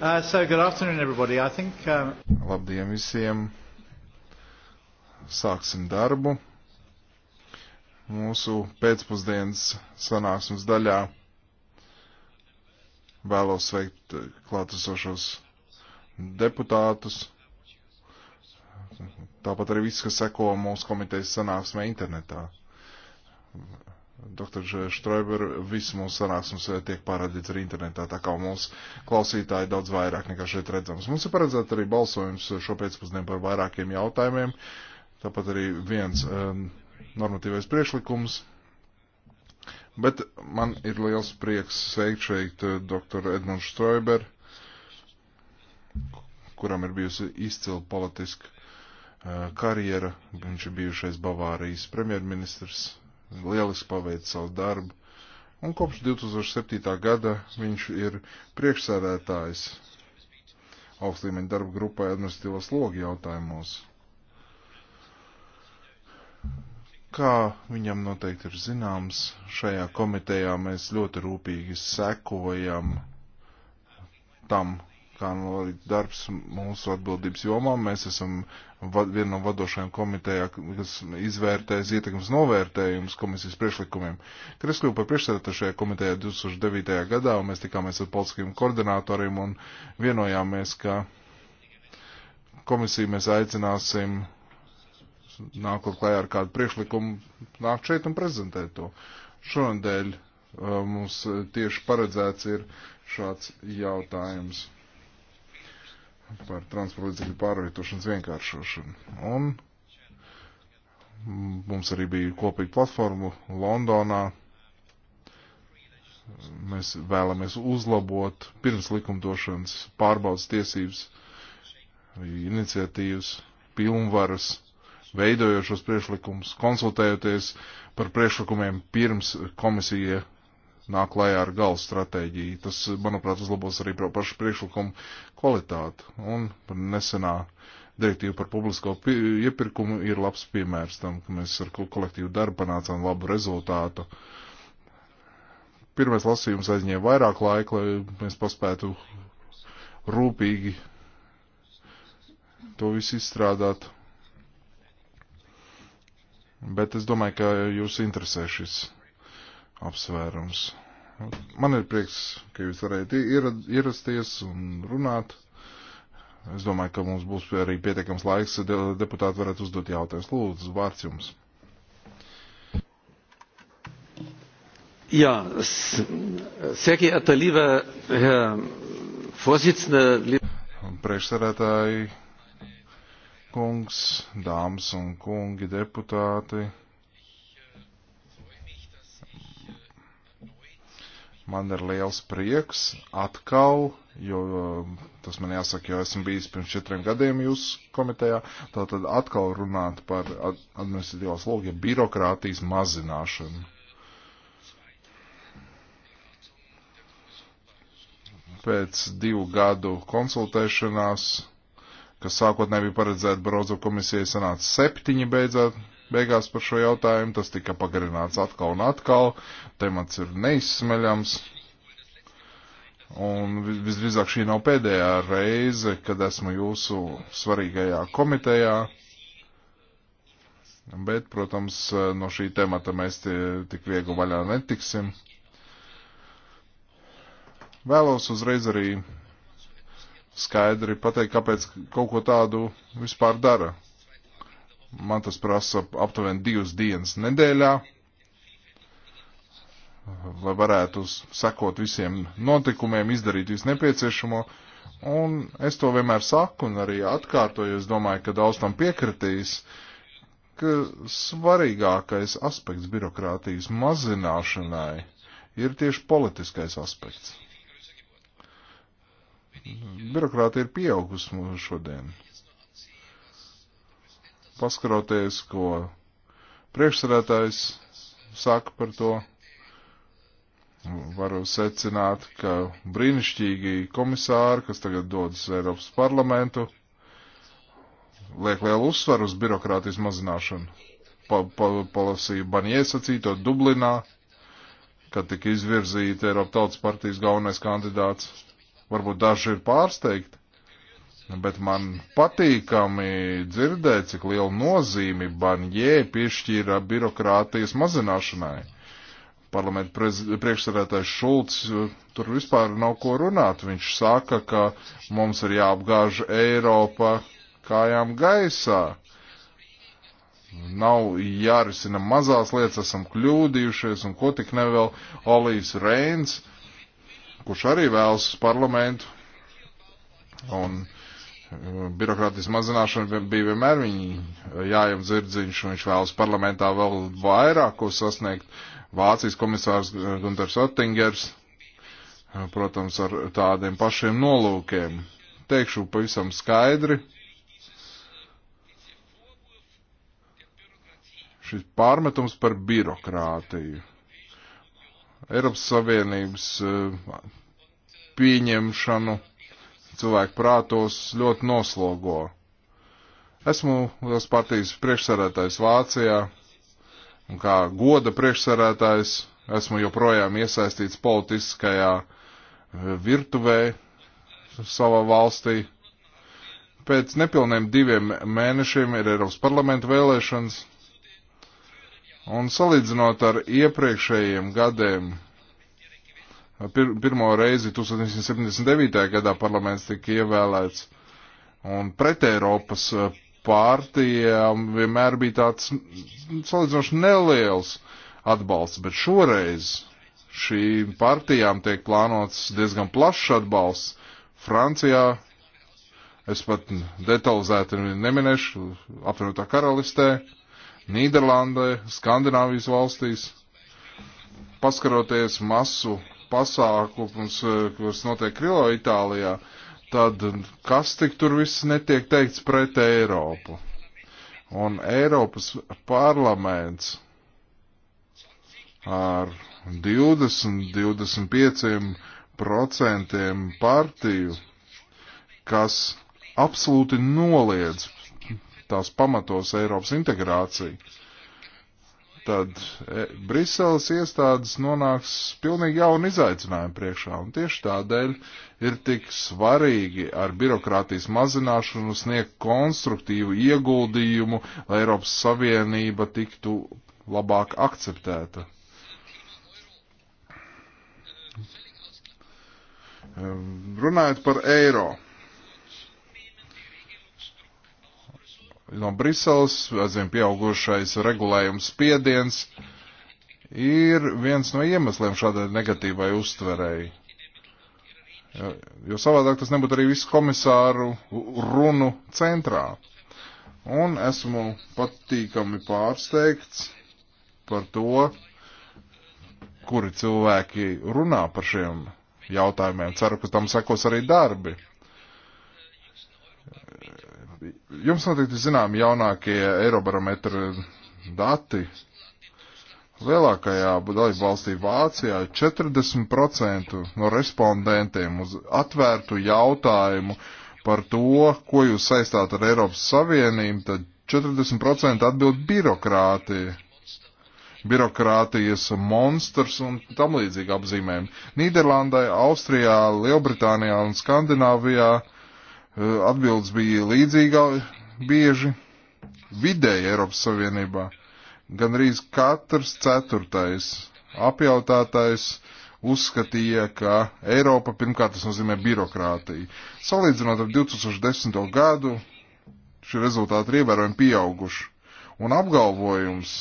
Uh, so good afternoon, everybody. I think. Um... Labdien visiem! Sāksim darbu. Mūsu pēcpusdienas sanāksmes daļā vēlos sveikt klātesošos deputātus. Tāpat arī viss, kas seko mūsu komitejas sanāksmē internetā. Dr. Štraiber, viss mūsu sanāksmes tiek pārādīts arī internetā, tā kā mums klausītāji daudz vairāk nekā šeit redzams. Mums ir paredzēts arī balsojums šo pēcpusdienu par vairākiem jautājumiem, tāpat arī viens um, normatīvais priekšlikums. Bet man ir liels prieks sveikt šeit uh, dr. Edmunds Štraiber, kuram ir bijusi izcila politiska uh, karjera. Viņš ir bijušais Bavārijas premjerministrs lieliski paveic savu darbu. Un kopš 2007. gada viņš ir priekšsēdētājs augstlīmeņa darba grupai administratīvos logi jautājumos. Kā viņam noteikti ir zināms, šajā komitejā mēs ļoti rūpīgi sekojam tam, kā norit darbs mūsu atbildības jomā. Mēs esam viena no vadošajām komitejā, kas izvērtēs ietekmes novērtējumus komisijas priekšlikumiem. Kres kļuva par priekšsēdētāju šajā komitejā 2009. gadā, un mēs tikāmies ar politiskiem koordinatoriem un vienojāmies, ka komisiju mēs aicināsim nākot klājā ar kādu priekšlikumu, nākt šeit un prezentēt to. Šonadēļ uh, mums tieši paredzēts ir šāds jautājums par transporta līdzekļu pārvietošanas vienkāršošanu. Un mums arī bija kopīga platforma Londonā. Mēs vēlamies uzlabot pirms likumdošanas pārbaudas tiesības, iniciatīvas, pilnvaras, veidojošos priešlikumus, konsultējoties par priešlikumiem pirms komisija nāk klajā ar galvu stratēģiju. Tas, manuprāt, uzlabos arī pašu priekšlikumu kvalitāti. Un nesenā direktīva par publisko iepirkumu ir labs piemērs tam, ka mēs ar kolektīvu darbu panācām labu rezultātu. Pirmais lasījums aizņēma vairāk laika, lai mēs paspētu rūpīgi to visu izstrādāt. Bet es domāju, ka jūs interesē šis apsvērums. Man ir prieks, ka jūs varējāt ierasties un runāt. Es domāju, ka mums būs arī pietiekams laiks, deputāti varētu uzdot jautājumus. Lūdzu, vārds jums. Ja, sehr geehrter lieber Herr Vorsitzender, lieber Priekšsēdētāji, kungs, dāmas un kungi deputāti. Man ir liels prieks atkal, jo um, tas man jāsaka, jo esmu bijis pirms četriem gadiem jūsu komitejā, tātad atkal runāt par administratīvās logiem ja birokrātijas mazināšanu. Pēc divu gadu konsultēšanās, kas sākotnēji bija paredzēta Brozo komisijai, sanāca septiņi beidzot beigās par šo jautājumu. Tas tika pagarināts atkal un atkal. Temats ir neizsmeļams. Un visdrīzāk šī nav pēdējā reize, kad esmu jūsu svarīgajā komitejā. Bet, protams, no šī temata mēs tik viegli vaļā netiksim. Vēlos uzreiz arī skaidri pateikt, kāpēc kaut ko tādu vispār dara Man tas prasa aptuveni divas dienas nedēļā, lai varētu sekot visiem notikumiem, izdarīt visu nepieciešamo. Un es to vienmēr saku un arī atkārtoju, es domāju, ka daudz tam piekritīs, ka svarīgākais aspekts birokrātijas mazināšanai ir tieši politiskais aspekts. Birokrātija ir pieaugusi šodien paskaroties, ko priekšsarētājs saka par to, varu secināt, ka brīnišķīgi komisāri, kas tagad dodas Eiropas parlamentu, liek lielu uzsvaru uz birokrātijas mazināšanu. Pa, pa, palasīju Banjē sacīto Dublinā, kad tika izvirzīta Eiropa tautas partijas galvenais kandidāts. Varbūt daži ir pārsteigti, bet man patīkami dzirdēt, cik lielu nozīmi Banjē piešķīra birokrātijas mazināšanai. Parlamenta priekšsarētājs Šulcs uh, tur vispār nav ko runāt. Viņš saka, ka mums ir jāapgāž Eiropa kājām gaisā. Nav jārisina mazās lietas, esam kļūdījušies un ko tik nevēl Olīs Reins, kurš arī vēlas uz parlamentu. Un uh, Uh, birokrātijas mazināšana bija vienmēr viņa uh, jājam dzirdziņš, un viņš vēlas parlamentā vēl vairāk ko sasniegt. Vācijas komisārs Gunters Ottingers, uh, protams, ar tādiem pašiem nolūkiem. Teikšu pavisam skaidri. Šis pārmetums par birokrātiju. Eiropas Savienības pieņemšanu cilvēku prātos ļoti noslogo. Esmu liels partijas priekšsarētājs Vācijā, un kā goda priekšsarētājs esmu joprojām iesaistīts politiskajā eh, virtuvē savā valstī. Pēc nepilniem diviem mēnešiem ir Eiropas parlamenta vēlēšanas, un salīdzinot ar iepriekšējiem gadiem, Pir, pirmo reizi 1979. gadā parlaments tika ievēlēts, un pret Eiropas eh, pārtījām vienmēr bija tāds salīdzinoši neliels atbalsts, bet šoreiz šīm partijām tiek plānots diezgan plašs atbalsts. Francijā, es pat detalizēti neminēšu, apvienotā karalistē, Nīderlandē, Skandināvijas valstīs. Paskaroties masu pasākums, eh, kas notiek Krilo Itālijā, tad kas tik tur viss netiek teikts pret Eiropu? Un Eiropas parlaments ar 20-25% partiju, kas absolūti noliedz tās pamatos Eiropas integrāciju tad e, Briseles iestādes nonāks pilnīgi jaunu izaicinājumu priekšā, un tieši tādēļ ir tik svarīgi ar birokrātijas mazināšanu sniegt konstruktīvu ieguldījumu, lai Eiropas Savienība tiktu labāk akceptēta. Runājot par eiro no Briseles, atzim pieaugušais regulējums spiediens, ir viens no iemesliem šādai negatīvai uztverēji. Jo savādāk tas nebūtu arī visu komisāru runu centrā. Un esmu patīkami pārsteigts par to, kuri cilvēki runā par šiem jautājumiem. Ceru, ka tam sekos arī darbi. Jums noteikti zinām jaunākie Eirobarometra dati. Lielākajā dalību valstī Vācijā 40% no respondentiem uz atvērtu jautājumu par to, ko jūs saistāt ar Eiropas Savienību, tad 40% atbild birokrātija. Birokrātijas monsters un tam līdzīgi apzīmējumi. Nīderlandai, Austrijā, Lielbritānijā un Skandināvijā uh, Atbildes bija līdzīgā bieži vidēji Eiropas Savienībā. Gan arī katrs ceturtais apjautātais uzskatīja, ka Eiropa pirmkārt tas nozīmē birokrātiju. Salīdzinot ar 2010. gadu, šie rezultāti ir ievērojami pieauguši. Un apgalvojums,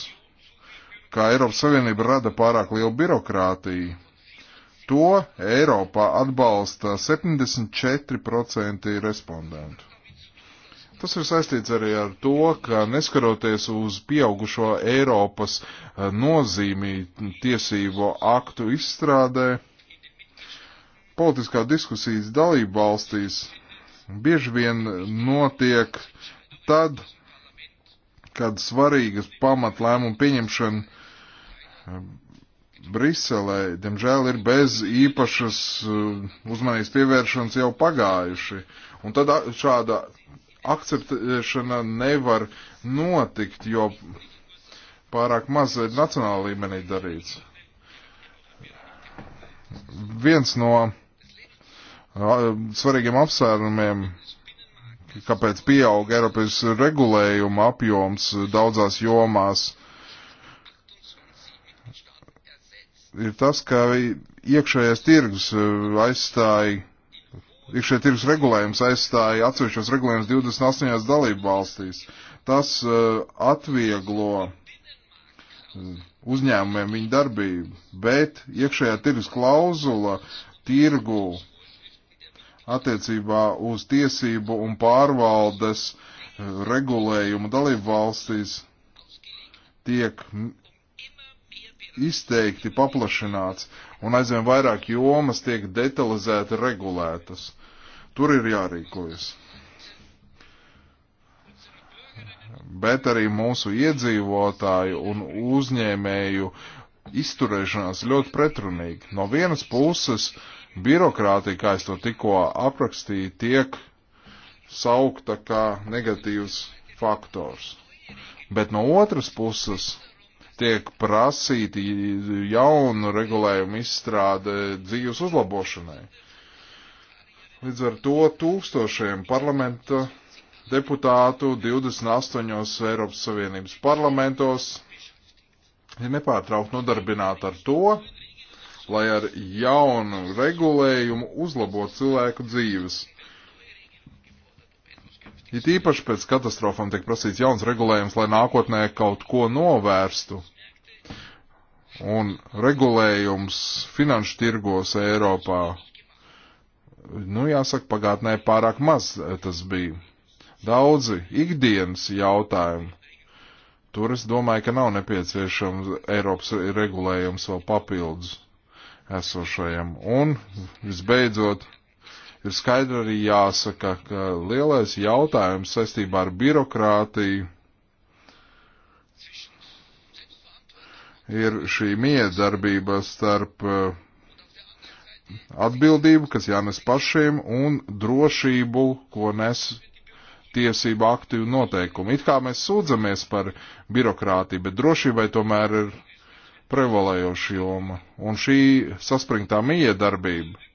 ka Eiropas Savienība rada pārāk lielu birokrātiju, to Eiropā atbalsta 74% respondentu. Tas ir saistīts arī ar to, ka neskaroties uz pieaugušo Eiropas eh, nozīmī tiesību aktu izstrādē, politiskā diskusijas dalība valstīs bieži vien notiek tad, kad svarīgas pamatlēmumu pieņemšana eh, Briselē, diemžēl, ir bez īpašas uh, uzmanības pievēršanas jau pagājuši. Un tad uh, šāda akceptēšana nevar notikt, jo pārāk maz ir nacionāla līmenī darīts. Viens no uh, svarīgiem apsvērumiem, kāpēc pieauga Eiropas regulējuma apjoms daudzās jomās, ir tas, ka iekšējais tirgus eh, aizstāja, iekšējais tirgus regulējums aizstāja atsevišķos regulējumus 28 dalību valstīs. Tas eh, atvieglo eh, uzņēmumiem viņu darbību, bet iekšējā tirgus klauzula tirgu attiecībā uz tiesību un pārvaldes regulējumu dalību valstīs tiek izteikti paplašināts un aizvien vairāk jomas tiek detalizēti regulētas. Tur ir jārīkojas. Bet arī mūsu iedzīvotāju un uzņēmēju izturēšanās ļoti pretrunīgi. No vienas puses, birokrātija, kā es to tikko aprakstīju, tiek saukta kā negatīvs faktors. Bet no otras puses, tiek prasīti jaunu regulējumu izstrāde dzīves uzlabošanai. Līdz ar to tūkstošiem parlamenta deputātu 28 Eiropas Savienības parlamentos ir nepārtraukt nodarbināti ar to, lai ar jaunu regulējumu uzlabotu cilvēku dzīves. It īpaši pēc katastrofām tiek prasīts jauns regulējums, lai nākotnē kaut ko novērstu. Un regulējums finanšu tirgos Eiropā, nu jāsaka, pagātnē pārāk maz eh, tas bija. Daudzi ikdienas jautājumi. Tur es domāju, ka nav nepieciešams Eiropas regulējums vēl papildus esošajam. Un, visbeidzot, ir skaidri arī jāsaka, ka lielais jautājums saistībā ar birokrātiju ir šī miedarbība starp eh, atbildību, kas jānes pašiem, un drošību, ko nes tiesību aktu un noteikumu. It kā mēs sūdzamies par birokrātiju, bet drošībai tomēr ir prevalējoša joma. Un šī saspringtā miedarbība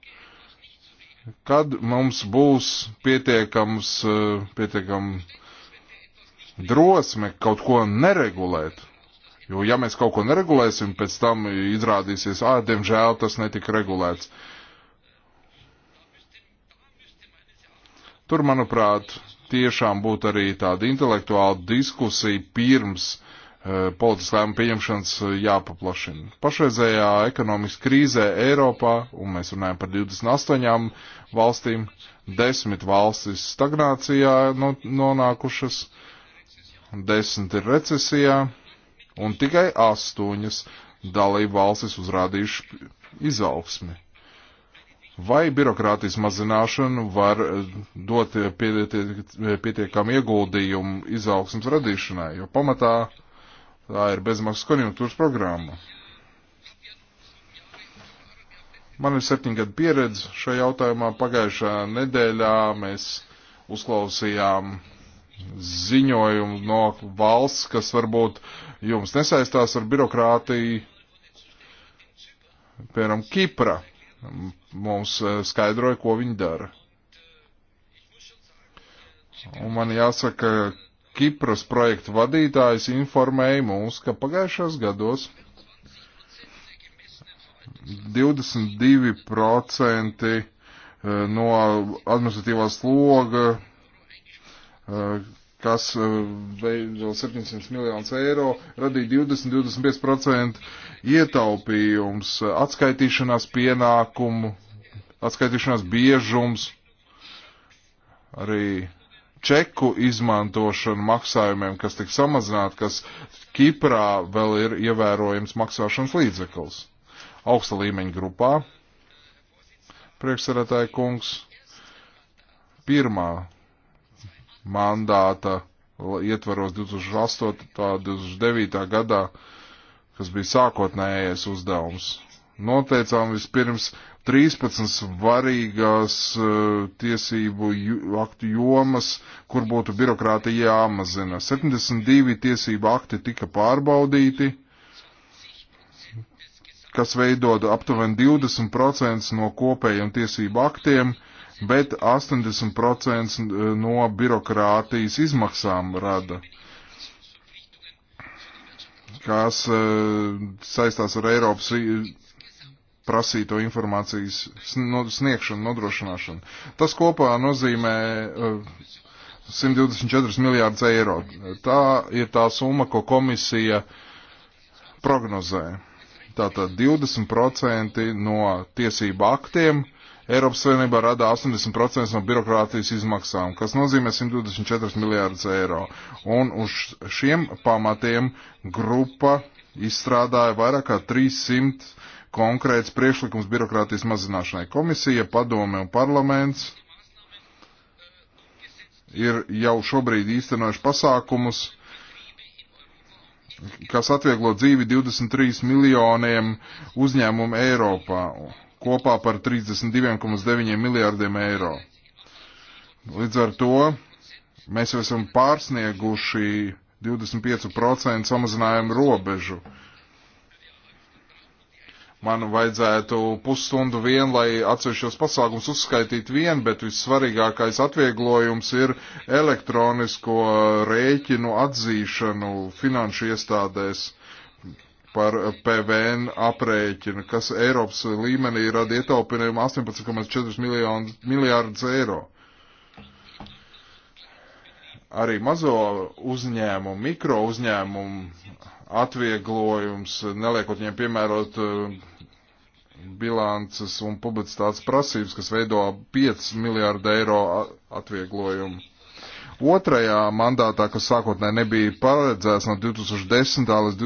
Kad mums būs pietiekams, eh, pietiekam drosme kaut ko neregulēt? Jo, ja mēs kaut ko neregulēsim, pēc tam izrādīsies, ā, diemžēl tas netika regulēts. Tur, manuprāt, tiešām būtu arī tāda intelektuāla diskusija pirms uh, Eh, politiskā lēma pieņemšanas eh, jāpaplašina. Pašreizējā ekonomiskā krīzē Eiropā, un mēs runājam par 28 valstīm, 10 valstis stagnācijā nonākušas, 10 ir recesijā, un tikai 8 dalību valstis uzrādījuši izaugsmi. Vai birokrātijas mazināšana var eh, dot pietiekam ieguldījumu izaugsmas radīšanai, jo pamatā Tā ir bezmaksas konjunktūras programma. Man ir septiņu gadu pieredze šajā jautājumā. Pagājušā nedēļā mēs uzklausījām ziņojumu no valsts, kas varbūt jums nesaistās ar birokrātiju, piemēram, Kipra. Mums eh, skaidroja, ko viņi dara. Un man jāsaka, Kipras projektu vadītājs informēja mūs, ka pagājušos gados 22% eh, no administratīvā sloga, eh, kas eh, veido 700 miljonus eiro, radīja 20-25% ietaupījums, atskaitīšanās pienākumu, atskaitīšanās biežums, arī čeku izmantošanu maksājumiem, kas tiks samazināti, kas Kiprā vēl ir ievērojams maksāšanas līdzeklis. Augsta līmeņa grupā priekšsarētāja kungs pirmā mandāta ietvaros 2008. un 2009. gadā, kas bija sākotnējais uzdevums. Noteicām vispirms 13 svarīgās uh, tiesību aktu jomas, kur būtu birokrātija jāmazina. 72 tiesību akti tika pārbaudīti, kas veidod aptuveni 20% no kopējiem tiesību aktiem, bet 80% e, no birokrātijas izmaksām rada kas uh, saistās ar Eiropas prasīto informācijas sniegšanu, nodrošināšanu. Tas kopā nozīmē 124 eh, miljārdus eiro. Tā ir tā summa, ko komisija prognozē. Tātad 20% no tiesību aktiem Eiropas Savienībā rada 80% no birokrātijas izmaksām, kas nozīmē 124 miljārdus eiro. Un uz šiem pamatiem grupa izstrādāja vairāk kā 300 konkrēts priekšlikums birokrātijas mazināšanai. Komisija, padome un parlaments ir jau šobrīd īstenojuši pasākumus, kas atvieglo dzīvi 23 miljoniem uzņēmumu Eiropā, kopā par 32,9 miljārdiem eiro. Līdz ar to mēs jau esam pārsnieguši 25% samazinājumu robežu man vajadzētu pusstundu vien, lai atsevišķos pasākums uzskaitītu vien, bet vissvarīgākais atvieglojums ir elektronisko rēķinu atzīšanu finanšu iestādēs par PVN aprēķinu, kas Eiropas līmenī rada ietaupījumu 18,4 miljārdus eiro. Arī mazo uzņēmumu, mikro uzņēmumu atvieglojums, neliekot viņiem piemērot uh, bilances un publicitātes prasības, kas veido 5 miljārdu eiro atvieglojumu. Otrajā mandātā, kas sākotnēji nebija paredzēts no 2010. līdz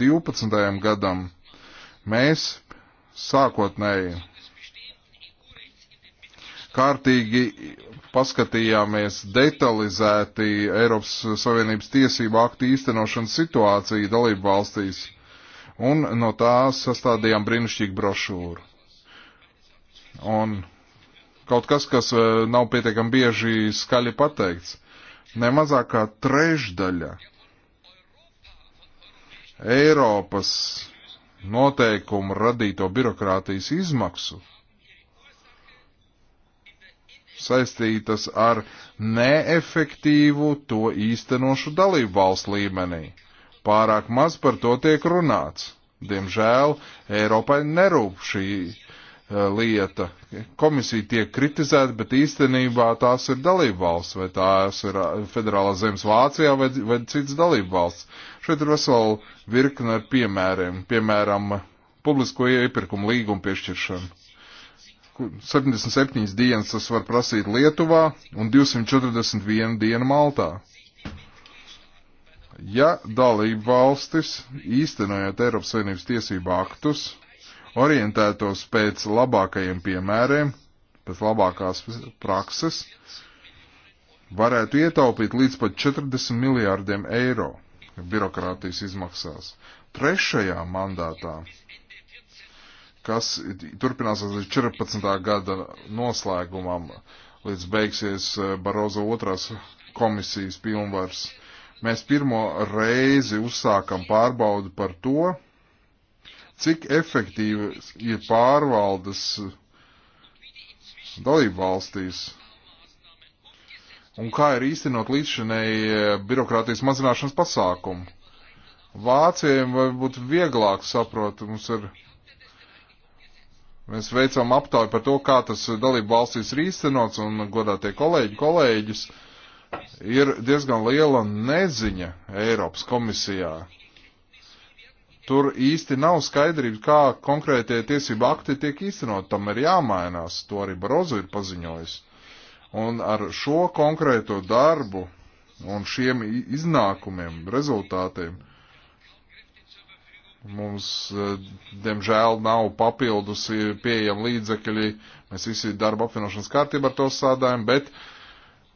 2012. gadam, mēs sākotnēji kārtīgi paskatījāmies detalizēti Eiropas Savienības tiesību aktu īstenošanas situāciju dalību valstīs un no tā sastādījām brīnišķīgu brošūru. Un kaut kas, kas e, nav pietiekami bieži skaļi pateikts, nemazākā trešdaļa Eiropas noteikumu radīto birokrātijas izmaksu saistītas ar neefektīvu to īstenošu dalību valsts līmenī. Pārāk maz par to tiek runāts. Diemžēl Eiropai nerūp šī eh, lieta. Komisija tiek kritizēta, bet īstenībā tās ir dalība valsts, vai tās ir eh, federālā zemes Vācijā vai, vai cits dalība valsts. Šeit ir vesela virkne ar piemēriem, piemēram, publisko iepirkumu līgumu piešķiršanu. 77 dienas tas var prasīt Lietuvā un 241 dienu Maltā. Ja dalība valstis, īstenojot Eiropas Savienības tiesību aktus, orientētos pēc labākajiem piemēriem, pēc labākās prakses, varētu ietaupīt līdz pat 40 miljārdiem eiro birokrātijas izmaksās. Trešajā mandātā, kas turpināsies līdz 14. gada noslēgumam, līdz beigsies eh, Barozo otrās komisijas pilnvars, uh, Mēs pirmo reizi uzsākam pārbaudu par to, cik efektīvi ir pārvaldes dalību valstīs un kā ir īstenot līdzšanēji birokrātijas mazināšanas pasākumu. Vācijiem varbūt vieglāk saprot, mums ir. Mēs veicam aptauju par to, kā tas dalību valstīs ir īstenots, un godā tie kolēģi, kolēģis. Uh, ir diezgan liela neziņa Eiropas komisijā. Tur īsti nav skaidrība, kā konkrētie tiesība akti tiek īstenot, tam ir jāmainās, to arī Barozu ir paziņojis. Un ar šo konkrēto darbu un šiem iznākumiem, rezultātiem, mums, eh, diemžēl, nav papildus pieejami līdzekļi, mēs visi darba apvienošanas kārtību ar to sādājam, bet uh,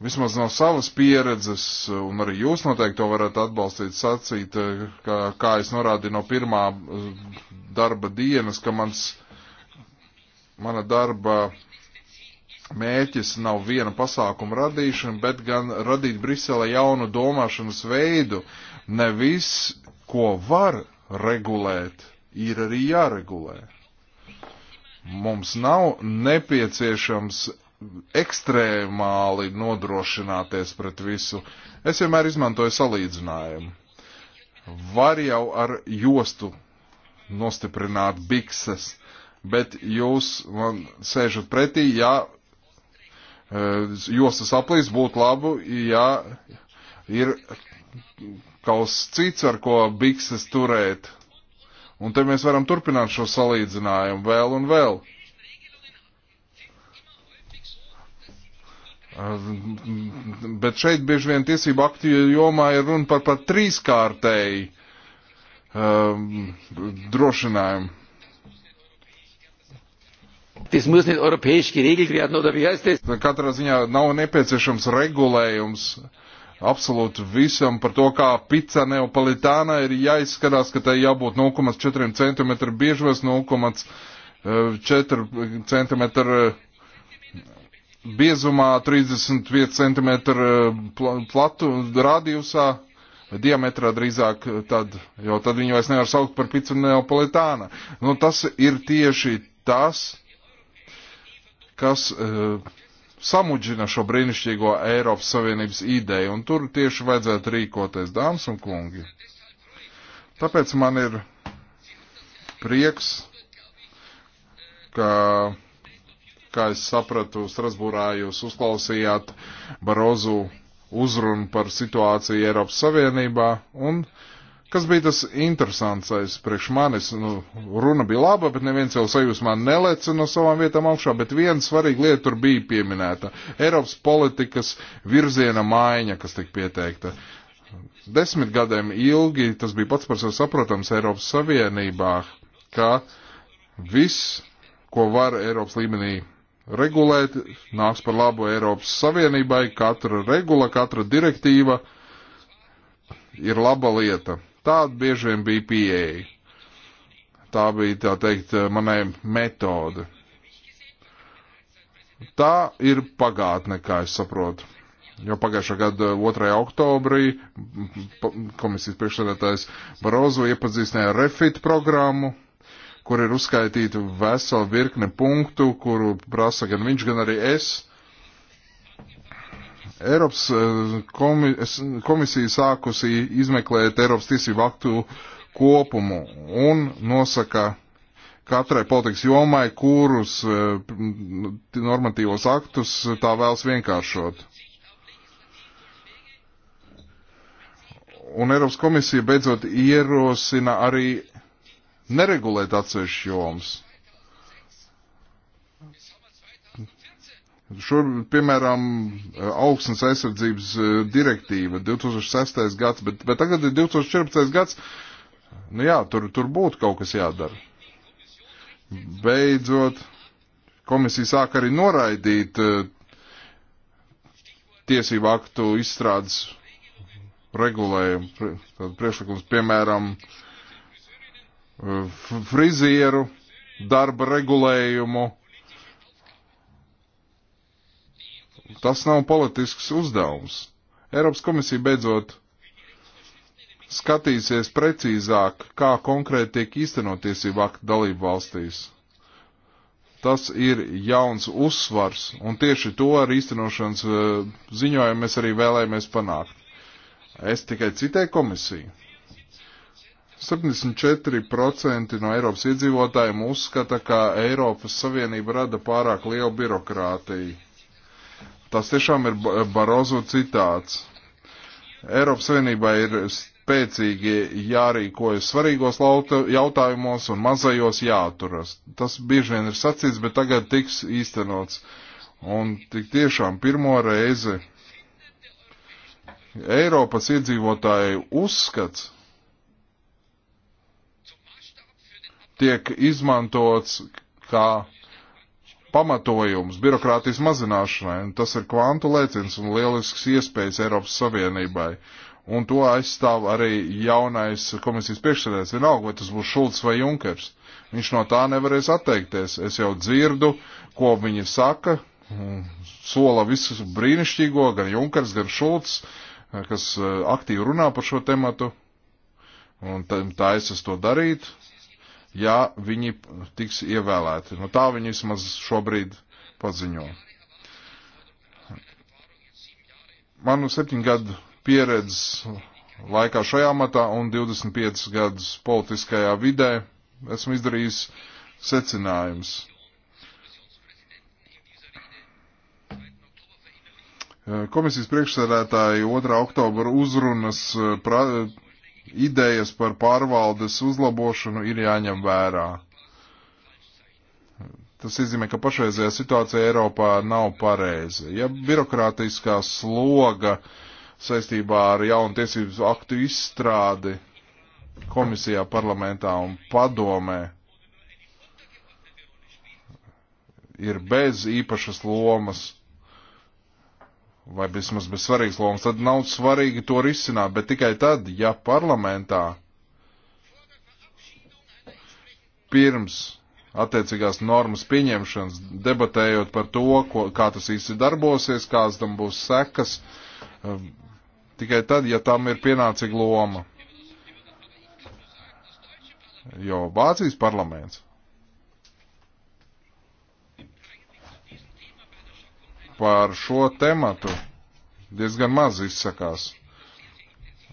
vismaz no savas pieredzes, un arī jūs noteikti to varat atbalstīt, sacīt, ka, kā es norādīju no pirmā eh, darba dienas, ka mans, mana darba mērķis nav viena pasākuma radīšana, bet gan radīt Brisele jaunu domāšanas veidu. Ne viss, ko var regulēt, ir arī jāregulē. Mums nav nepieciešams ekstrēmāli nodrošināties pret visu. Es vienmēr izmantoju salīdzinājumu. Var jau ar jostu nostiprināt bikses, bet jūs man sēžat pretī, ja e, jostas aplīs būtu labu, ja ir kaut kas cits, ar ko bikses turēt. Un te mēs varam turpināt šo salīdzinājumu vēl un vēl. Ehm, bet šeit bieži vien tiesību aktu jomā ir runa par pat trīskārtēji um, drošinājumu. Tas mums ir Eiropieši geregelt werden, oder wie heißt das? Katrā ziņā nav nepieciešams regulējums absolūti visam par to, kā pica neopolitāna ir jāizskatās, ka tai jābūt 0,4 cm biežos, 0,4 cm biezumā 35 cm eh, platu radiusā, diametrā drīzāk tad, jo tad viņu vairs nevar saukt par picu neapolitāna. Nu, tas ir tieši tas, kas uh, samudžina šo brīnišķīgo Eiropas Savienības ideju, un tur tieši vajadzētu rīkoties, dāmas un kungi. Tāpēc man ir prieks, ka kā es sapratu, Strasbūrā jūs uzklausījāt Barozu uzrunu par situāciju Eiropas Savienībā, un kas bija tas interesantais priekš manis, nu, runa bija laba, bet neviens jau sajūsmā neleca no savām vietām augšā, bet viena svarīga lieta tur bija pieminēta - Eiropas politikas virziena maiņa, kas tika pieteikta. Desmit gadiem ilgi tas bija pats par sevi saprotams Eiropas Savienībā, ka viss, ko var Eiropas līmenī regulēt, nāks par labu Eiropas Savienībai, katra regula, katra direktīva ir laba lieta. Tāda bieži vien bija pieeja. Tā bija, tā teikt, manai metode. Tā ir pagātne, kā es saprotu. Jo pagājušā gada 2. oktobrī komisijas priekšsēdētājs Barozo iepazīstināja refit programmu, kur ir uzskaitīta vesela virkne punktu, kuru prasa gan viņš, gan arī es. Eiropas eh, komisija sākusi izmeklēt Eiropas tiesību aktu kopumu un nosaka katrai politikas jomai, kurus eh, normatīvos aktus tā vēlas vienkāršot. Un Eiropas komisija beidzot ierosina arī neregulēt atsevišķu jomas. Šur, piemēram, augsnes aizsardzības e, direktīva 2006. gads, bet, bet tagad ir 2014. gads. Nu jā, tur, tur būtu kaut kas jādara. Beidzot, komisija sāk arī noraidīt e, tiesību aktu izstrādes regulējumu, tad priekšlikums, piemēram, uh, Eh, frizieru darba regulējumu. Tas nav politisks uzdevums. Eiropas komisija beidzot skatīsies precīzāk, kā konkrēti tiek īstenot tiesību aktu dalību valstīs. Tas ir jauns uzsvars, un tieši to ar īstenošanas eh, ziņojumu mēs arī vēlējāmies panākt. Es tikai citēju komisiju 74% no Eiropas iedzīvotājiem uzskata, ka Eiropas Savienība rada pārāk lielu birokrātiju. Tas tiešām ir Barozo citāts. Eiropas Savienībā ir spēcīgi jārīkojas svarīgos lauta, jautājumos un mazajos jāturas. Tas bieži vien ir sacīts, bet tagad tiks īstenots. Un tik tiešām pirmo reizi Eiropas iedzīvotāju uzskats tiek izmantots kā pamatojums birokrātijas mazināšanai. Tas ir kvantu lēciens un lielisks iespējas Eiropas Savienībai. Un to aizstāv arī jaunais komisijas priekšsēdētājs. Vienalga, vai tas būs Šulcs vai Junkers. Viņš no tā nevarēs atteikties. Es jau dzirdu, ko viņi saka. Mm, sola visu brīnišķīgo, gan Junkers, gan Šulcs, kas eh, aktīvi runā par šo tematu. Un tā es to darīt ja viņi tiks ievēlēti. Nu, tā viņi vismaz šobrīd paziņo. Manu septiņu gadu pieredzes laikā šajā matā un 25 gadus politiskajā vidē esmu izdarījis secinājums. Komisijas priekšsēdētāji 2. oktobra uzrunas pra, idejas par pārvaldes uzlabošanu ir jāņem vērā. Tas izzīmē, ka pašreizējā situācija Eiropā nav pareiza. Ja birokrātiskā sloga saistībā ar jaunu tiesības aktu izstrādi komisijā, parlamentā un padomē ir bez īpašas lomas vai vismaz bez svarīgas lomas, tad nav svarīgi to risināt, bet tikai tad, ja parlamentā pirms attiecīgās normas pieņemšanas, debatējot par to, ko, kā tas īsti darbosies, kādas tam būs sekas, um, tikai tad, ja tam ir pienācīga loma. Jo Vācijas parlaments par šo tematu diezgan maz izsakās.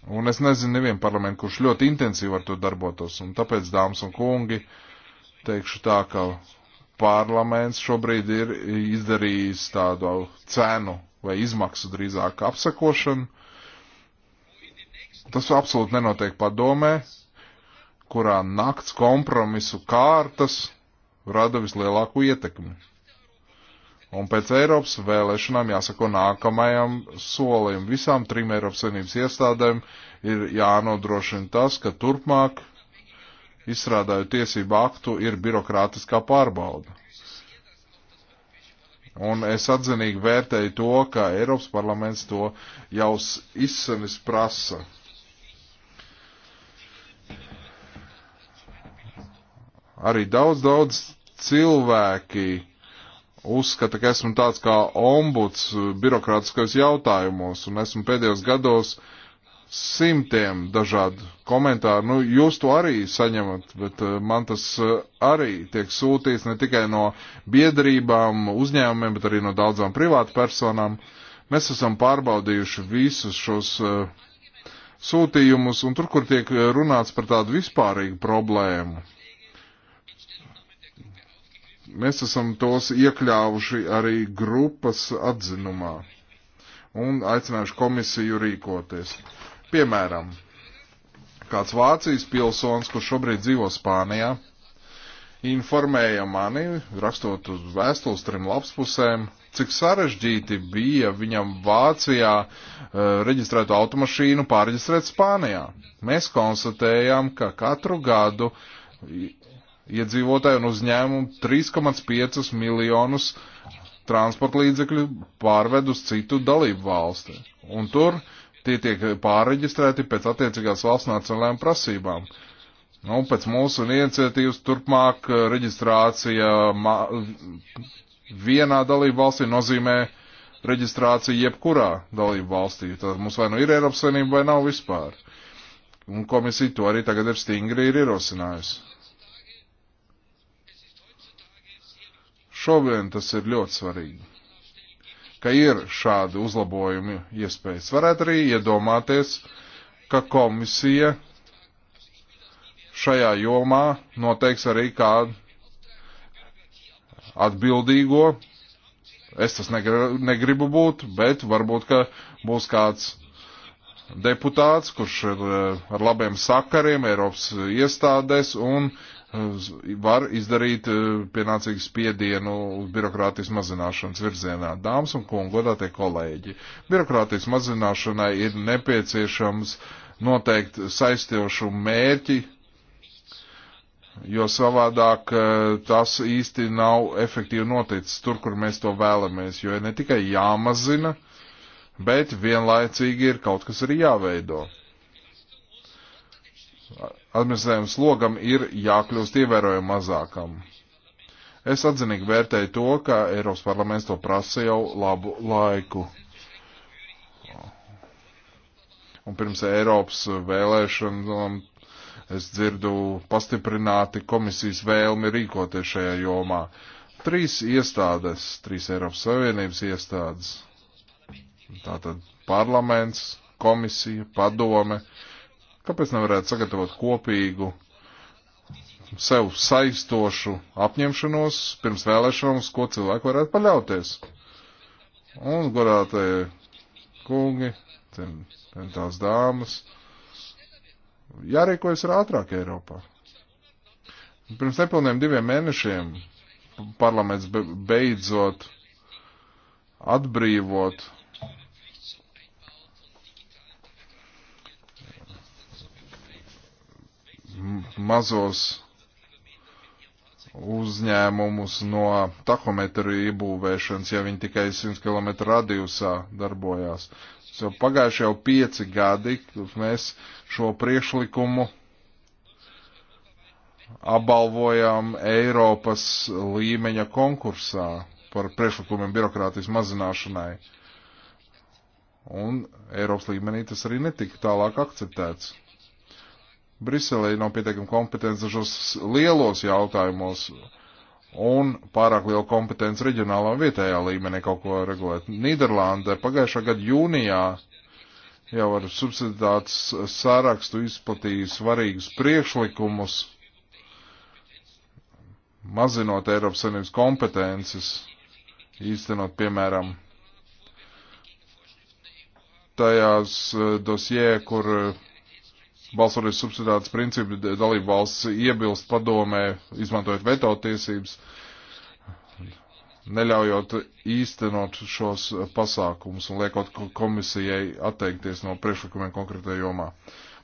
Un es nezinu nevienu parlamentu, kurš ļoti intensīvi ar to darbotos. Un tāpēc, dāmas un kungi, teikšu tā, ka parlaments šobrīd ir izdarījis tādu cenu vai izmaksu drīzāk apsakošanu. Tas absolūti nenotiek padomē, kurā nakts kompromisu kārtas rada vislielāko ietekmi. Un pēc Eiropas vēlēšanām jāsako nākamajam solim. Visām trim Eiropas Savienības iestādēm ir jānodrošina tas, ka turpmāk, izstrādājot tiesību aktu, ir birokrātiskā pārbauda. Un es atzinīgi vērtēju to, ka Eiropas parlaments to jau izsenis prasa. Arī daudz, daudz cilvēki uzskata, ka esmu tāds kā ombuds birokrātiskajos jautājumos, un esmu pēdējos gados simtiem dažādu komentāru. Nu, jūs to arī saņemat, bet eh, man tas eh, arī tiek sūtīts ne tikai no biedrībām, uzņēmumiem, bet arī no daudzām privātpersonām. Mēs esam pārbaudījuši visus šos uh, sūtījumus, un tur, kur tiek runāts par tādu vispārīgu problēmu, Mēs esam tos iekļāvuši arī grupas atzinumā un aicinājuši komisiju rīkoties. Piemēram, kāds Vācijas pilsonis, kurš šobrīd dzīvo Spānijā, informēja mani, rakstot uz vēstules trim lapspusēm, cik sarežģīti bija viņam Vācijā uh, eh, reģistrētu automašīnu pārreģistrēt Spānijā. Mēs konstatējām, ka katru gadu iedzīvotāju un uzņēmumu 3,5 miljonus transporta līdzekļu pārved uz citu dalību valsti. Un tur tie tiek pārreģistrēti pēc attiecīgās valsts nacionālajām prasībām. Nu, pēc mūsu iniciatīvas turpmāk eh, reģistrācija vienā dalību valstī nozīmē reģistrāciju jebkurā dalību valstī. Tad mums vai nu ir Eiropas Savienība vai nav vispār. Un komisija to arī tagad ir stingri ir ierosinājusi. Šodien tas ir ļoti svarīgi, ka ir šādi uzlabojumi iespējas. Varētu arī iedomāties, ka komisija šajā jomā noteiks arī kādu atbildīgo. Es tas negribu, negribu būt, bet varbūt, ka būs kāds deputāts, kurš ir eh, ar labiem sakariem Eiropas iestādēs un var izdarīt e, pienācīgu spiedienu birokrātijas mazināšanas virzienā. Dāmas un kungi, godātie kolēģi, birokrātijas mazināšanai ir nepieciešams noteikt saistošu mērķi, jo savādāk e, tas īsti nav efektīvi noticis tur, kur mēs to vēlamies, jo ir ne tikai jāmazina, bet vienlaicīgi ir kaut kas arī jāveido administrējums logam ir jākļūst ievērojami mazākam. Es atzinīgi vērtēju to, ka Eiropas parlaments to prasa jau labu laiku. Un pirms Eiropas vēlēšanām es dzirdu pastiprināti komisijas vēlmi rīkoties šajā jomā. Trīs iestādes, trīs Eiropas Savienības iestādes, tātad parlaments, komisija, padome, uh, Kāpēc nevarētu sagatavot kopīgu sev saistošu apņemšanos pirms vēlēšanām, uz ko cilvēku varētu paļauties? Un godātie kungi, tās dāmas, jārīkojas ir ātrāk Eiropā. Pirms nepilniem diviem mēnešiem parlaments beidzot atbrīvot mazos uzņēmumus no tahometru iebūvēšanas, ja viņi tikai 100 km radiusā darbojās. So, pagājuši jau pieci gadi, kad mēs šo priekšlikumu apbalvojām Eiropas līmeņa konkursā par priekšlikumiem birokrātijas mazināšanai. Un Eiropas līmenī tas arī netika tālāk akceptēts. Briselē nav pietiekama kompetence dažos lielos jautājumos un pārāk liela kompetence reģionālā un vietējā līmenī kaut ko regulēt. Nīderlandē pagājušā gada jūnijā jau ar subsidētāts sārakstu izplatīja svarīgus priekšlikumus, mazinot Eiropas Savienības kompetences, īstenot, piemēram, tajās eh, dosjē, kur eh, balsot uz subsidētas principu, dalību valsts iebilst padomē, izmantojot veto tiesības, neļaujot īstenot šos pasākumus un liekot komisijai atteikties no priekšlikumiem konkrētajā jomā.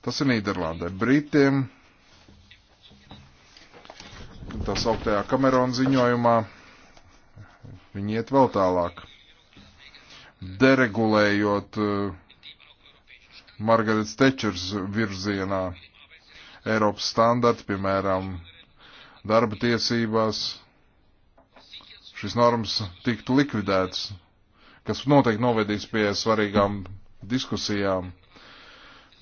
Tas ir Nīderlandē. Britiem tā sauktajā Kamerona ziņojumā, viņi iet vēl tālāk, deregulējot uh, Margaretas Tečers virzienā. Eiropas standarti, piemēram, darba tiesībās, šis normas tiktu likvidētas, kas noteikti novedīs pie svarīgām diskusijām.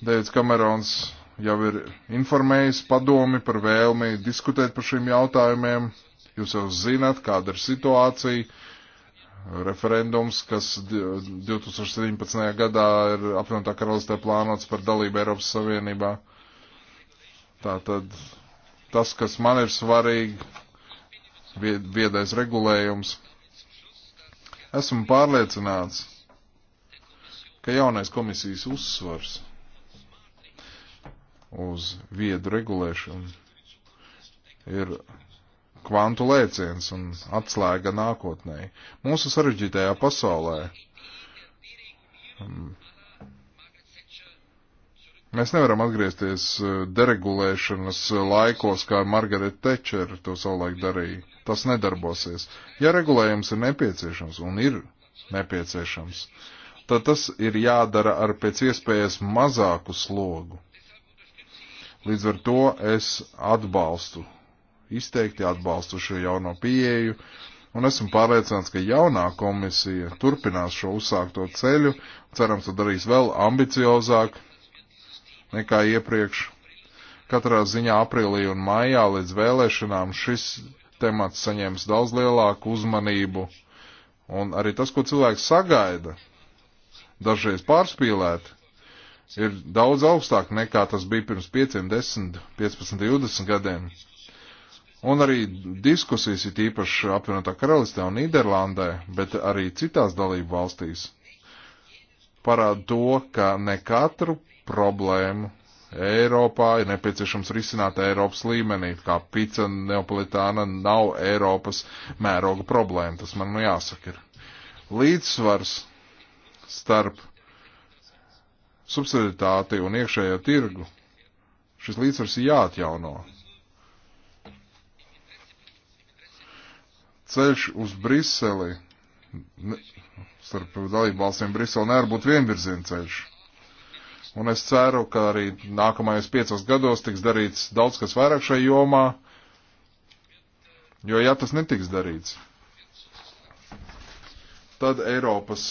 Deivids Kamerons jau ir informējis padomi par vēlmi diskutēt par šiem jautājumiem. Jūs jau zināt, kāda ir situācija referendums, kas 2017. gadā ir apvienotā karalistē plānots par dalību Eiropas Savienībā. Tātad tas, kas man ir svarīgi, viedais regulējums. Esmu pārliecināts, ka jaunais komisijas uzsvars uz viedu regulēšanu ir kvantu lēciens un atslēga nākotnē. Mūsu sarežģītajā pasaulē mm. mēs nevaram atgriezties eh, deregulēšanas laikos, kā Margaret Thatcher to savulaik darīja. Tas nedarbosies. Ja regulējums ir nepieciešams un ir nepieciešams, tad tas ir jādara ar pēc iespējas mazāku slogu. Līdz ar to es atbalstu izteikti atbalstu šo jauno pieeju, un esmu pārliecināts, ka jaunā komisija turpinās šo uzsākto ceļu, cerams, to darīs vēl ambiciozāk nekā iepriekš. Katrā ziņā aprīlī un maijā līdz vēlēšanām šis temats saņems daudz lielāku uzmanību, un arī tas, ko cilvēks sagaida, dažreiz pārspīlēti, ir daudz augstāk nekā tas bija pirms 5, 10, 15, 20 gadiem. Un arī diskusijas ir īpaši apvienotā karalistē un Nīderlandē, bet arī citās dalību valstīs parāda to, ka ne katru problēmu Eiropā ir nepieciešams risināt Eiropas līmenī, kā pica neapolitāna nav Eiropas mēroga problēma, tas man nu jāsaka ir. Līdzsvars starp subsidiaritāti un iekšējo tirgu, šis līdzsvars ir jāatjauno Ceļš uz Briseli starp dalību valstīm Briseli nevar būt vienvirziena ceļš. Un es ceru, ka arī nākamajos piecos gados tiks darīts daudz kas vairāk šai jomā, jo ja tas netiks darīts, tad Eiropas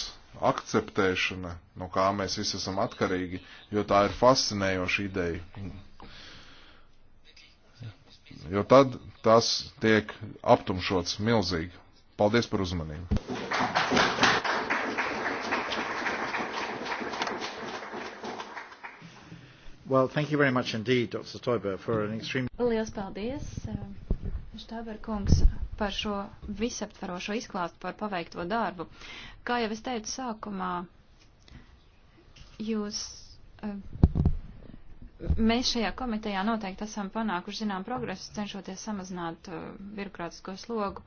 akceptēšana, no kā mēs visi esam atkarīgi, jo tā ir fascinējoša ideja jo tad tas tiek aptumšots milzīgi. Paldies par uzmanību! Well, thank you very much indeed, Dr. Stoiber, for an extreme... Liels paldies, eh, Štāber kungs, par šo visaptvarošo izklāstu par paveikto darbu. Kā jau es teicu sākumā, jūs uh, Mēs šajā komitejā noteikti esam panākuši zinām progresu, cenšoties samazināt uh, birokrātisko slogu.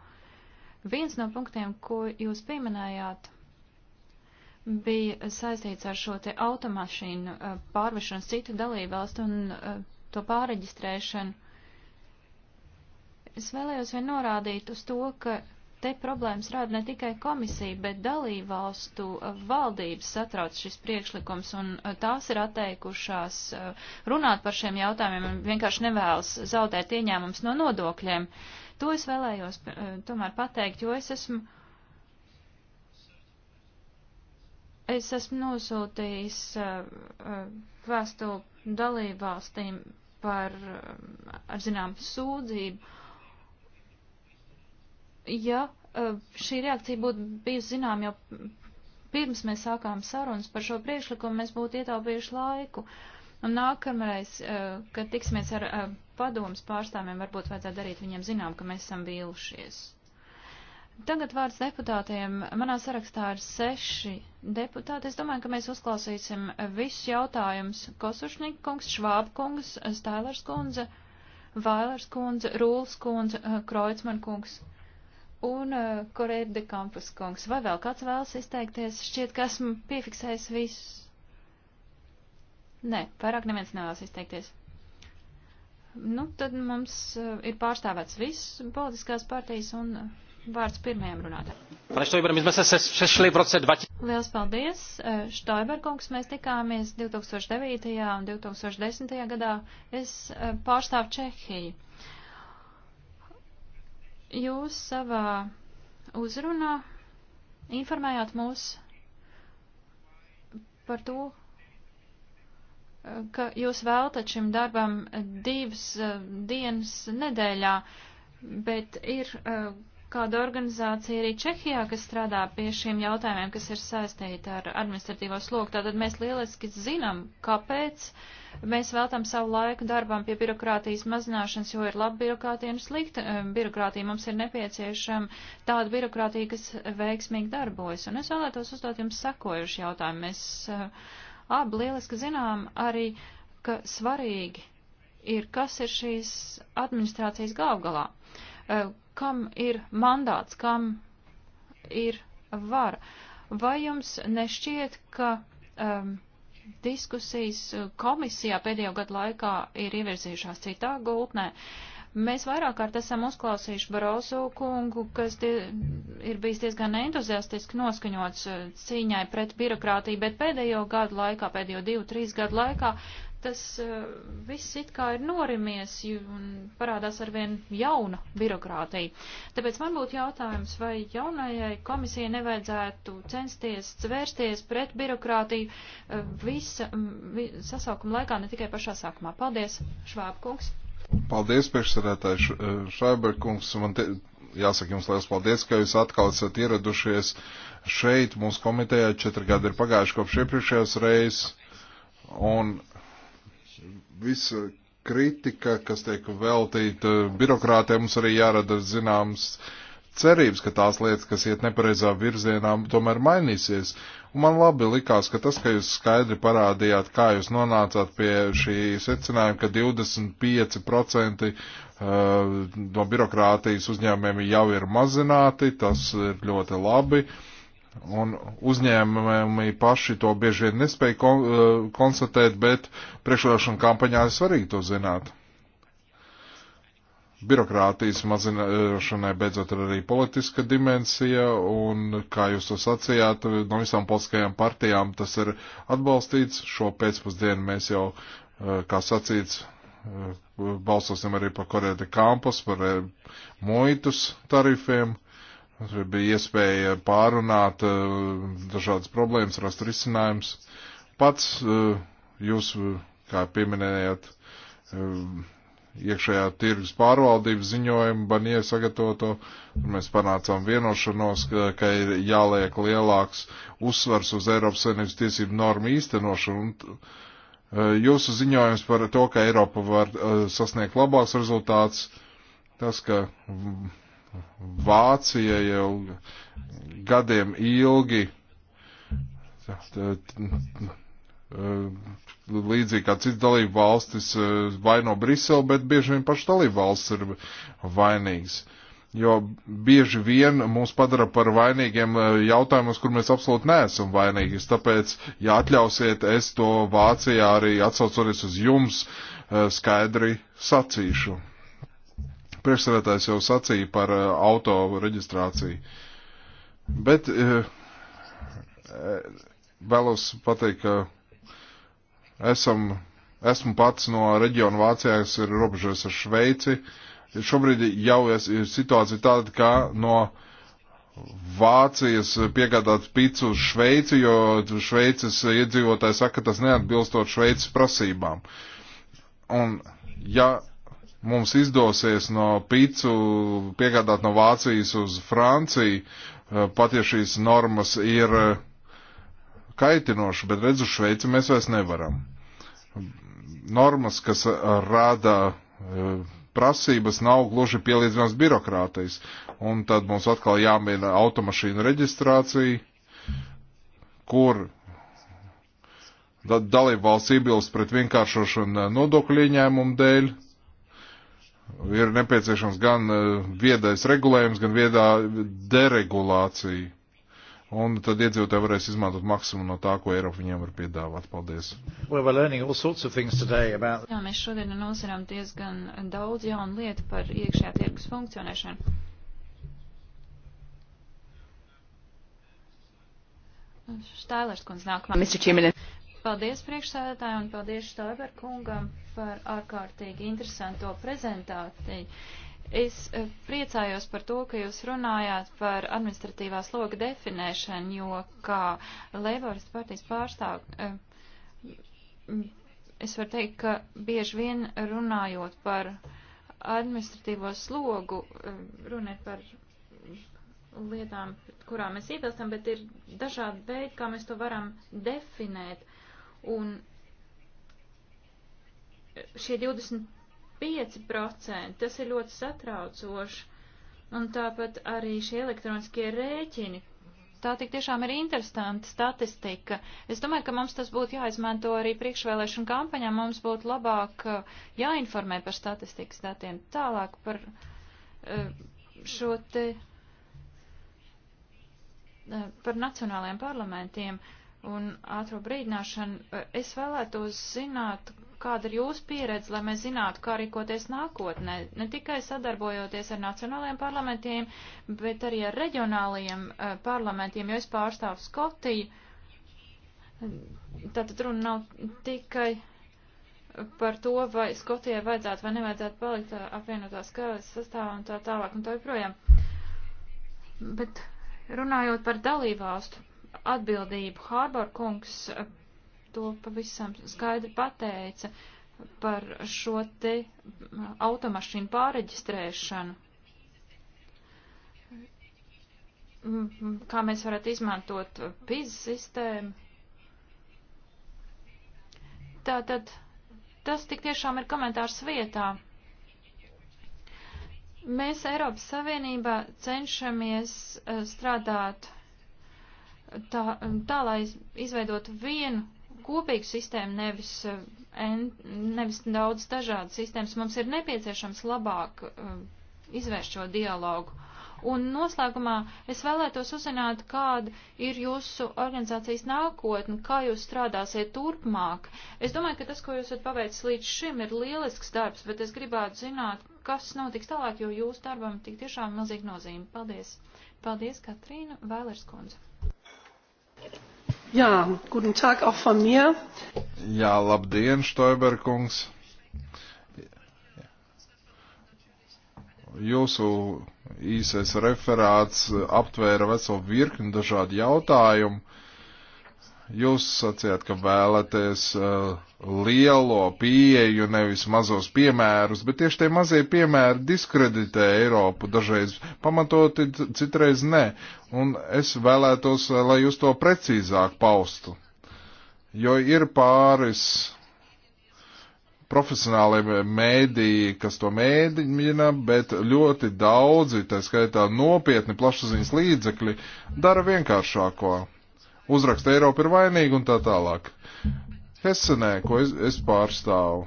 Viens no punktiem, ko jūs pieminējāt, bija saistīts ar šo te automašīnu uh, pārvešanu citu dalībvalstu un uh, to pāreģistrēšanu. Es vēlējos vien norādīt uz to, ka te problēmas rāda ne tikai komisija, bet dalībvalstu uh, valdības satrauc šis priekšlikums, un uh, tās ir atteikušās uh, runāt par šiem jautājumiem un vienkārši nevēlas zaudēt ieņēmums no nodokļiem. To es vēlējos tomēr pateikt, jo es esmu. Es esmu nosūtījis vēstuli dalībvalstīm par, um, ar zinām, sūdzību ja eh, šī reakcija būtu bijusi zinām jau pirms mēs sākām sarunas par šo priekšlikumu, mēs būtu ietaupījuši laiku. Un nākamreiz, eh, kad tiksimies ar eh, padomus pārstāvjiem, varbūt vajadzētu darīt viņiem zinām, ka mēs esam vīlušies. Tagad vārds deputātiem. Manā sarakstā ir seši deputāti. Es domāju, ka mēs uzklausīsim visus jautājumus. Kosušņik kungs, Švāb kungs, Stailers kundze, Vailers kundze, Rūls kundze, Kreutzmann kungs. Uh, un uh, eh, Korēra de Kampus kungs. Vai vēl kāds vēlas izteikties? Šķiet, ka esmu piefiksējis visus. Nē, vairāk neviens nevēlas izteikties. Nu, tad mums uh, ir pārstāvēts viss politiskās partijas un uh, vārds pirmajam runātājam. Liels paldies, uh, Štoiberkungs, mēs tikāmies 2009. un 2010. gadā. Es pārstāvu Čehiju. Jūs savā uzrunā informējāt mūs par to, ka jūs veltat šim darbam divas eh, dienas nedēļā, bet ir eh, kāda organizācija arī Čehijā, kas strādā pie šiem jautājumiem, kas ir saistīti ar administratīvo slogu. Tātad mēs lieliski zinām, kāpēc mēs veltam savu laiku darbam pie birokrātijas mazināšanas, jo ir laba birokrātija un slikta um, birokrātija. Mums ir nepieciešama tāda birokrātija, kas veiksmīgi darbojas. Un es vēlētos uzdot jums sekojuši jautājumu. Mēs uh, abi lieliski zinām arī, ka svarīgi ir, kas ir šīs administrācijas galvgalā uh, kam ir mandāts, kam ir vara. Vai jums nešķiet, ka um, diskusijas komisijā pēdējo gadu laikā ir ievirzījušās citā gultnē? Mēs vairāk kārt esam uzklausījuši Barozu kungu, kas die, ir bijis diezgan entuziastiski noskaņots uh, cīņai pret birokrātiju, bet pēdējo gadu laikā, pēdējo divu, trīs gadu laikā tas eh, viss it kā ir norimies un parādās arvien jauna birokrātija. Tāpēc man būtu jautājums, vai jaunajai komisijai nevajadzētu censties vērsties pret birokrātiju eh, visa vi, sasaukuma laikā, ne tikai pašā sākumā. Paldies, Švābkungs! Paldies, priekšsēdētāji eh, Švābkungs! Man te, jāsaka jums liels paldies, ka jūs atkal esat ieradušies šeit, mūsu komitejā. Četri gadi ir pagājuši kopš iepriekšējās reizes. Un visa kritika, kas tiek veltīta birokrātē, mums arī jārada zināms cerības, ka tās lietas, kas iet nepareizā virzienā, tomēr mainīsies. Un man labi likās, ka tas, ka jūs skaidri parādījāt, kā jūs nonācāt pie šī secinājuma, ka 25% uh, no birokrātijas uzņēmumiem jau ir mazināti, tas ir ļoti labi. Uh, Un uzņēmumi paši to bieži vien nespēja kon eh, konstatēt, bet priekšvēlēšana kampaņā ir svarīgi to zināt. Birokrātijas mazināšanai beidzot ir arī politiska dimensija, un, kā jūs to sacījāt, no visām politiskajām partijām tas ir atbalstīts. Šo pēcpusdienu mēs jau, eh, kā sacīts, eh, balsosim arī par Korēta kampus, par muitus tarifiem Mums bija iespēja pārunāt eh, dažādas problēmas, rast risinājumus. Pats eh, jūs, eh, kā pieminējāt, iekšējā tirgus pārvaldības ziņojumu, Banija sagatavoto, mēs panācām vienošanos, ka, ka ir jāliek lielāks uzsvars uz Eiropas Savienības tiesību normu īstenošanu. Un, jūsu ziņojums par to, ka Eiropa var sasniegt labāks rezultāts, tas, ka mm, Vācija jau gadiem ilgi eh, līdzīgi kā citas dalību valstis eh, vaino Briselu, bet bieži vien paši dalību valsts ir vainīgs. Jo bieži vien mūs padara par vainīgiem eh, jautājumus, kur mēs absolūti neesam vainīgi. Tāpēc, ja atļausiet, es to Vācijā arī atsaucoties uz jums, skaidri sacīšu priekšsēdētājs jau sacīja par eh, auto reģistrāciju. Bet eh, eh, vēlos pateikt, ka esam, esmu pats no reģiona Vācijā, kas ir robežojas ar Šveici. Šobrīd jau ir situācija tāda, ka no Vācijas piegādāt picu uz Šveici, jo Šveices iedzīvotāji saka, ka tas neatbilstot Šveices prasībām. Un ja mums izdosies no pīcu piegādāt no Vācijas uz Franciju, eh, pat ja šīs normas ir eh, kaitinošas, bet redzu, Šveici mēs vairs nevaram. Normas, kas eh, rada prasības, nav gluži pielīdzināmas birokrātais, un tad mums atkal jāmēģina automašīnu reģistrācija, kur dalībvalsts iebilst pret vienkāršošanu nodokļu ieņēmumu dēļ, Ir nepieciešams gan eh, viedais regulējums, gan viedā deregulācija. Un tad iedzīvotāji varēs izmantot maksimumu no tā, ko Eiropa viņiem var piedāvāt. Paldies. About... Jā, mēs šodien nozinām diezgan daudz jaunu lietu par iekšējā tirgus funkcionēšanu. Štailers kundze nākamā. Paldies priekšsēdētāju un paldies Štāver kungam par ārkārtīgi interesanto prezentāciju. Es e, priecājos par to, ka jūs runājāt par administratīvā sloga definēšanu, jo kā Leiboras partijas pārstāv, e, es varu teikt, ka bieži vien runājot par administratīvo slogu, e, runiet par lietām, kurām mēs iebilstam, bet ir dažādi veidi, kā mēs to varam definēt. Un šie 25%, tas ir ļoti satraucoši. Un tāpat arī šie elektroniskie rēķini. Tā tik tiešām ir interesanta statistika. Es domāju, ka mums tas būtu jāizmanto arī priekšvēlēšana kampaņā. Mums būtu labāk uh, jāinformē par statistikas datiem. Tālāk par uh, šo te uh, par nacionālajiem parlamentiem un ātro brīdināšanu. Es vēlētos zināt, kāda ir jūsu pieredze, lai mēs zinātu, kā rīkoties nākotnē, ne tikai sadarbojoties ar nacionālajiem parlamentiem, bet arī ar reģionālajiem uh, parlamentiem, jo es pārstāvu Skotiju. Tātad runa nav tikai par to, vai Skotijai vajadzētu vai nevajadzētu palikt eh, apvienotās karalistas sastāvā un tā tālāk un tā joprojām. Bet runājot par dalībvalstu atbildību, Hārbor kungs to pavisam skaidri pateica par šo te automašīnu pāreģistrēšanu. Kā mēs varētu izmantot PIZ sistēmu? Tātad tas tik tiešām ir komentārs vietā. Mēs Eiropas Savienībā cenšamies eh, strādāt tā, tā lai izveidotu vienu kopīgu sistēmu, nevis, eh, nevis daudz dažādas sistēmas. Mums ir nepieciešams labāk eh, izvērst šo dialogu. Un noslēgumā es vēlētos uzzināt, kāda ir jūsu organizācijas nākotne, kā jūs strādāsiet turpmāk. Es domāju, ka tas, ko jūs esat paveicis līdz šim, ir lielisks darbs, bet es gribētu zināt, kas notiks tālāk, jo jūsu darbam tik tiešām milzīgi nozīme. Paldies! Paldies, Katrīna Vēlers kundze! Thank you. Jā, guten tag auch von mir. Jā, labdien, Štoiberkungs. Jūsu īsais referāts aptvēra veselu virkni dažādu jautājumu Jūs sacījāt, ka vēlaties uh, lielo pieeju, nevis mazos piemērus, bet tieši tie mazie piemēri diskreditē Eiropu dažreiz pamatoti, citreiz nē. Un es vēlētos, uh, lai jūs to precīzāk paustu. Jo ir pāris profesionālie mēdīji, kas to mēdīna, bet ļoti daudzi, tā skaitā nopietni plašsaziņas līdzekļi, dara vienkāršāko uzraksta Eiropa ir vainīga un tā tālāk. Hesenē, ko es, es pārstāvu.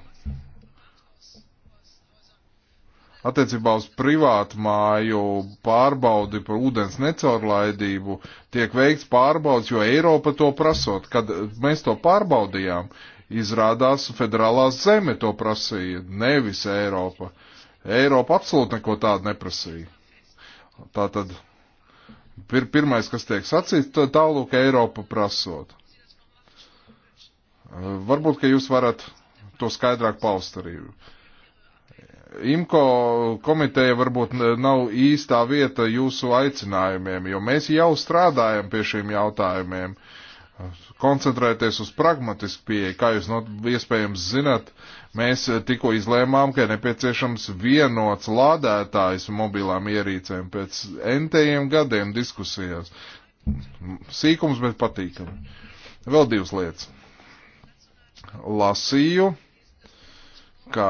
Attiecībā uz privātu māju pārbaudi par ūdens necaurlaidību tiek veikts pārbaudas, jo Eiropa to prasot. Kad mēs to pārbaudījām, izrādās federālā zeme to prasīja, nevis Eiropa. Eiropa absolūti neko tādu neprasīja. Tātad Pir, pirmais, kas tiek sacīts, tālūk Eiropa prasot. Uh, varbūt, ka jūs varat to skaidrāk paust arī. IMCO komiteja varbūt nav īstā vieta jūsu aicinājumiem, jo mēs jau strādājam pie šiem jautājumiem. Koncentrēties uz pragmatisku pieeju, kā jūs no, iespējams zinat, uh, Mēs eh, tikko izlēmām, ka ir nepieciešams vienots lādētājs mobilām ierīcēm pēc entajiem gadiem diskusijās. Sīkums, bet patīkami. Vēl divas lietas. Lasīju, ka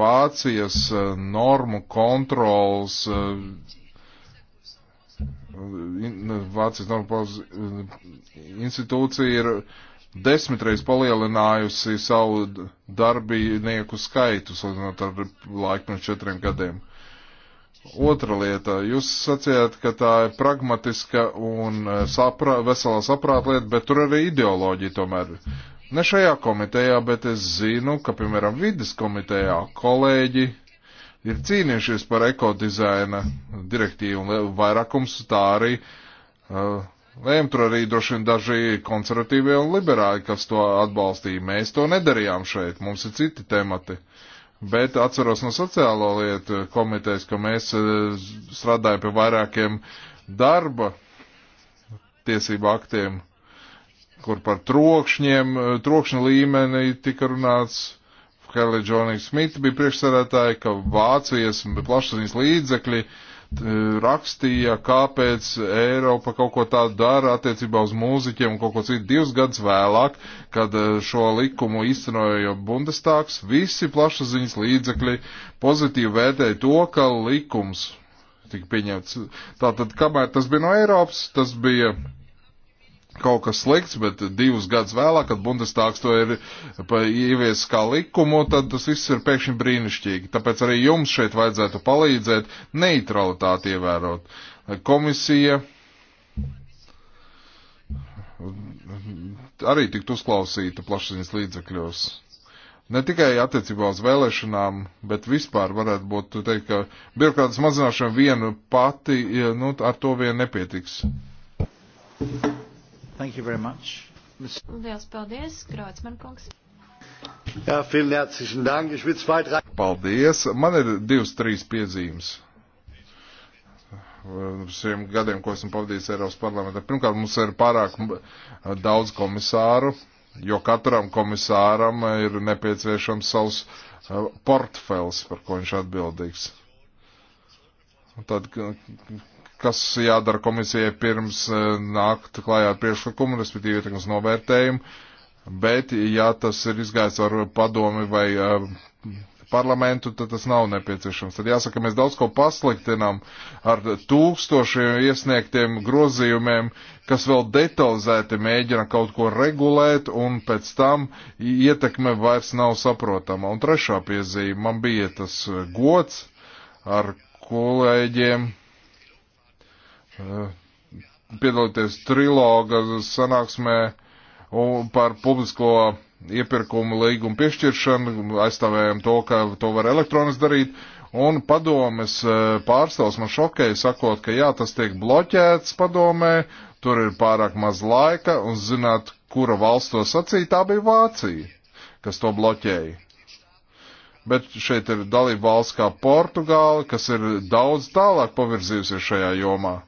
Vācijas eh, normu kontrols eh, Vācijas normu institūcija ir desmitreiz palielinājusi savu darbinieku skaitu, salīdzinot ar laiku pirms četriem gadiem. Otra lieta, jūs sacījāt, ka tā ir pragmatiska un e, saprā, veselā saprāta lieta, bet tur arī ideoloģija tomēr. Ne šajā komitejā, bet es zinu, ka, piemēram, vidas komitejā kolēģi ir cīnījušies par ekodizaina direktīvu un vairākums tā arī uh, Lēm tur arī droši vien daži konservatīvie un liberāļi, kas to atbalstīja. Mēs to nedarījām šeit, mums ir citi temati. Bet atceros no sociālo lietu komitejas, ka mēs e, strādājam pie vairākiem darba tiesību aktiem, kur par trokšņiem, e, trokšņa līmeni tika runāts. Kelly Džonija Smita bija priekšsēdētāja, ka Vācijas plašsaziņas līdzekļi uh, E, rakstīja, kāpēc Eiropa kaut ko tādu dara attiecībā uz mūziķiem un kaut ko citu. Divus gadus vēlāk, kad e, šo likumu izcenoja Bundestāgs, visi plašsaziņas līdzekļi pozitīvi vērtēja to, ka likums tika pieņemts. Tātad, kamēr tas bija no Eiropas, tas bija kaut kas slikts, bet divus gadus vēlāk, kad Bundestāgs to ir ieviesis kā likumu, tad tas viss ir pēkšņi brīnišķīgi. Tāpēc arī jums šeit vajadzētu palīdzēt neutralitāti ievērot. Komisija arī tikt uzklausīta plašsaziņas līdzekļos. Ne tikai attiecībā uz vēlēšanām, bet vispār varētu būt teikt, ka birokrātas mazināšana viena pati, nu, ar to vien nepietiks. Thank you. Thank you very much. Ms. Liels paldies, Kraucman kungs. Jā, vielen herzlichen Dank. Ich will zwei, drei. Paldies. Man ir divas, trīs piezīmes. Šiem gadiem, ko esmu pavadījis Eiropas parlamentā. Pirmkārt, mums ir pārāk daudz komisāru, jo katram komisāram ir nepieciešams savs eh, portfels, par ko viņš atbildīgs. Un tad kas jādara komisijai pirms e, nākt klājā ar priekšlikumu, respektīvi ietekmes novērtējumu, bet ja tas ir izgājis ar padomi vai e, parlamentu, tad tas nav nepieciešams. Tad jāsaka, mēs daudz ko pasliktinām ar tūkstošiem iesniegtiem grozījumiem, kas vēl detalizēti mēģina kaut ko regulēt, un pēc tam ietekme vairs nav saprotama. Un trešā piezīme, man bija tas gods ar kolēģiem Eh, piedalīties triloga sanāksmē par publisko iepirkumu līgumu piešķiršanu, aizstāvējam to, ka to var elektronis darīt, un padomes eh, pārstāvs man šokēja, sakot, ka jā, tas tiek bloķēts padomē, tur ir pārāk maz laika, un zināt, kura valsts to sacīja, tā bija Vācija, kas to bloķēja. Bet šeit ir dalība valsts kā Portugāla, kas ir daudz tālāk pavirzījusies šajā jomā.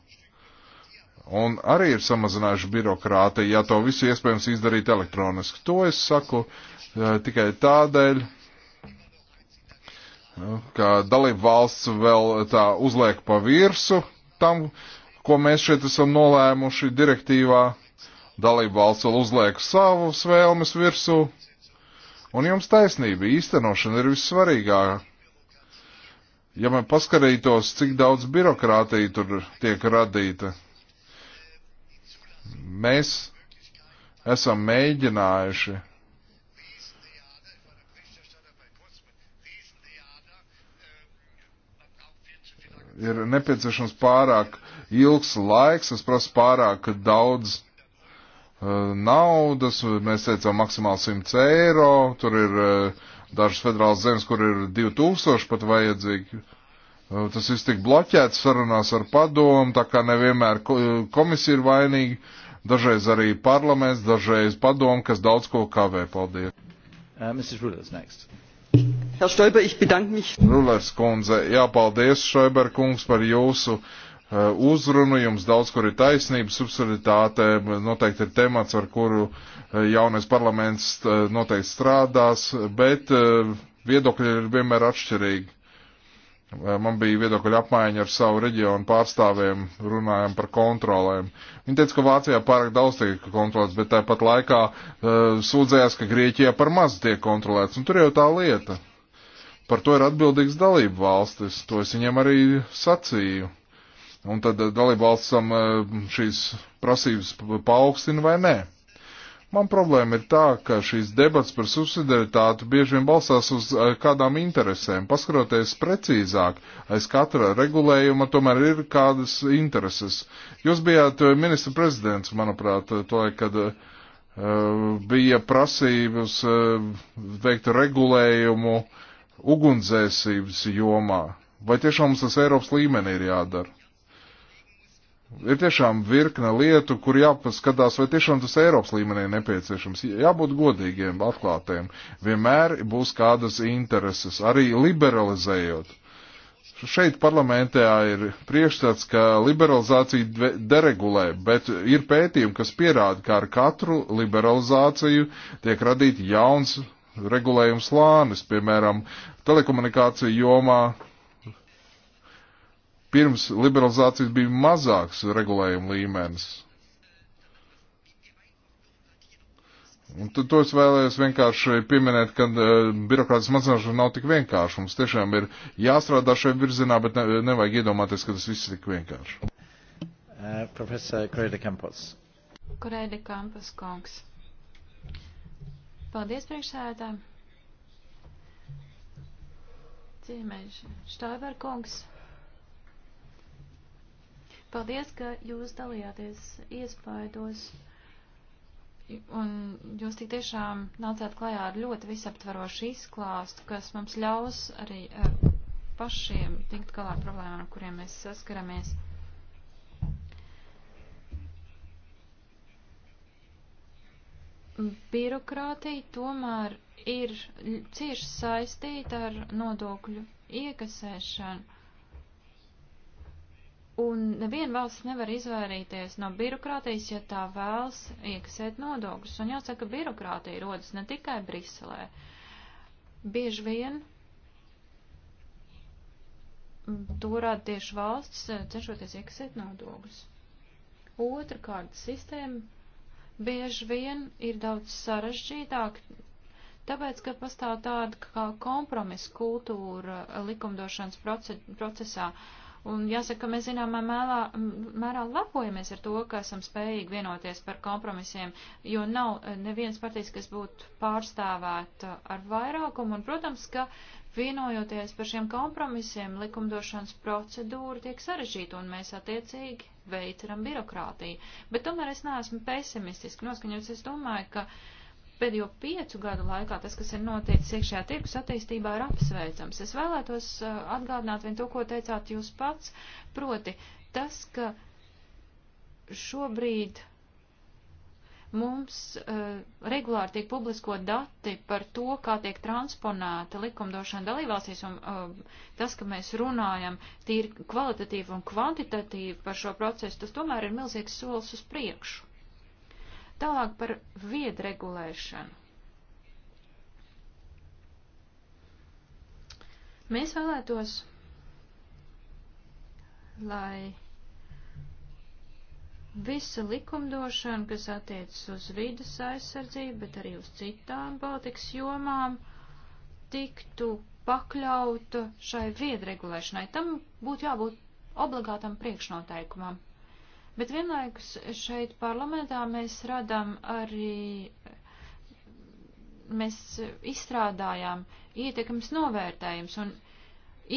Un arī ir samazinājuši birokrātiju, ja to visu iespējams izdarīt elektroniski. To es saku eh, tikai tādēļ, ka dalība valsts vēl tā uzliek pa virsu tam, ko mēs šeit esam nolēmuši direktīvā. Dalība valsts vēl uzliek savus vēlmes virsū. Un jums taisnība, īstenošana ir vissvarīgākā. Ja man paskarītos, cik daudz birokrātija tur tiek radīta, Mēs esam mēģinājuši ir nepieciešams pārāk ilgs laiks, tas prasa pārāk daudz uh, naudas, mēs teicām maksimāli 100 eiro, tur ir uh, dažas federālas zemes, kur ir 2000 pat vajadzīgi. Tas viss tik bloķēts sarunās ar padomu, tā kā nevienmēr komisija ir vainīga, dažreiz arī parlaments, dažreiz padomu, kas daudz ko kavē. Paldies. Uh, Mrs. Rulers, next. Herr Stoiber, ich bedanke mich. Rulers kundze, jā, paldies, Stoiber kungs, par jūsu uh, uzrunu. Jums daudz, kur ir taisnība, subsiditāte noteikti ir temats, ar kuru uh, jaunais parlaments noteikti strādās, bet viedokļi ir vienmēr atšķirīgi Man bija viedokļa apmaiņa ar savu reģionu pārstāvjiem, runājām par kontrolēm. Viņi teica, ka Vācijā pārāk daudz tiek kontrolēts, bet tāpat laikā uh, sūdzējās, ka Grieķijā par maz tiek kontrolēts. Un tur jau tā lieta. Par to ir atbildīgs dalību valstis. To es viņiem arī sacīju. Un tad eh, dalību valstsam uh, eh, šīs prasības paaugstina vai nē. Man problēma ir tā, ka šīs debats par subsidiaritāti bieži vien balstās uz eh, kādām interesēm. Paskaroties precīzāk, aiz katra regulējuma tomēr ir kādas intereses. Jūs bijāt eh, ministra prezidents, manuprāt, eh, to, kad uh, bija prasības uh, veikt regulējumu ugunsdzēsības jomā. Vai tiešām mums tas Eiropas līmenī ir jādara? Ir tiešām virkne lietu, kur jāpaskatās, vai tiešām tas Eiropas līmenī nepieciešams. Jābūt godīgiem, atklātiem. Vienmēr būs kādas intereses, arī liberalizējot. Šeit parlamentā ir priekšstats, ka liberalizācija deregulē, bet ir pētījumi, kas pierāda, ka ar katru liberalizāciju tiek radīt jauns regulējums slānis, piemēram, telekomunikāciju jomā Pirms liberalizācijas bija mazāks regulējuma līmenis. Un tad to es vēlējos vienkārši pieminēt, ka uh, birokrātas mazināšana nav tik vienkārša. Mums tiešām ir jāstrādā šajā virzienā, bet ne, nevajag iedomāties, ka tas viss ir tik vienkārši. Uh, profesor Kreida Kampos. Kreida Kampos kungs. Paldies priekšsēdētājiem. Cīmēž Štāver kungs. Paldies, ka jūs dalījāties iespaidos un jūs tik tiešām nācāt klajā ar ļoti visaptvarošu izklāstu, kas mums ļaus arī eh, pašiem tikt galā ar problēmām, ar kuriem mēs saskaramies. Birokrātija tomēr ir cieši saistīta ar nodokļu iekasēšanu. Un neviena valsts nevar izvairīties no birokrātijas, ja tā vēlas iekasēt nodokļus. Un jāsaka, birokrātija rodas ne tikai Briselē. Bieži vien to rāda tieši valsts, eh, cenšoties iekasēt nodokļus. Otrakārt, sistēma bieži vien ir daudz sarežģītāk, tāpēc, ka pastāv tāda kā kompromisa kultūra eh, likumdošanas procesā. Uh, Un jāsaka, mēs zināmā mērā, mērā lepojamies ar to, ka esam spējīgi vienoties par kompromisiem, jo nav eh, neviens partijas, kas būtu pārstāvēt eh, ar vairākumu. Un, protams, ka vienojoties par šiem kompromisiem, likumdošanas procedūra tiek sarežģīta un mēs attiecīgi veicinam birokrātiju. Bet tomēr es neesmu pesimistiski noskaņots. Es domāju, ka pēdējo piecu gadu laikā tas, kas ir noticis iekšējā tirgus attīstībā, ir apsveicams. Es vēlētos uh, atgādināt vien to, ko teicāt jūs pats, proti tas, ka šobrīd mums uh, regulāri tiek publiskot dati par to, kā tiek transponēta likumdošana dalībvalstīs, un uh, tas, ka mēs runājam tīri kvalitatīvi un kvantitatīvi par šo procesu, tas tomēr ir milzīgs solis uz priekšu. Tālāk par viedregulēšanu. Mēs vēlētos, lai visa likumdošana, kas attiecas uz vidas aizsardzību, bet arī uz citām politikas jomām, tiktu pakļauta šai viedregulēšanai. Tam būtu jābūt obligātam priekšnoteikumam. Bet vienlaikus šeit parlamentā mēs radām arī, mēs izstrādājām ietekmes novērtējums, un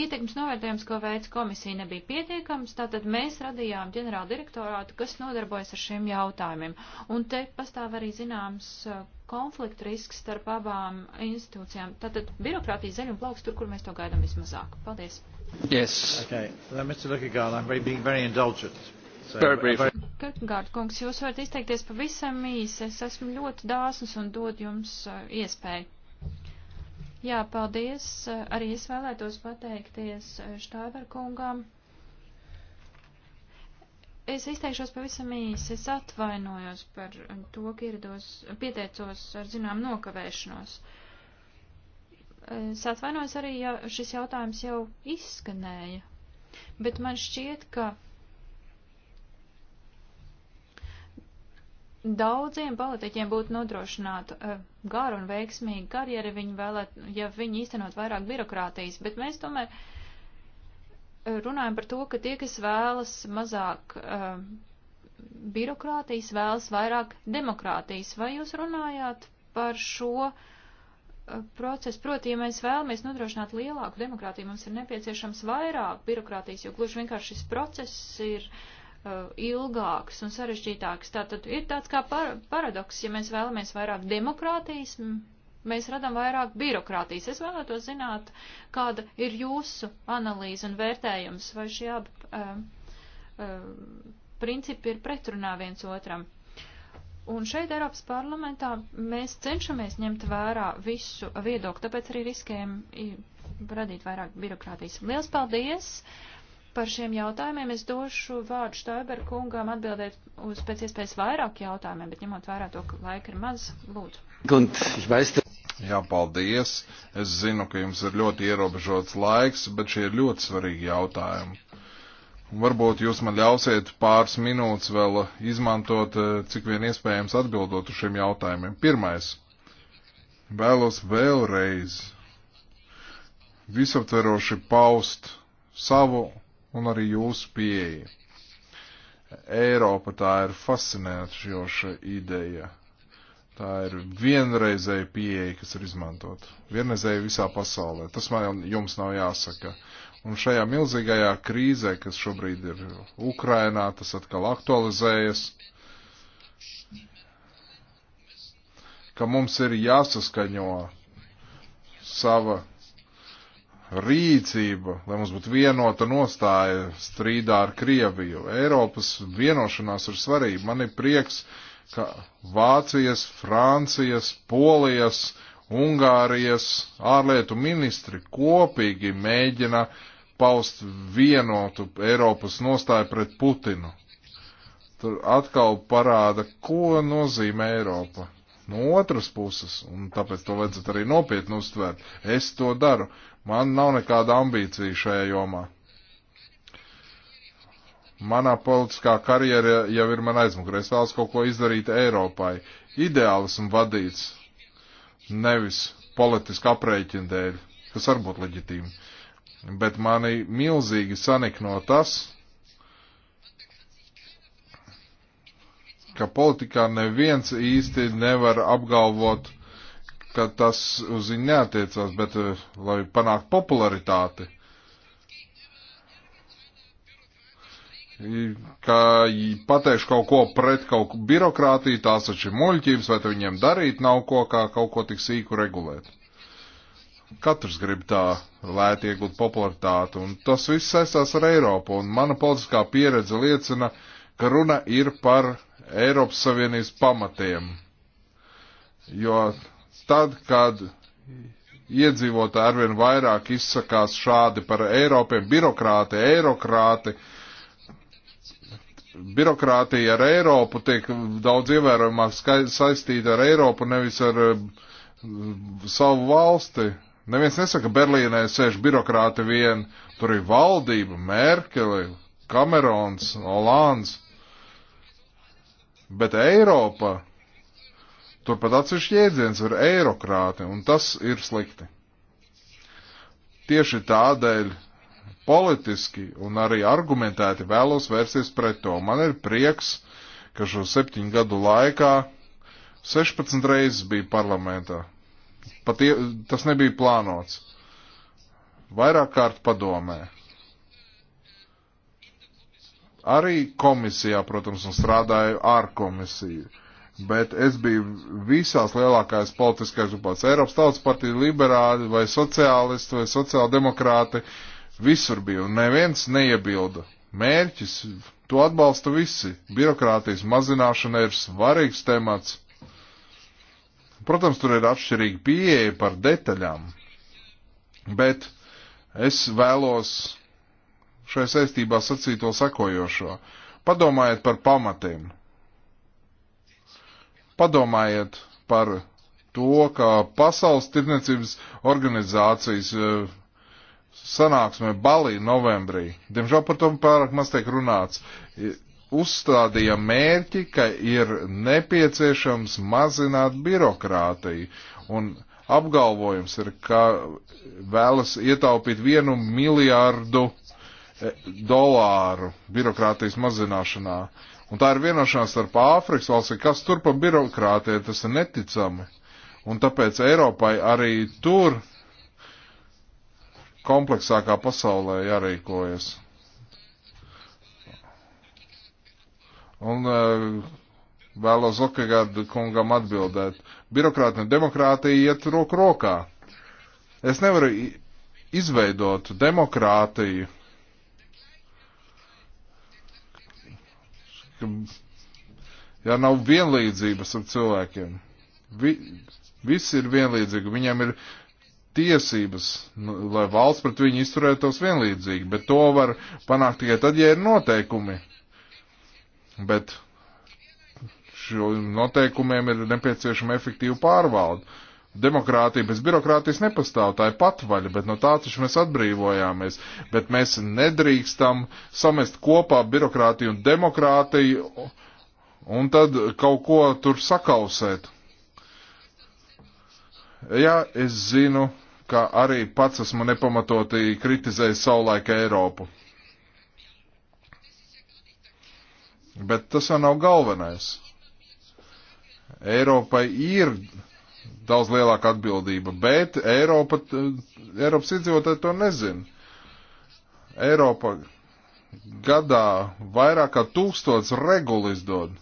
ietekmes novērtējums, ko veids komisija, nebija pietiekams, tātad mēs radījām ģenerāla direktorātu, kas nodarbojas ar šiem jautājumiem. Un te pastāv arī zināms uh, konflikta risks starp abām institūcijām. Tātad birokrātija zaļ un plauks tur, kur mēs to gaidām vismazāk. Paldies! Yes. Okay. Now, Mr. Lukagal, I'm very, being very indulgent. Kirkgārd kungs, jūs varat izteikties pavisam īsi. Es esmu ļoti dāsns un dod jums uh, iespēju. Jā, paldies. Uh, arī es vēlētos pateikties uh, Štāver kungam. Es izteikšos pavisam īsi. Es atvainojos par to, ka ierados, pieteicos ar zinām nokavēšanos. Es atvainojos arī, ja šis jautājums jau izskanēja, bet man šķiet, ka Daudziem politiķiem būtu nodrošināta uh, eh, gara un veiksmīga karjera, viņi vēlēt, ja viņi īstenot vairāk birokrātijas, bet mēs tomēr eh, runājam par to, ka tie, kas vēlas mazāk uh, birokrātijas, vēlas vairāk demokrātijas. Vai jūs runājāt par šo uh, procesu? Proti, ja mēs vēlamies nodrošināt lielāku demokrātiju, mums ir nepieciešams vairāk birokrātijas, jo gluži vienkārši šis process ir. Uh, Uh, ilgāks un sarežģītāks. Tātad ir tāds kā par, paradoks, ja mēs vēlamies vairāk demokrātijas, mēs radām vairāk birokrātijas. Es vēlētos zināt, kāda ir jūsu analīze un vērtējums, vai šie abi uh, uh, principi ir pretrunā viens otram. Un šeit Eiropas parlamentā mēs cenšamies ņemt vērā visu viedokli, tāpēc arī riskējam radīt vairāk birokrātijas. Liels paldies! Uh, par šiem jautājumiem. Es došu vārdu Štoiber kungam atbildēt uz pēc iespējas vairāk jautājumiem, bet ņemot vērā to, ka laika ir maz, lūdzu. Jā, paldies. Es zinu, ka jums ir ļoti ierobežots laiks, bet šie ir ļoti svarīgi jautājumi. Varbūt jūs man ļausiet pāris minūtes vēl izmantot, eh, cik vien iespējams atbildot uz šiem jautājumiem. Pirmais. Vēlos vēlreiz visaptveroši paust savu un arī jūsu pieeja. Eiropa tā ir fascinējoša ideja. Tā ir vienreizēja pieeja, kas ir izmantot. Vienreizēja visā pasaulē. Tas man jums nav jāsaka. Un šajā milzīgajā krīzē, kas šobrīd ir Ukrainā, tas atkal aktualizējas. Ka mums ir jāsaskaņo sava rīcība, lai mums būtu vienota nostāja strīdā ar Krieviju. Eiropas vienošanās ir svarīga. Man ir prieks, ka Vācijas, Francijas, Polijas, Ungārijas ārlietu ministri kopīgi mēģina paust vienotu Eiropas nostāju pret Putinu. Tur atkal parāda, ko nozīmē Eiropa no otras puses, un tāpēc to vajadzētu arī nopietni uztvērt. Es to daru. Man nav nekāda ambīcija šajā jomā. Manā politiskā karjera jau ir man aizmugurē. Es vēlos kaut ko izdarīt Eiropai. Ideāls un vadīts, nevis politiski aprēķina dēļ, kas varbūt leģitīmi. Bet mani milzīgi sanikno tas, ka politikā neviens īsti nevar apgalvot, ka tas uz viņu neatiecās, bet eh, lai panāktu popularitāti, ka pateikšu kaut ko pret kaut ko birokrātiju, tās taču ir muļķības, vai viņiem darīt nav ko, kā kaut ko tik sīku regulēt. Katrs grib tā lēti iegūt popularitāti, un tas viss saistās ar Eiropu, un mana politiskā pieredze liecina, ka runa ir par Eiropas Savienības pamatiem. Jo tad, kad iedzīvotāji arvien vairāk izsakās šādi par Eiropiem, birokrāti, eirokrāti, birokrātija ar Eiropu tiek daudz ievērojamāk saistīta ar Eiropu, nevis ar eh, savu valsti. Neviens nesaka, Berlīnē sēž birokrāti vien, tur ir valdība, Merkeli, Kamerons, Olāns. Bet Eiropa, turpat atsevišķi jēdziens ir eirokrāti, un tas ir slikti. Tieši tādēļ politiski un arī argumentēti vēlos vērsties pret to. Man ir prieks, ka šo septiņu gadu laikā 16 reizes bija parlamentā. Pat tie, tas nebija plānots. Vairāk kārt padomē. Arī komisijā, protams, un strādāju ar komisiju. Bet es biju visās lielākās politiskajās grupās - Eiropas Tautas partija, liberāļi vai sociālisti vai sociāldemokrāti. Visur bija un neviens neiebilda. Mērķis, to atbalsta visi. Birokrātijas mazināšana ir svarīgs temats. Protams, tur ir atšķirīga pieeja par detaļām, bet es vēlos šai saistībā sacīto sekojošo. Padomājiet par pamatiem. Padomājiet par to, ka Pasaules tirniecības organizācijas e, sanāksmē Balī novembrī, diemžēl par to pārāk maz tiek runāts, uzstādīja mērķi, ka ir nepieciešams mazināt birokrātiju. Un apgalvojums ir, ka vēlas ietaupīt vienu miljārdu E, dolāru birokrātijas mazināšanā. Un tā ir vienošanās starp Āfrikas valsts, kas tur pa birokrātiju, tas ir neticami. Un tāpēc Eiropai arī tur kompleksākā pasaulē jārīkojas. Un e, vēlos Okagārdu kungam atbildēt. Birokrāti un demokrātija iet roku rokā. Es nevaru izveidot demokrātiju, ka ja nav vienlīdzības ar cilvēkiem, vi, viss ir vienlīdzīgi, viņiem ir tiesības, nu, lai valsts pret viņu izturētos vienlīdzīgi, bet to var panākt tikai tad, ja ir noteikumi. Bet šo noteikumiem ir nepieciešama efektīva pārvalda. Demokrātija bez birokrātijas nepastāv, tā ir patvaļa, bet no tā taču mēs atbrīvojāmies. Bet mēs nedrīkstam samest kopā birokrātiju un demokrātiju un tad kaut ko tur sakausēt. Jā, es zinu, ka arī pats esmu nepamatotīgi kritizējis savulaik Eiropu. Bet tas jau nav galvenais. Eiropai ir daudz lielāka atbildība, bet Eiropa, Eiropas iedzīvotāji to nezina. Eiropa gadā vairāk kā tūkstots regulu izdod.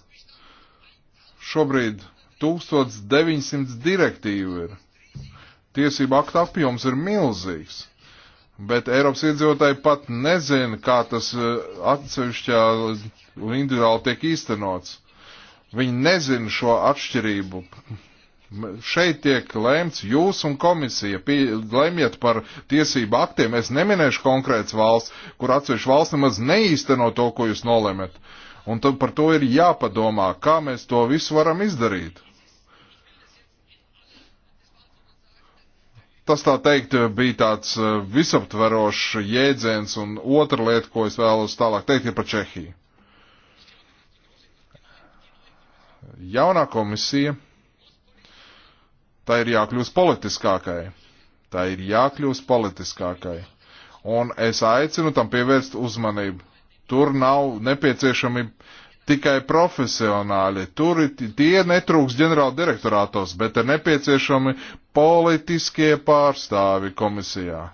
Šobrīd 1900 direktīvu ir. Tiesība akta apjoms ir milzīgs, bet Eiropas iedzīvotāji pat nezina, kā tas eh, atsevišķā un individuāli tiek īstenots. Viņi nezina šo atšķirību, Šeit tiek lēmts, jūs un komisija lemjat par tiesību aktiem. Es neminēšu konkrēts valsts, kur atsevišķi valsts nemaz neīsteno to, ko jūs nolemet. Un tad par to ir jāpadomā, kā mēs to visu varam izdarīt. Tas tā teikt bija tāds eh, visaptverošs jēdziens, un otra lieta, ko es vēlos tālāk teikt, ir par Čehiju. Jaunā komisija tā ir jākļūst politiskākai. Tā ir jākļūst politiskākai. Un es aicinu tam pievērst uzmanību. Tur nav nepieciešami tikai profesionāļi. Tur tie netrūks ģenerāla direktorātos, bet ir nepieciešami politiskie pārstāvi komisijā.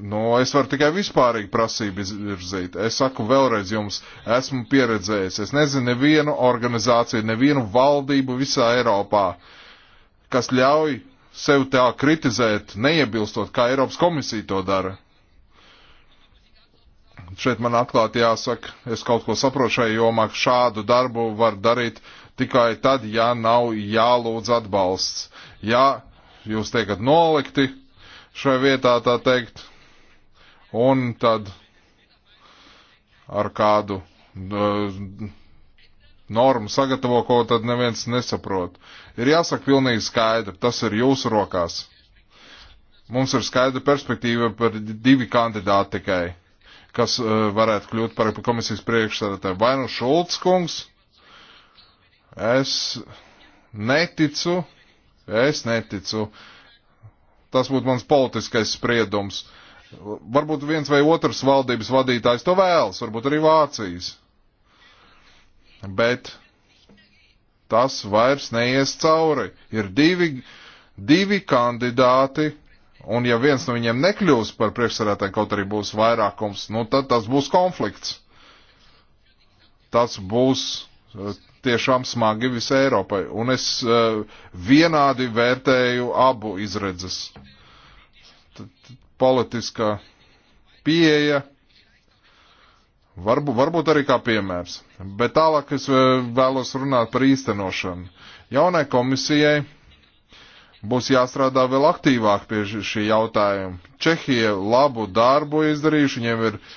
Nu, es varu tikai vispārīgi prasību izvirzīt. Es saku vēlreiz jums, esmu pieredzējis. Es nezinu nevienu organizāciju, nevienu valdību visā Eiropā, kas ļauj sev tā kritizēt, neiebilstot, kā Eiropas komisija to dara. Šeit man atklāti jāsaka, es kaut ko saprotu šajā jomā, ka šādu darbu var darīt tikai tad, ja nav jālūdz atbalsts. Ja jūs tiekat nolikti, šai vietā, tā teikt, un tad ar kādu uh, normu sagatavo, ko tad neviens nesaprot. Ir jāsaka pilnīgi skaidri, tas ir jūsu rokās. Mums ir skaidra perspektīva par divi kandidāti tikai, kas uh, varētu kļūt par komisijas priekšsēdētāju. Vai nu Šulc kungs? Es neticu, es neticu. Uh, Tas būtu mans politiskais spriedums. Varbūt viens vai otrs valdības vadītājs to vēlas, varbūt arī Vācijas. Bet tas vairs neies cauri. Ir divi, divi kandidāti, un ja viens no viņiem nekļūs par priekšsarētāju, kaut arī būs vairākums, nu tad tas būs konflikts. Tas būs tiešām smagi visai Eiropai. Un es uh, vienādi vērtēju abu izredzes. T -t Politiskā pieeja. Varbūt, varbūt arī kā piemērs. Bet tālāk es eh, vēlos runāt par īstenošanu. Jaunai komisijai būs jāstrādā vēl aktīvāk pie šī jautājuma. Čehija labu darbu izdarījuši, viņiem ir uh,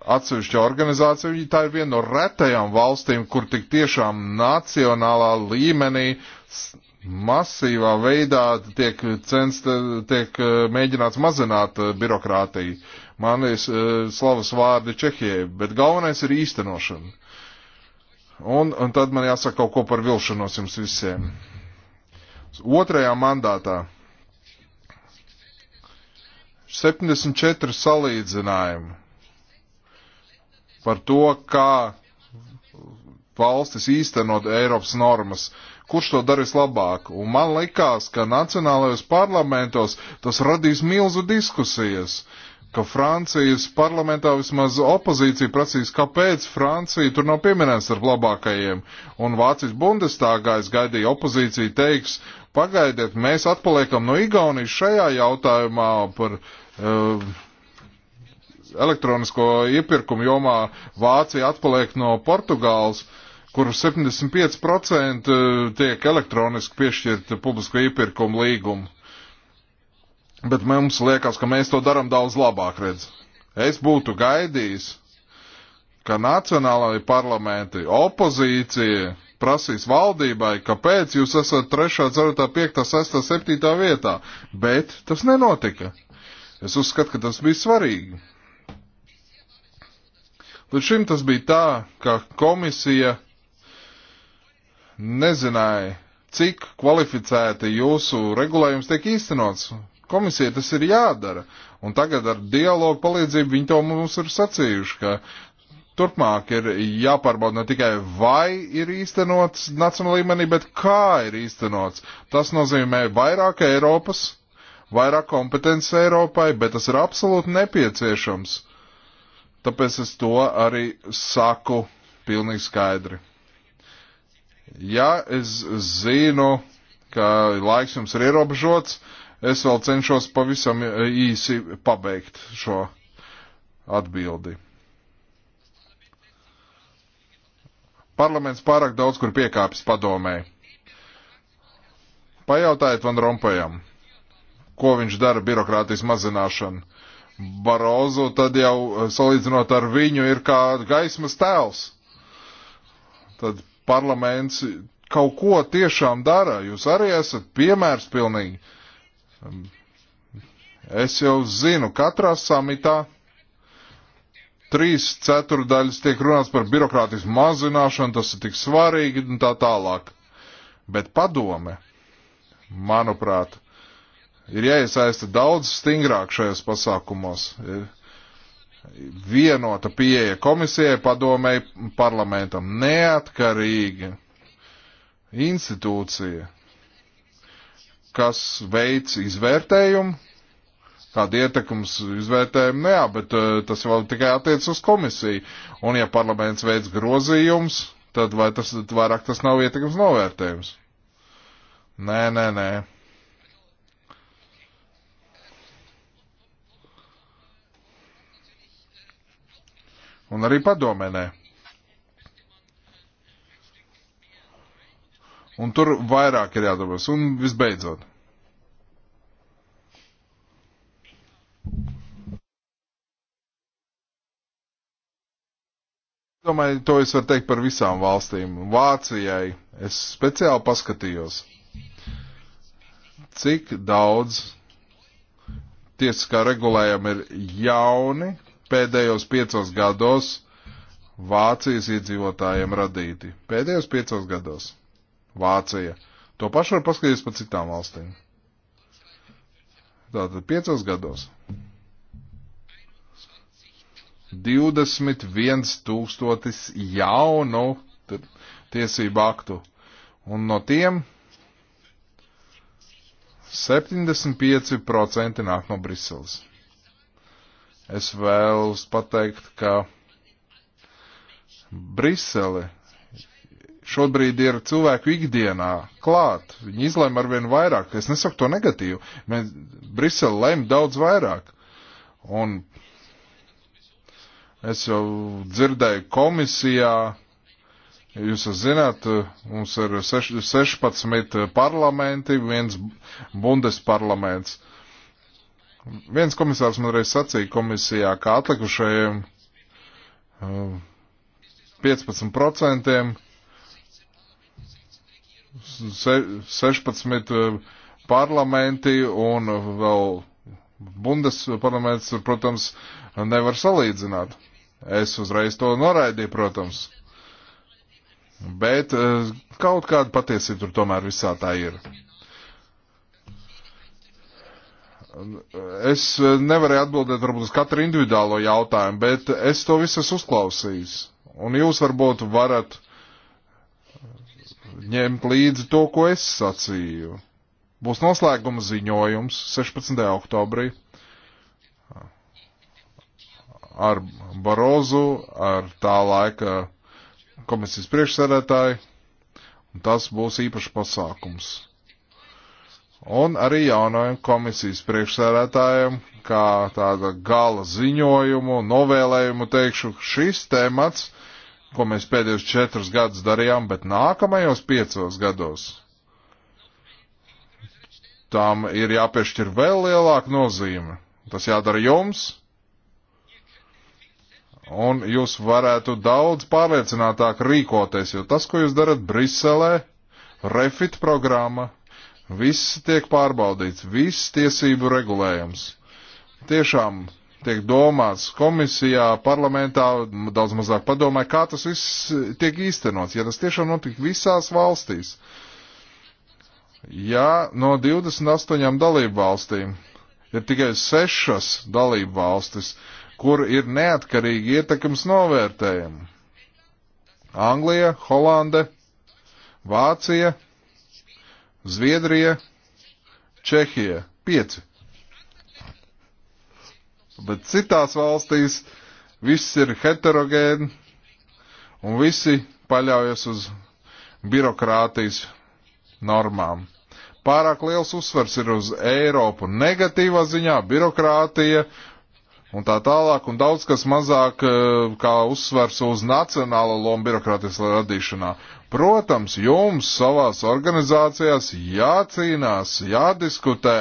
atsevišķa organizācija, viņi tā ir viena no retajām valstīm, kur tik tiešām nacionālā līmenī masīvā veidā tiek censt, tiek eh, mēģināts mazināt eh, birokrātiju. Man ir eh, slavas vārdi Čehijai, bet galvenais ir īstenošana. Un, un tad man jāsaka kaut ko par vilšanos jums visiem. Otrajā mandātā 74 salīdzinājumi par to, kā valstis īstenot Eiropas normas. Kurš to darīs labāk? Un man likās, ka nacionālajos parlamentos tas radīs milzu diskusijas, ka Francijas parlamentā vismaz opozīcija prasīs, kāpēc Francija tur nav pieminēta starp labākajiem. Un Vācijas Bundestāgā es gaidīju opozīciju teiks, pagaidiet, mēs atpaliekam no Igaunijas šajā jautājumā par. Uh, elektronisko iepirkumu jomā Vācija atpaliek no Portugāles, kur 75% eh, tiek elektroniski piešķirta publisko iepirkumu līgumu. Bet mums liekas, ka mēs to darām daudz labāk, redz. Es būtu gaidījis, ka nacionālajai parlamenti, opozīcija prasīs valdībai, kāpēc jūs esat 3, 4, 5, 6, 7 vietā, bet tas nenotika. Es uzskatu, ka tas bija svarīgi. Līdz šim tas bija tā, ka komisija nezināja, cik kvalificēti jūsu regulējums tiek īstenots. Komisija tas ir jādara, un tagad ar dialogu palīdzību viņi to mums ir sacījuši, ka turpmāk ir jāpārbauda ne tikai vai ir īstenots nacionāla līmenī, bet kā ir īstenots. Tas nozīmē vairāk Eiropas, vairāk kompetences Eiropai, bet tas ir absolūti nepieciešams. Tāpēc es to arī saku pilnīgi skaidri. Ja es zinu, ka laiks jums ir ierobežots, es vēl cenšos pavisam īsi pabeigt šo atbildi. Parlaments pārāk daudz kur piekāpjas padomē. Pajautājiet Van Rompējam, ko viņš dara birokrātijas mazināšanu Barozu, tad jau eh, salīdzinot ar viņu ir kā gaismas tēls. Tad parlaments kaut ko tiešām dara. Jūs arī esat piemērs pilnīgi. Um, es jau zinu, katrā samitā trīs ceturdaļas tiek runāts par birokrātijas mazināšanu, tas ir tik svarīgi un tā tālāk. Bet padome, manuprāt, Ir jāiesaista daudz stingrāk šajos pasākumos. Ir vienota pieeja komisijai, padomēji, parlamentam, neatkarīga institūcija, kas veids izvērtējumu, kāda ietekums izvērtējumu, jā, bet eh, tas jau tikai attiec uz komisiju. Un ja parlaments veids grozījums, tad vai tas vairāk tas nav ietekums novērtējums? Nē, nē, nē. Un arī padomēnē. Un tur vairāk ir jādarbojas. Un visbeidzot. Domāju, to es varu teikt par visām valstīm. Vācijai es speciāli paskatījos, cik daudz tiesiskā regulējuma ir jauni pēdējos piecos gados Vācijas iedzīvotājiem radīti. Pēdējos piecos gados Vācija. To pašu var paskatīties pa citām valstīm. Tātad piecos gados. 21 tūkstotis jaunu tiesību aktu. Un no tiem 75% nāk no Briseles. Es vēlos pateikt, ka Brisele šobrīd ir cilvēku ikdienā klāt. Viņi izlēma ar vien vairāk. Es nesaku to negatīvu. Mēs Brisele lēma daudz vairāk. Un es jau dzirdēju komisijā, Jūs zināt, mums ir 16 parlamenti, viens bundesparlaments. Viens komisārs man reiz sacīja komisijā, ka atlikušajiem 15% eh, 16 eh, parlamenti un vēl Bundesparlaments, protams, nevar salīdzināt. Es uzreiz to noraidīju, protams. Bet eh, kaut kāda patiesība tur tomēr visā tā ir. Es eh, nevarēju atbildēt varbūt uz katru individuālo jautājumu, bet es to visu esmu uzklausījis. Un jūs varbūt varat ņemt līdzi to, ko es sacīju. Būs noslēguma ziņojums 16. oktobrī ar Barozu, ar tā laika komisijas priekšsēdētāju, un tas būs īpašs pasākums un arī jaunajam komisijas priekšsēdētājam, kā tāda gala ziņojumu, novēlējumu teikšu, šis temats, ko mēs pēdējos četrus gadus darījām, bet nākamajos piecos gados tām ir jāpiešķir vēl lielāka nozīme. Tas jādara jums, un jūs varētu daudz pārliecinātāk rīkoties, jo tas, ko jūs darat Briselē, refit programma Viss tiek pārbaudīts, viss tiesību regulējums. Tiešām tiek domāts komisijā, parlamentā, daudz mazāk padomē, kā tas viss tiek īstenots, ja tas tiešām notiek visās valstīs. Ja no 28 dalību valstīm ir tikai 6 dalību valstis, kur ir neatkarīgi ietekmes novērtējumi. Anglija, Holande, Vācija, Zviedrija, Čehija - pieci. Bet citās valstīs viss ir heterogēni un visi paļaujas uz birokrātijas normām. Pārāk liels uzsvers ir uz Eiropu negatīvā ziņā, birokrātija un tā tālāk, un daudz kas mazāk eh, kā uzsvers uz nacionālo lomu birokrātijas radīšanā. Protams, jums savās organizācijās jācīnās, jādiskutē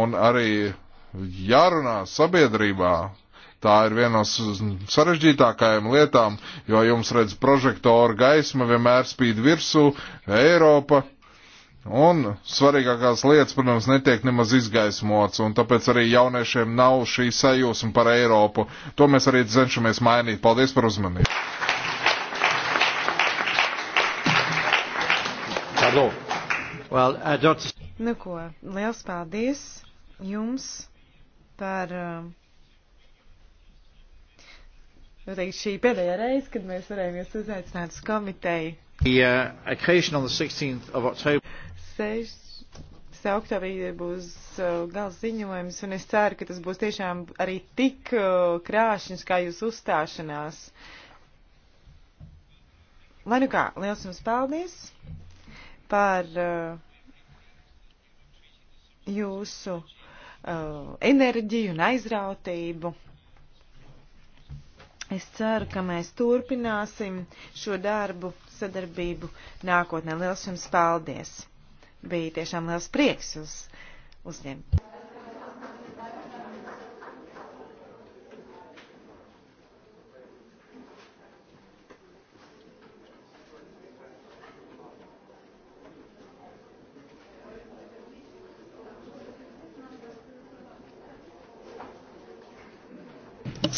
un arī jārunā sabiedrībā. Tā ir viena no sarežģītākajām lietām, jo jums redz prožektoru gaisma vienmēr spīd virsū, Eiropa. Un svarīgākās lietas, protams, netiek nemaz izgaismots, un tāpēc arī jauniešiem nav šī sajūsma par Eiropu. To mēs arī cenšamies mainīt. Paldies par uzmanību! Pardon. Well, I uh, don't... Nu ko, liels paldies jums par. Uh, Teikt, šī pēdējā reize, kad mēs varējām jūs uzaicināt uz komiteju. The, uh, occasion on the 16th of October. 6. oktobrī būs uh, gals ziņojums, un es ceru, ka tas būs tiešām arī tik uh, krāšņs, kā jūs uzstāšanās. Lai nu kā, liels jums paldies! par uh, jūsu uh, enerģiju un aizrautību. Es ceru, ka mēs turpināsim šo darbu, sadarbību nākotnē. Liels jums paldies! Bija tiešām liels prieks uz uzņemt.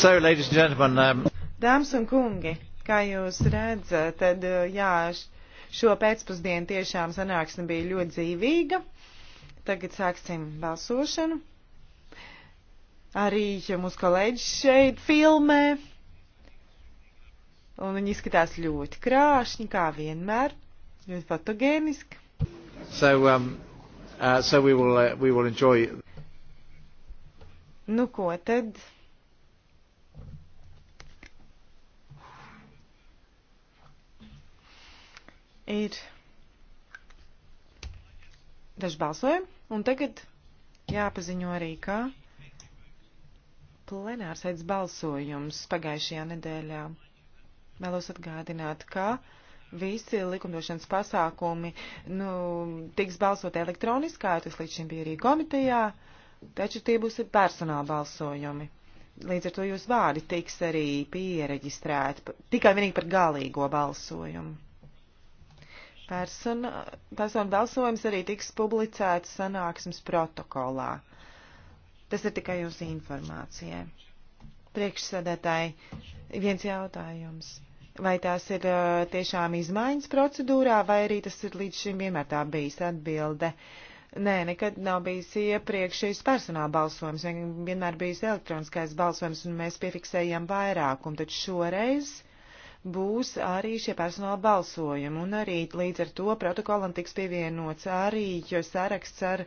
So, ladies and gentlemen, um... Dāmas un kungi, kā jūs redzat, tad uh, jā, šo pēcpusdienu tiešām sanāksme bija ļoti dzīvīga. Tagad sāksim balsošanu. Arī mūsu kolēģis šeit filmē. Un viņi izskatās ļoti krāšņi, kā vienmēr, ļoti fotogēniski. So, um, uh, so we will, uh, we will enjoy... Nu ko tad? Ir daži balsojumi, un tagad jāpaziņo arī, ka plenārsaids balsojums pagājušajā nedēļā. Vēlos atgādināt, ka visi likumdošanas pasākumi nu, tiks balsot elektroniski, kā tas līdz šim bija arī komitejā, taču tie būs personāla balsojumi. Līdz ar to jūs vārdi tiks arī pieregistrēti tikai vienīgi par galīgo balsojumu. Persona, persona balsojums arī tiks publicēts sanāksmes protokolā. Tas ir tikai jūsu informācijai. Priekšsēdētāji, viens jautājums. Vai tās ir uh, tiešām izmaiņas procedūrā, vai arī tas ir līdz šim vienmēr tā bijis atbilde? Nē, nekad nav bijis iepriekš šīs personāla balsojums, vienmēr bijis elektroniskais balsojums, un mēs piefiksējām vairākumu, taču šoreiz uh, būs arī šie personāla balsojumi, un arī līdz ar to protokolam tiks pievienots arī saraksts ar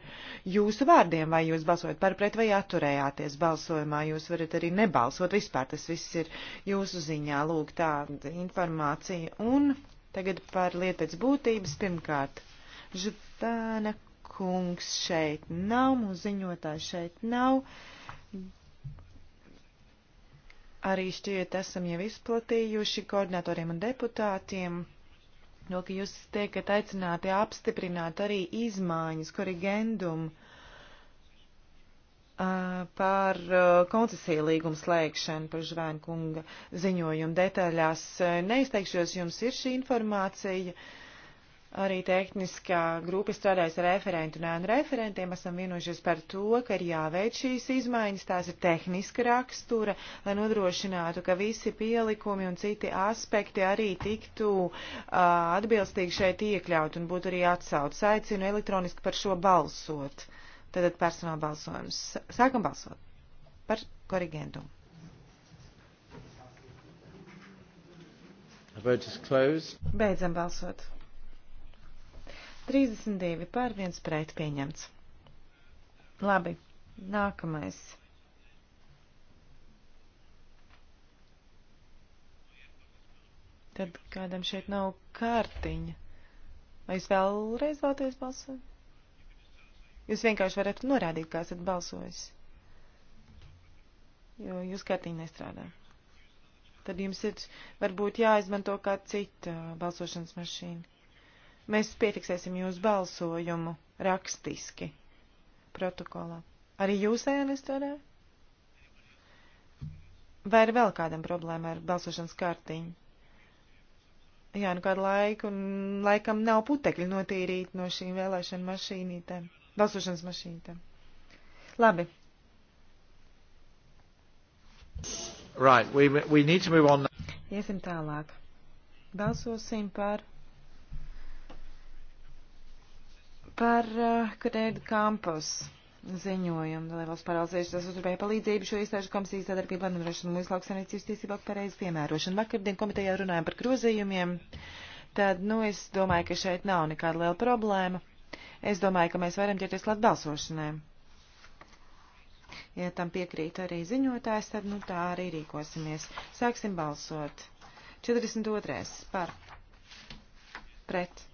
jūsu vārdiem, vai jūs balsojat par pret vai atturējāties balsojumā, jūs varat arī nebalsot vispār, tas viss ir jūsu ziņā, lūk, tāda informācija. Un tagad par lietu pēc būtības pirmkārt. Žutāna kungs šeit nav, mūsu ziņotājs šeit nav. Uh, arī šķiet esam jau izplatījuši koordinatoriem un deputātiem, no ka jūs tiekat aicināti apstiprināt arī izmaiņas, korigendumu uh, par uh, koncesiju līgumu slēgšanu, par žvēnkunga ziņojumu detaļās. Neizteikšos, jums ir šī informācija. Uh, Arī tehniskā grupa strādājas ar referentu un ēnu referentiem. Esam vienojušies par to, ka ir jāveic šīs izmaiņas, tās ir tehniska rakstura, lai nodrošinātu, ka visi pielikumi un citi aspekti arī tiktu uh, atbilstīgi šeit iekļaut un būtu arī atsauts. Aicinu elektroniski par šo balsot. Tātad personāla balsojums. Sākam balsot par korrigendumu. Beidzam balsot. 32 pār 1 pret pieņemts. Labi, nākamais. Tad kādam šeit nav kārtiņa. Vai jūs vēlreiz vēlaties balsot? Jūs vienkārši varat norādīt, kā esat balsojis. Jo jūs kārtiņa nestrādā. Tad jums ir varbūt jāizmanto kā cita balsošanas mašīna. Mēs piefiksēsim jūsu balsojumu rakstiski protokolā. Arī jūs, Ēnis, tādā? Vai ir vēl kādam problēma ar balsošanas kārtiņu? Jā, nu kādu laiku, laikam nav putekļi notīrīt no šīm vēlēšana mašīnītēm, balsošanas mašīnītēm. Labi. Right, we, we need to move on. Iesim tālāk. Balsosim par Par uh, eh, Krēdu Kampus ziņojumu. Lielās paralizēšanās uzturēja palīdzību šo iestāžu komisijas sadarbību plānošanu mūsu lauksaimniecības tiesību aktu pareizu piemērošanu. Vakardien komitejā runājām par grozījumiem. Tad, nu, es domāju, ka šeit nav nekāda liela problēma. Es domāju, ka mēs varam ķerties klāt balsošanai. Ja tam piekrīt arī ziņotājs, tad, nu, tā arī rīkosimies. Sāksim balsot. 42. par. Pret.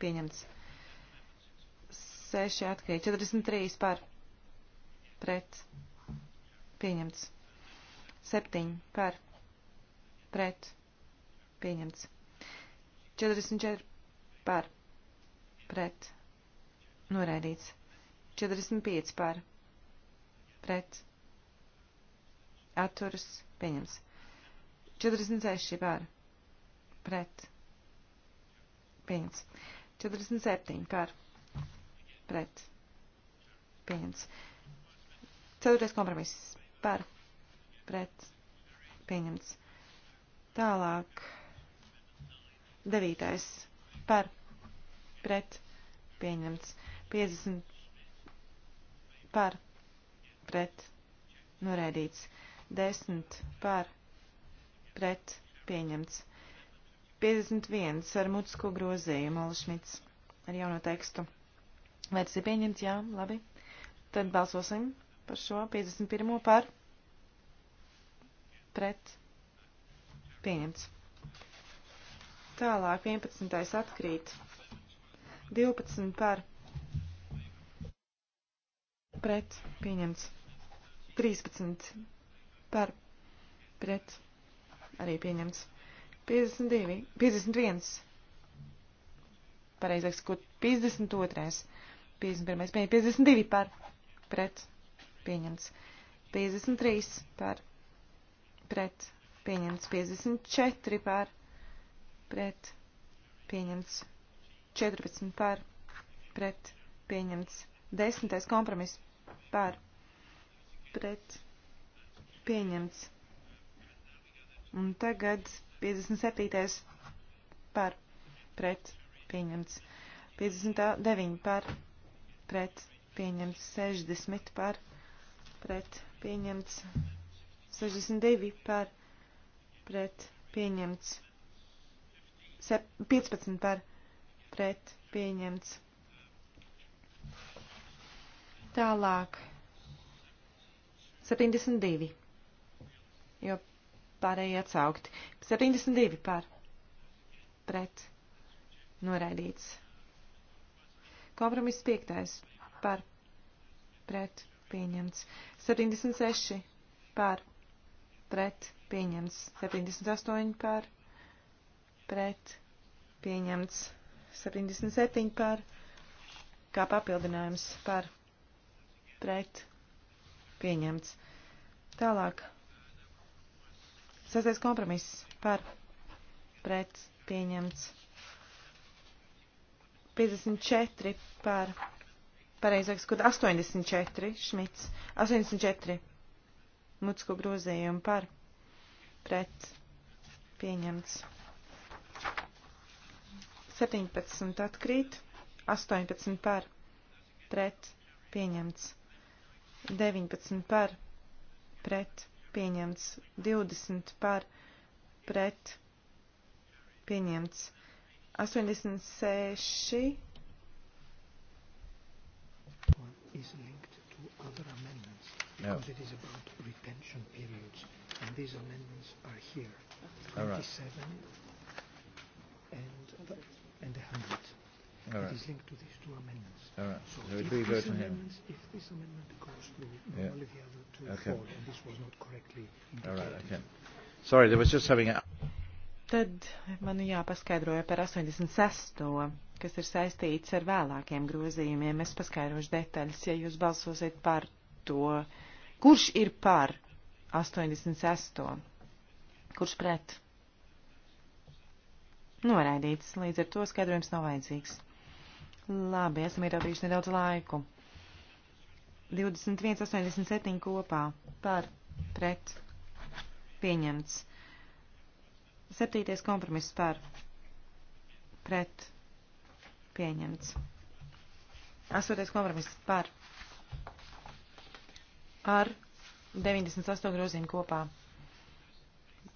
Pieņemts. 46 atkrīt, 43 par pret pieņemts, 7 par pret pieņemts, 44 par pret noraidīts, 45 par pret atturas pieņemts, 46 par pret pieņemts. 47 par pret pieņemts. Ceturtais kompromiss par pret pieņemts. Tālāk devītais par pret pieņemts. 50 par pret norēdīts. 10 par pret pieņemts. 51 ar mutisko grozījumu Olšmits ar jauno tekstu Vai tas ir pieņemts? Jā, labi. Tad balsosim par šo 51. par pret pieņemts. Tālāk 11. atkrīt. 12 par pret pieņemts. 13 par pret arī pieņemts. 52, 51. Pareizāk sakot, 52. 51. pieņemts. 52 par pret pieņemts. 53 par pret pieņemts. 54 par pret pieņemts. 14 par pret pieņemts. 10. kompromiss par pret pieņemts. Un tagad 57. par pret pieņemts. 59 par pret pret pieņemts 60 par pret pieņemts 62 par pret pieņemts 15 par pret pieņemts. Tālāk 72, jo pārējie atsaukti. 72 par pret noraidīts. Kompromiss 5. par pret pieņemts. 76 par pret pieņemts. 78 par pret pieņemts. 77 par kā papildinājums par pret pieņemts. Tālāk. Sastais kompromiss par pret pieņemts. 54 par, pareizāk sakot, 84 šmits, 84 mutsko grozījumu par, pret, pieņemts. 17 atkrīt, 18 par, pret, pieņemts. 19 par, pret, pieņemts. 20 par, pret, pieņemts. 86. is linked to other amendments because yeah. it is about retention periods and these amendments are here 27 right. and, the, and 100 All right. It is linked to these two amendments. All right. So, so if, this go to him. if this amendment goes through, normally yeah. the other two okay. fall, and this was not correctly indicated. All right, okay. Sorry, there was just having a Tad man jāpaskaidroja par 86. kas ir saistīts ar vēlākiem grozījumiem. Es paskaidrošu detaļas, ja jūs balsosiet par to. Kurš ir par 86. Kurš pret? Noraidīts, līdz ar to skaidrojums nav vajadzīgs. Labi, esam ietaupījuši nedaudz laiku. 21,87 kopā par pret pieņemts. Septītais kompromiss par pret pieņemts. Astotais kompromiss par ar 98 grozījumu kopā.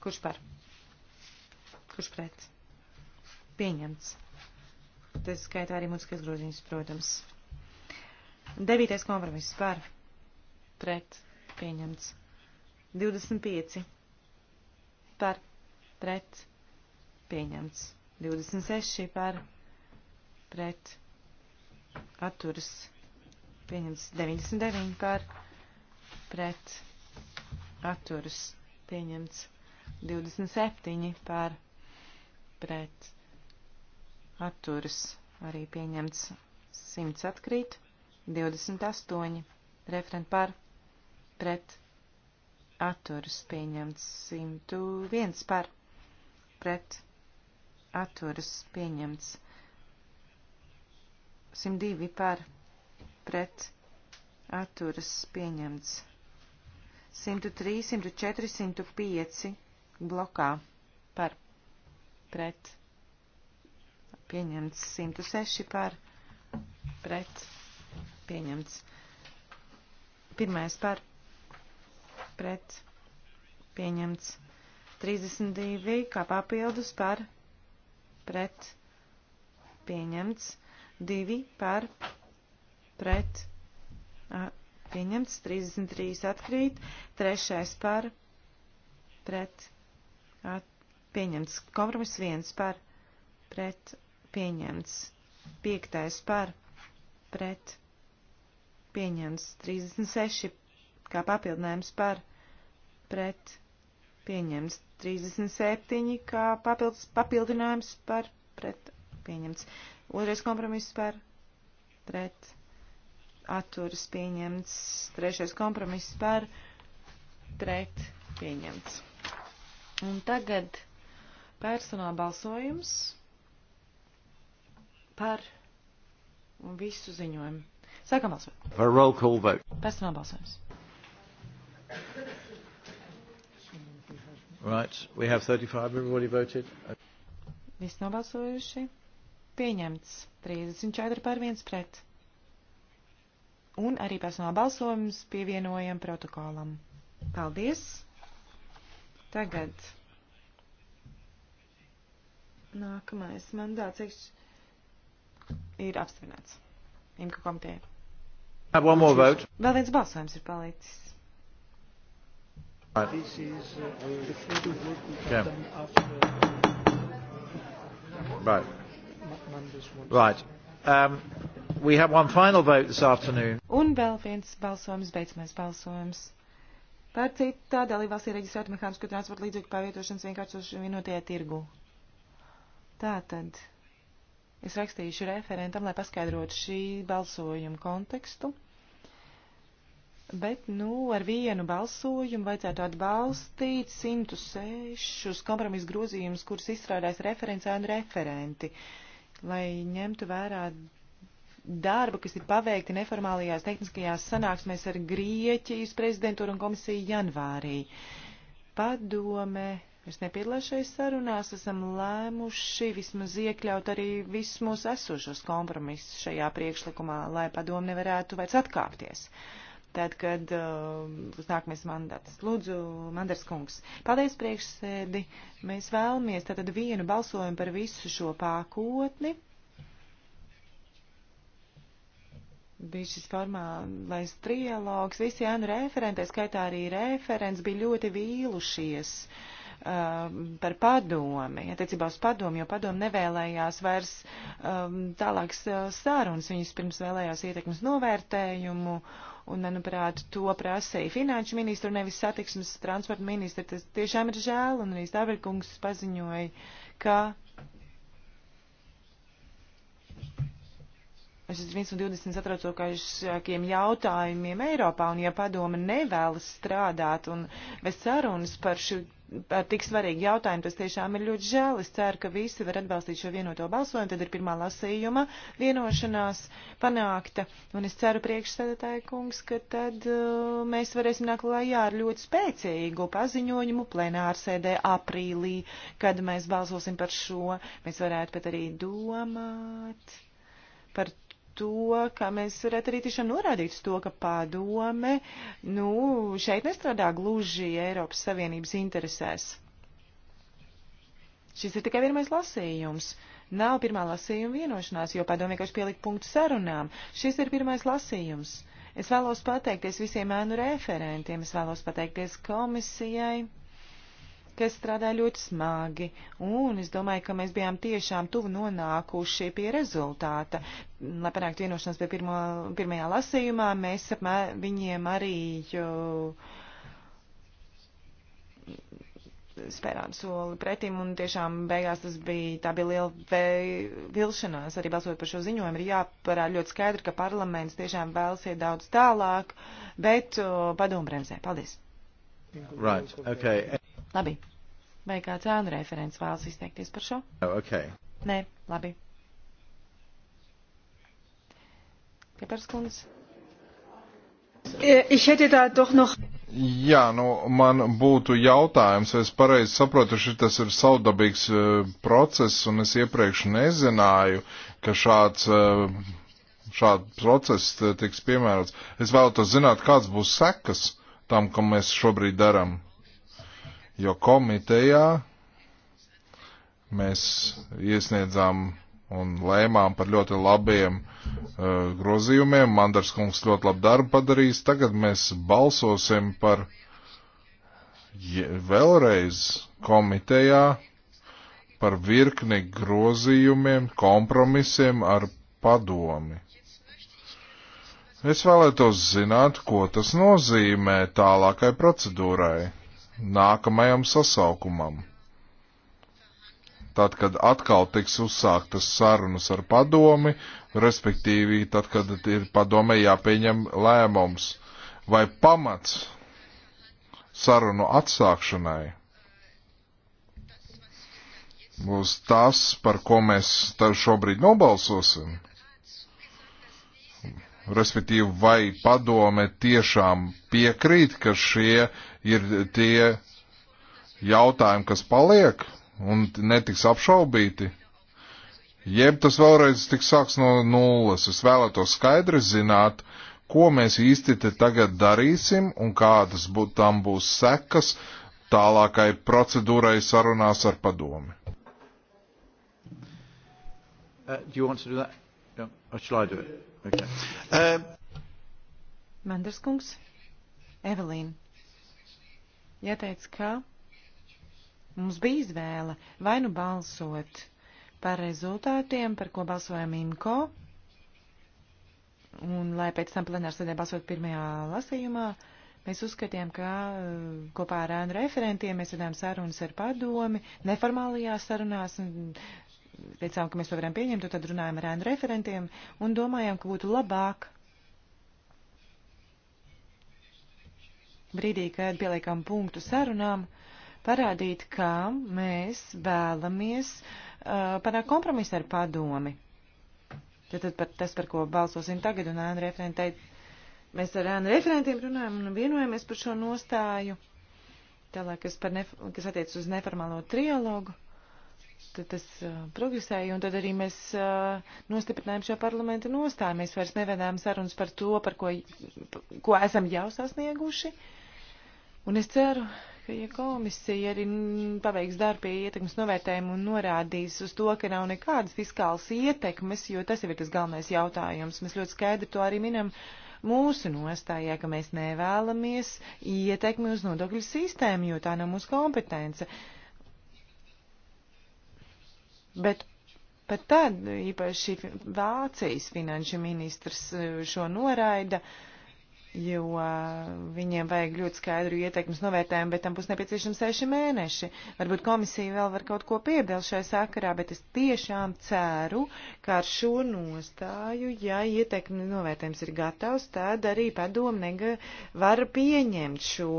Kurš par? Kurš pret? Pieņemts. Tas skaitā arī mūzikas grozījums, protams. Devītais kompromiss par pret pieņemts. 25 par pret pieņemts. 26 par pret atturas pieņemts. 99 par pret atturas pieņemts. 27 par pret atturas arī pieņemts. 100 atkrīt. 28 referent par pret atturas pieņemts. 101 par pret pret atturas pieņemts. 102 par pret atturas pieņemts. 103, 104, 105 blokā par pret pieņemts. 106 par pret pieņemts. Pirmais par pret pieņemts. 32 kā papildus par pret pieņemts, 2 par pret pieņemts, 33 atkrīt, 3 par pret pieņemts, kompromiss 1 par pret pieņemts, 5 par pret pieņemts, 36 kā papildinājums par pret pieņemts pieņemts. 37 kā papildus, papildinājums par pret pieņemts. Otrais kompromiss par pret atturas pieņemts. Trešais kompromiss par pret pieņemts. Un tagad personāla balsojums par visu ziņojumu. Sākam balsot. Par roll call vote. Personāla balsojums. Right, we have 35. Everybody voted. Viss nobalsojuši. Pieņemts. 34 par 1 pret. Un arī personāla balsojums pievienojam protokolam. Paldies. Tagad. Nākamais mandāts iekš... ir apstiprināts. Imka komitē. Vēl viens balsojums ir palicis. Right. Ah. This is uh, before the vote we have yeah. done after. Right. Right. Um, we have one final vote this afternoon. Un vēl viens balsojums, beidzamais balsojums. Par citā dalībvalstī reģistrētu mehānisko transporta līdzekļu pārvietošanas vienkāršošanu vienotajā tirgu. Tātad es rakstīšu referentam, lai paskaidrotu šī balsojuma kontekstu. Bet, nu, ar vienu balsojumu vajadzētu atbalstīt 106 kompromisu grozījumus, kurus izstrādājas referencē un referenti, lai ņemtu vērā darbu, kas ir paveikti neformālajās tehniskajās sanāksmēs ar Grieķijas prezidentūru un komisiju janvārī. Padome, es nepiedalos šajās sarunās, esam lēmuši vismaz iekļaut arī visus mūsu esošos kompromisus šajā priekšlikumā, lai padome nevarētu vairs atkāpties. Uh, tad, kad uh, būs nākamais mandāts. Lūdzu, Mandars kungs. Paldies priekšsēdi. Mēs vēlamies tātad vienu balsojumu par visu šo pakotni. Bija šis formālais trialogs, visi ēnu referentē, skaitā arī referents, bija ļoti vīlušies uh, par padomi, attiecībā uz padomi, jo padomi nevēlējās vairs um, tālākas uh, sārunas, viņas pirms vēlējās ietekmes novērtējumu, uh, Un, manuprāt, to prasīja finanšu ministru, nevis satiksmes transporta ministru. Tas tiešām ir žēl, un arī Stāverkungs paziņoja, ka šis viens no 20 satraucošākajiem jautājumiem Eiropā, un ja padoma nevēlas strādāt un vest sarunas par šo par tik svarīgu jautājumu. Tas tiešām ir ļoti žēl. Es ceru, ka visi var atbalstīt šo vienoto balsojumu. Tad ir pirmā lasījuma vienošanās panākta. Un es ceru, priekšsēdētāji kungs, ka tad uh, mēs varēsim nākt klajā ar ļoti spēcīgu paziņojumu plenārsēdē aprīlī, kad mēs balsosim par šo. Mēs varētu pat arī domāt par to, ka mēs varētu arī tiešām norādīt uz to, ka padome, nu, šeit nestrādā gluži Eiropas Savienības interesēs. Šis ir tikai pirmais lasījums. Nav pirmā lasījuma vienošanās, jo padomju vienkārši pielika punktu sarunām. Šis ir pirmais lasījums. Es vēlos pateikties visiem ēnu referentiem, es vēlos pateikties komisijai kas strādāja ļoti smagi, un es domāju, ka mēs bijām tiešām tuvu nonākuši pie rezultāta. Lai panāktu vienošanos pie pirmo, pirmajā lasījumā, mēs apmē, viņiem arī jau spērām soli pretim, un tiešām beigās tas bija, tā bija liela vilšanās, arī balsot par šo ziņojumu, ir jāparāda ļoti skaidri, ka parlaments tiešām vēlas iet daudz tālāk, bet padomu bremzē. Paldies! Right, okay. Labi. Vai kāds ēnu referents vēlas izteikties par šo? Oh, okay. Nē, labi. Pieperskundze. Eh, ich hätte da doch noch. Jā, nu, man būtu jautājums, es pareizi saprotu, šis ir saudabīgs uh, eh, process, un es iepriekš nezināju, ka šāds, uh, šāds process tiks piemērots. Es vēlētos zināt, kāds būs sekas tam, ko mēs šobrīd darām jo komitejā mēs iesniedzām un lēmām par ļoti labiem uh, grozījumiem. Mandars kungs ļoti labu darbu padarīs. Tagad mēs balsosim par je, vēlreiz komitejā par virkni grozījumiem, kompromisiem ar padomi. Es vēlētos zināt, ko tas nozīmē tālākai procedūrai nākamajam sasaukumam. Tad, kad atkal tiks uzsāktas sarunas ar padomi, respektīvi, tad, kad ir padomē jāpieņem lēmums vai pamats sarunu atsākšanai, būs tas, par ko mēs šobrīd nobalsosim respektīvi vai padome tiešām piekrīt, ka šie ir tie jautājumi, kas paliek un netiks apšaubīti, jeb tas vēlreiz tiks sāks no nulles. Es vēlētos skaidri zināt, ko mēs īsti te tagad darīsim un kādas bū, tam būs sekas tālākai procedūrai sarunās ar padomi. Uh, yeah. Oh, okay. uh... Menders kungs, Evelīna. Jāteic, ka mums bija izvēle vai nu balsot par rezultātiem, par ko balsojam IMCO, un lai pēc tam plenārsēdē balsot pirmajā lasījumā, Mēs uzskatījām, ka eh, kopā ar ēnu referentiem mēs vedām sarunas ar padomi, neformālajās sarunās, un teicām, ka mēs to varam pieņemt, un tad runājām ar ēnu referentiem, un domājām, ka būtu labāk brīdī, kad pieliekam punktu sarunām, parādīt, kā mēs vēlamies uh, panākt kompromisu ar padomi. Tad par tas, par ko balsosim tagad, un ēnu referentei, mēs ar ēnu referentiem runājam un vienojamies par šo nostāju. Tālāk, kas, nef kas attiec uz neformālo trialogu, tad tas uh, progresēja, un tad arī mēs uh, nostiprinājām šo parlamenta nostāju. Mēs vairs nevedām sarunas par to, par ko, ko esam jau sasnieguši. Uh, Un es ceru, ka, ja komisija arī paveiks darbu pie ietekmes novērtējumu un norādīs uz to, ka nav nekādas fiskālas ietekmes, jo tas jau ir tas galvenais jautājums, mēs ļoti skaidri to arī minam mūsu nostājā, ka mēs nevēlamies ietekmi uz nodokļu sistēmu, jo tā nav mūsu kompetence. Bet pat tad īpaši Vācijas finanšu ministrs eh, šo noraida. Uh, jo uh, viņiem vajag ļoti skaidru ieteikumus novērtējumu, bet tam būs nepieciešams seši mēneši. Varbūt komisija vēl var kaut ko piebilst šajā sakarā, bet es tiešām ceru, ka ar šo nostāju, ja ieteikumu novērtējums ir gatavs, tad arī padomu nega var pieņemt šo.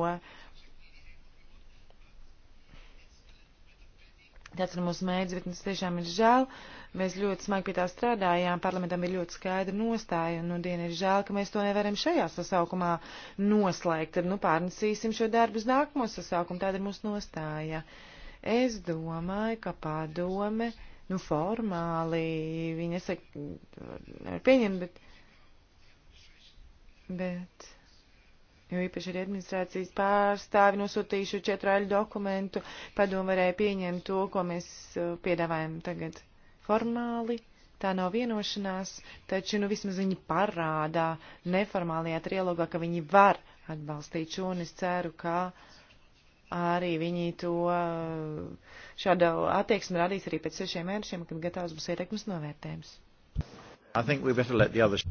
Tāds ir mūsu mēģis, bet mums tiešām ir žēl. Uh, Mēs ļoti smagi pie tā strādājām, parlamentam ir ļoti skaidra nostāja, un nu, diena ir žēl, ka mēs to nevaram šajā sasaukumā noslēgt. Tad, nu, pārnesīsim šo darbu uz nākamo sasaukumu, tāda ir mūsu nostāja. Es domāju, ka padome, nu, formāli, viņi saka, nevar pieņemt, bet. bet jo īpaši arī administrācijas pārstāvi nosūtījuši četru aļu dokumentu, padomu varēja pieņemt to, ko mēs uh, piedāvājam tagad formāli tā nav vienošanās, taču nu vismaz viņi parādā neformālajā trilogā, ka viņi var atbalstīt šo, un es ceru, ka arī viņi to šādu attieksmi radīs arī pēc sešiem mēnešiem, kad gatavs būs ietekmes novērtējums. Others...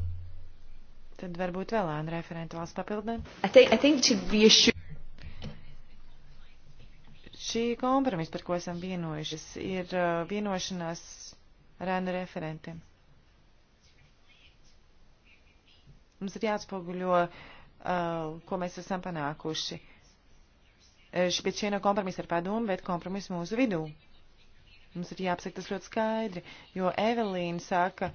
Tad varbūt vēl ēna referentu valsts papildē. I think, I think Šī kompromisa, par ko esam vienojušies, ir uh, vienošanās RAN referenti. Mums ir jāatspoguļo, uh, ko mēs esam panākuši. Eh, bet šie nav kompromisi ar padomu, bet kompromisi mūsu vidū. Mums ir jāapsaka tas ļoti skaidri, jo Evelīna saka,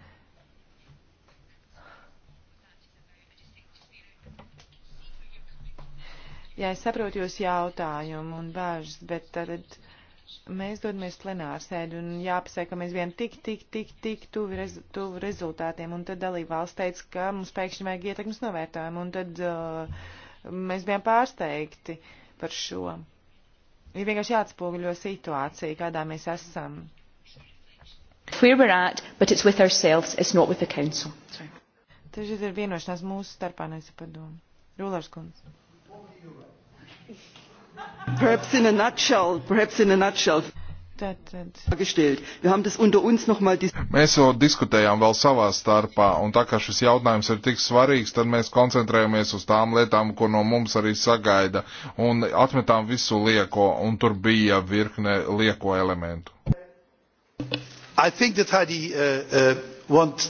Jā, es saprotu jūs jautājumu un bāžas, bet tad mēs dodamies plenārsēdi un jāpasaka, ka mēs vien tik, tik, tik, tik tuvi, rez, tuvi rezultātiem, un tad dalībvalsts teica, ka mums pēkšņi vajag ietekmes novērtējumu, un tad uh, mēs bijām pārsteigti par šo. Ir vienkārši jāatspoguļo situācija, kādā mēs esam. Where we're at, but it's with ourselves, it's not with the council. Sorry. Tas ir vienošanās mūsu starpā, nevis padomu. Rulārs kundze. Perhaps in a nutshell, perhaps in a nutshell. Mēs to diskutējām vēl savā starpā, un tā kā šis jautājums ir tik svarīgs, tad mēs koncentrējamies uz tām lietām, ko no mums arī sagaida, un atmetām visu lieko, un tur bija virkne lieko elementu. I think that Heidi uh, uh, want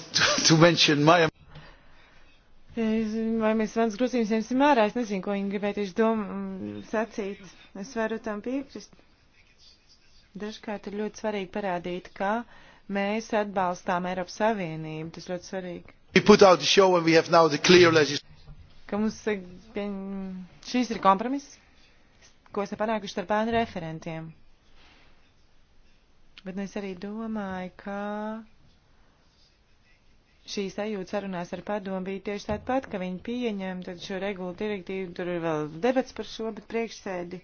to mention my Es, vai mēs mans grūzījums ņemsim ārā, es nezinu, ko viņi gribēja tieši dom sacīt. Es varu tam piekrist. Dažkārt ir ļoti svarīgi parādīt, ka mēs atbalstām Eiropas Savienību. Tas ļoti svarīgi. Ka mums eh, šīs ir kompromiss, ko esam panākuši starp ēnu referentiem. Bet nu, es arī domāju, ka šī sajūta sarunās ar padomu bija tieši tāda pat, ka viņi pieņem tad šo regulu direktīvu, tur ir vēl debats par šo, bet priekšsēdi.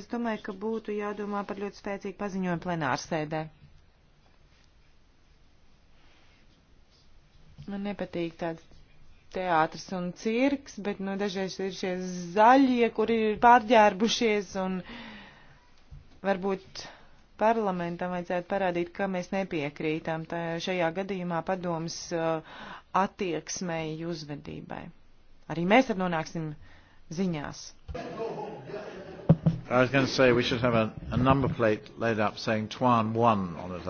Es domāju, ka būtu jādomā par ļoti spēcīgu paziņojumu plenārsēdē. Man nepatīk tāds teātris un cirks, bet, nu, dažreiz ir šie zaļie, kuri ir pārģērbušies un varbūt parlamentam vajadzētu parādīt, ka mēs nepiekrītam tā, šajā gadījumā padomas uh, attieksmei uzvedībai. Arī mēs tad nonāksim ziņās. I was going to say we should have a, a number plate laid up saying Tuan 1 on it.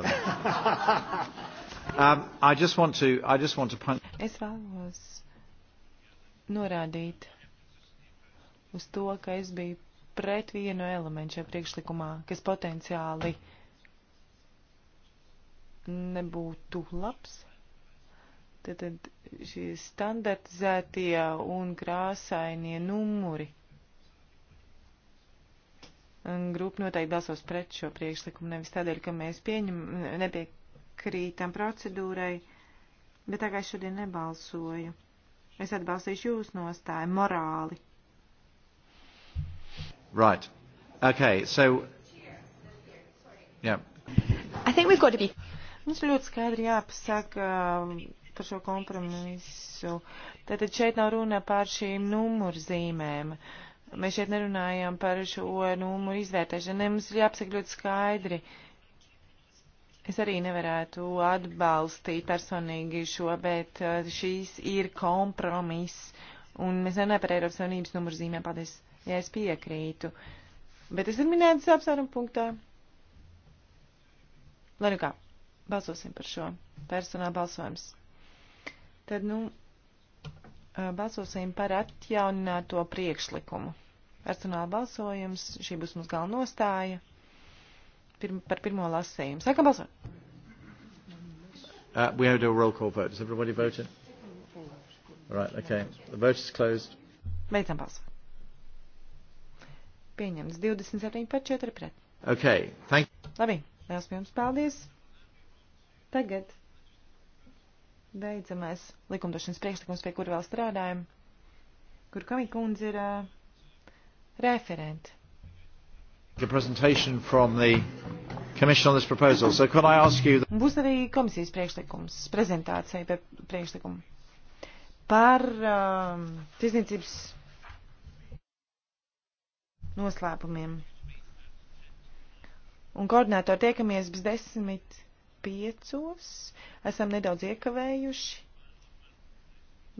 um, I just want to, I just want to punch. Es vēlos norādīt uz to, ka es biju pret vienu elementu šajā priekšlikumā, kas potenciāli nebūtu labs. Tad, tad šie standartizētie un krāsainie numuri. Grupa noteikti balsos pret šo priekšlikumu, nevis tādēļ, ka mēs pieņem, nepiekrītam procedūrai, bet tā kā es šodien nebalsoju, es atbalstīšu jūs nostāju morāli. Right. Okay, so... Yeah. I think we've got to be... Mums ļoti skaidri jāpasaka um, par šo kompromisu. Tātad šeit nav runa par šīm numurzīmēm. Mēs šeit nerunājam par šo numuru izvērtēšanu. Ne, mums ir jāpasaka ļoti skaidri. Es arī nevarētu atbalstīt personīgi šo, bet uh, šīs ir kompromiss. Un mēs runājam par Eiropas Savienības numurzīmēm. Paldies! Ja es piekrītu. Bet es ir minēts apsvērumu punktā. Lai nu kā, balsosim par šo personāla balsojums. Tad, nu, balsosim par atjaunināto priekšlikumu. Personāla balsojums, šī būs mums galvnostāja pirm, par pirmo lasējumu. Sākam balsot! Uh, we have to do a roll call vote. Has everybody voted? All right, okay. The vote is closed. Beidzam balsot pieņemts. 27 par 4 pret. Ok, thank you. Labi, liels jums paldies. Tagad beidzamais likumdošanas priekšlikums, pie kura vēl strādājam, kur Kamikundze ir uh, referente. The presentation from the Commission on this proposal. So could I ask you... That... Būs arī komisijas priekšlikums, prezentācija par priekšlikumu. Par um, uh, tiesniecības noslēpumiem. Un koordinātori tiekamies bez desmit piecos, esam nedaudz iekavējuši,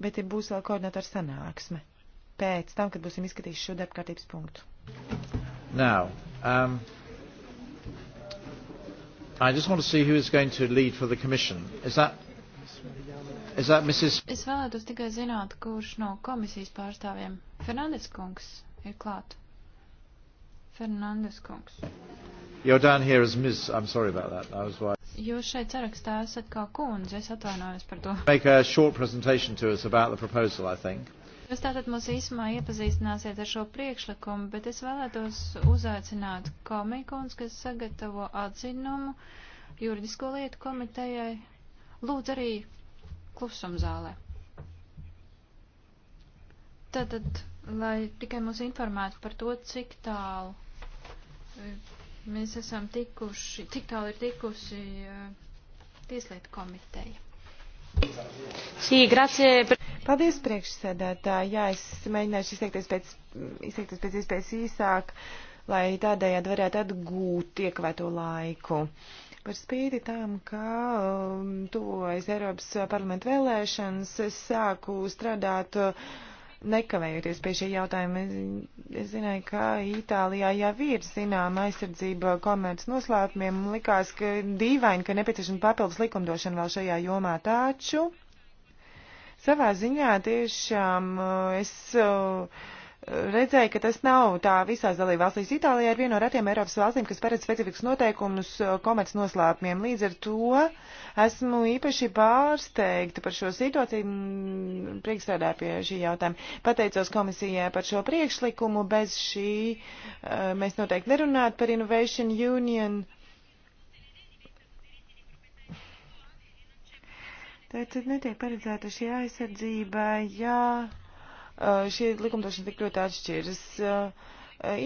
bet ir būs vēl koordinātori sanāksme pēc tam, kad būsim izskatījuši šo darbkārtības punktu. Now, um, I just want to see who is going to lead for the Commission. Is that Is that Mrs. Es vēlētos tikai zināt, kurš no komisijas pārstāvjiem Fernandes kungs ir klāt. Fernandes kungs. You're down here as Ms. I'm sorry about that. I was right. Jūs šeit sarakstā esat kā kundze, es atvainojos par to. Make a short presentation to us about the proposal, I think. Jūs tātad mūs īsumā iepazīstināsiet ar šo priekšlikumu, bet es vēlētos uzaicināt komikuns, kas sagatavo atzinumu juridisko lietu komitejai. Lūdzu arī klusumzālē. Tātad, lai tikai mūs informētu par to, cik tālu Mēs esam tikuši, cik tālu ir tikusi eh, tieslietu komiteja. Sī, grazie. Paldies, priekšsēdētāji. Jā, es mēģināšu izteikties pēc, izteikties pēc iespējas īsāk, lai tādējādi varētu atgūt iekavēto laiku. Par spīti tam, ka um, tuvojas Eiropas parlamenta vēlēšanas, es sāku strādāt uh, nekavējoties pie šī jautājuma, es, es zināju, ka Itālijā jau ir zināma aizsardzība komerces noslēpumiem. Likās, ka dīvaini, ka nepieciešama papildus likumdošana vēl šajā jomā. Taču savā ziņā tiešām uh, es. Uh, redzēja, ka tas nav tā visās dalībvalstīs. Itālijā ir viena no retiem Eiropas valstīm, kas paredz specifikas noteikumus uh, komerc noslēpumiem. Līdz ar to esmu īpaši pārsteigta par šo situāciju, priekšstādāju pie šī jautājuma. Pateicos komisijai par šo priekšlikumu, bez šī uh, mēs noteikti nerunātu par Innovation Union. Tātad netiek paredzēta šī aizsardzība, jā. Ja Eh, šī likumdošana tik ļoti atšķiras. Eh,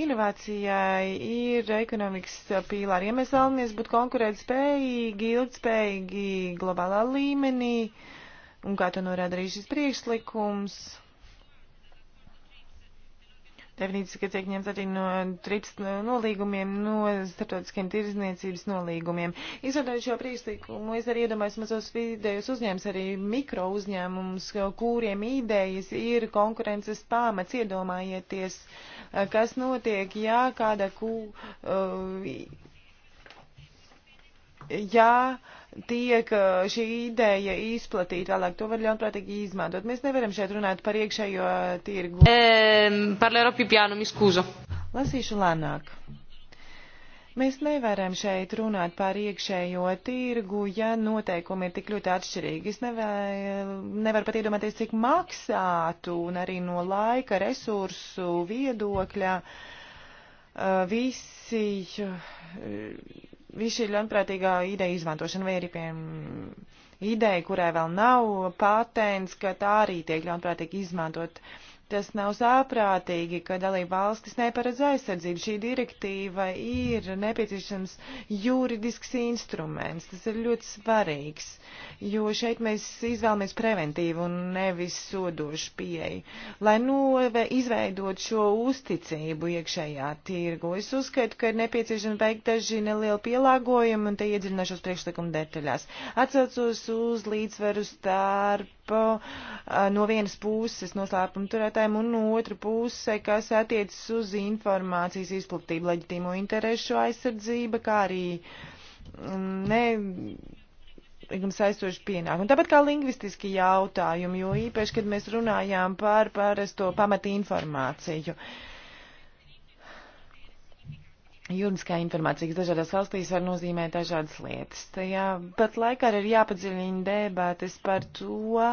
inovācijai ir ekonomikas pīlāri. Ja mēs vēlamies būt konkurētspējīgi, ilgspējīgi globālā līmenī, un kā to norāda arī šis priekšlikums, uh, definīcijas, ka tiek ņemts arī no trips nolīgumiem, no starptautiskiem tirzniecības nolīgumiem. Izvedot šo priekšlikumu, es arī iedomājos mazos vidējos uzņēmums, arī mikro uzņēmums, kuriem idejas ir konkurences pamats. Iedomājieties, kas notiek, ja kāda kū. Uh, ja tiek uh, šī ideja izplatīta vēlāk, to var ļaunprātīgi izmantot. Mēs nevaram šeit runāt par iekšējo tirgu. E, ehm, Parlero pipiano, mi scuso. Lasīšu lēnāk. Mēs nevaram šeit runāt par iekšējo tirgu, ja noteikumi ir tik ļoti atšķirīgi. Es nevar, nevaru pat iedomāties, cik maksātu un arī no laika, resursu viedokļa uh, visi uh, viss šī ļaunprātīgā ideja izmantošana vai arī, piemēram, ideja, kurai vēl nav patents, ka tā arī tiek ļaunprātīgi izmantot. Uh, Tas nav sāprātīgi, ka dalība valstis neparedz aizsardzību. Šī direktīva ir nepieciešams juridisks instruments. Tas ir ļoti svarīgs, jo šeit mēs izvēlamies preventīvu un nevis sodošu pieeju. Lai nove izveidot šo uzticību iekšējā tirgu, es uzskatu, ka ir nepieciešams veikt daži nelieli pielāgojumi un te iedziļināšos priekšlikumu detaļās. Atcaucos uz līdzsveru starp no vienas puses noslēpuma turētājiem un no otru puse, kas attiecas uz informācijas izplatību, leģitīmo interešu aizsardzība, kā arī mm, ne jums aizstoši pienākumi. Tāpat kā lingvistiski jautājumi, jo īpaši, kad mēs runājām par parasto pamati informāciju. Uh, Juridiskā informācija dažādās valstīs var nozīmēt dažādas lietas. Tajā pat laikā ir jāpadziļina debātes par to,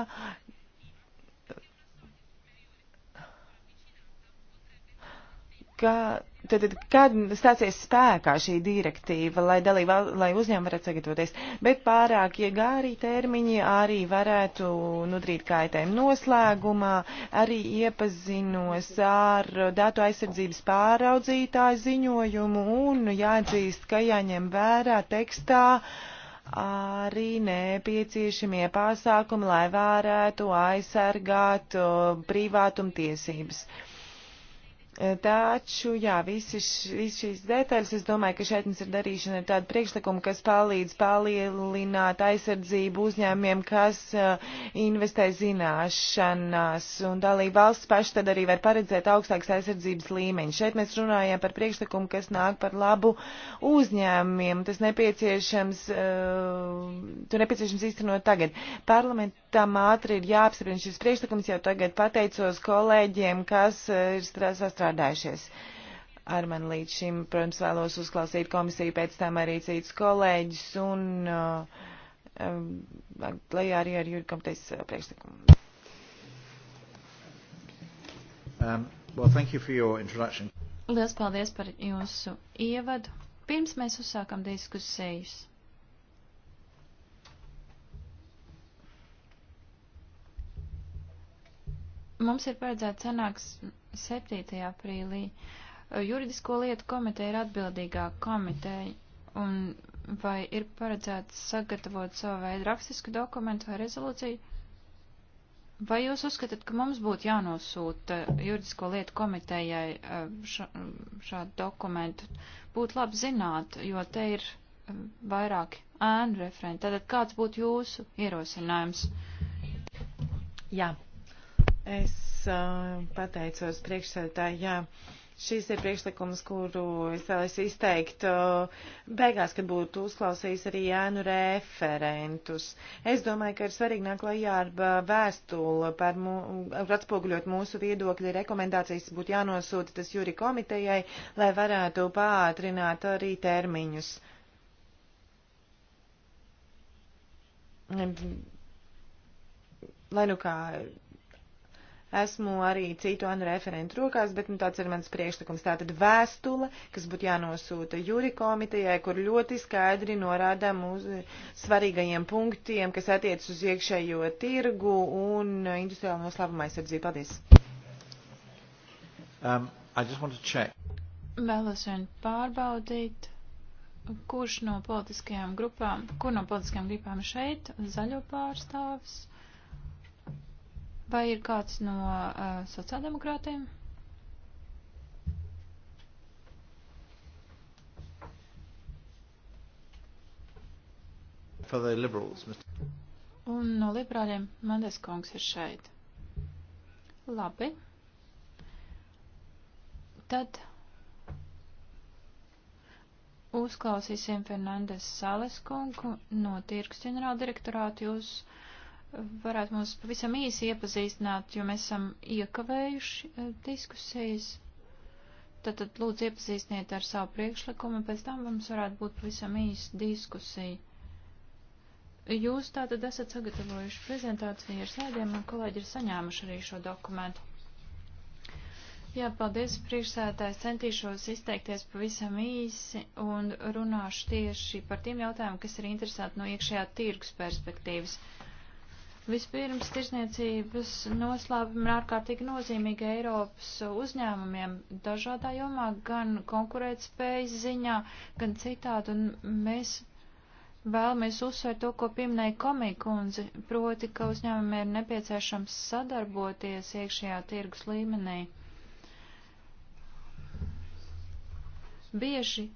ka Tātad, kad stāsies spēkā šī direktīva, lai, dalība, lai uzņēmumi varētu sagatavoties, bet pārākie ja gāri termiņi arī varētu nudrīt kaitēm noslēgumā, arī iepazinos ar datu aizsardzības pāraudzītāju ziņojumu un jāatzīst, ka jāņem vērā tekstā arī nepieciešamie pasākumi, lai varētu aizsargāt privātumtiesības. tiesības Taču, jā, visas šīs detaļas, es domāju, ka šeit mums ir darīšana ar tādu priekšlikumu, kas palīdz palielināt aizsardzību uzņēmiem, kas uh, investē zināšanās, un dalība valsts paši tad arī var paredzēt augstāks aizsardzības līmeņš. Šeit mēs runājam par priekšlikumu, kas nāk par labu uzņēmiem, tas nepieciešams, uh, tu nepieciešams īstenot tagad. Parlament tam ātri ir jāapspriež šis priekšlikums, jau tagad pateicos kolēģiem, kas e, ir sastrādājušies ar mani līdz šim. Protams, vēlos uzklausīt komisiju, pēc tam arī citus kolēģus un e, e, lejā arī ar Jurikam teicis priekšlikumu. Um, well, thank you for your introduction. Liels paldies par jūsu ievadu. Pirms mēs uzsākam diskusijas. Mums ir paredzēta sanāks 7. aprīlī. Juridisko lietu komiteja ir atbildīgā komiteja, un vai ir paredzēts sagatavot savu veidu rakstisku dokumentu vai rezolūciju? Vai jūs uzskatāt, ka mums būtu jānosūta juridisko lietu komitejai eh, šādu dokumentu? Būtu labi zināt, jo te ir eh, vairāki ēnu referenti. Tātad kāds būtu jūsu ierosinājums? Jā, Es uh, pateicos priekšsēdētāji, jā, šis ir priekšlikums, kuru es vēlēs izteikt uh, beigās, kad būtu uzklausījis arī Jānu referentus. Es domāju, ka ir svarīgi nāk lajā ar uh, vēstuli par mū, atspoguļot mūsu viedokļi, rekomendācijas būtu jānosūta tas jūri komitejai, lai varētu pātrināt arī termiņus. lai nu kā Esmu arī citu ANU referentu rokās, bet nu, tāds ir mans priekšlikums. Tātad vēstule, kas būtu jānosūta jūri komitejai, kur ļoti skaidri norādām uz svarīgajiem punktiem, kas attiec uz iekšējo tirgu un industriālo noslēpumu aizsardzību. Paldies! Um, I just want to check. Vēlos vien pārbaudīt kurš no politiskajām grupām, kur no politiskajām grupām šeit, zaļo pārstāvis, Vai ir kāds no uh, sociāldemokrātiem? For the liberals, Mr. Un no liberāļiem Mendes kungs ir šeit. Labi. Tad uzklausīsim Fernandes Sales kungu no tirgus ģenerāldirektorāta. Jūs varētu mums pavisam īsi iepazīstināt, jo mēs esam iekavējuši eh, diskusijas. Tātad lūdzu iepazīstiniet ar savu priekšlikumu, pēc tam mums varētu būt pavisam īsa diskusija. Jūs tātad esat sagatavojuši prezentāciju ar slēdiem, un kolēģi ir saņēmuši arī šo dokumentu. Jā, paldies, priekšsētājs. Centīšos izteikties pavisam īsi un runāšu tieši par tiem jautājumiem, kas ir interesanti no iekšējā tirgus perspektīvas. Uh, Vispirms tirsniecības noslēpumi ir ārkārtīgi nozīmīgi Eiropas uzņēmumiem dažādā jomā, gan konkurētspējas ziņā, gan citādi, un mēs vēlamies uzsvērt to, ko pieminēja komikundze, proti, ka uzņēmumiem ir nepieciešams sadarboties iekšējā tirgus līmenī. Bieži,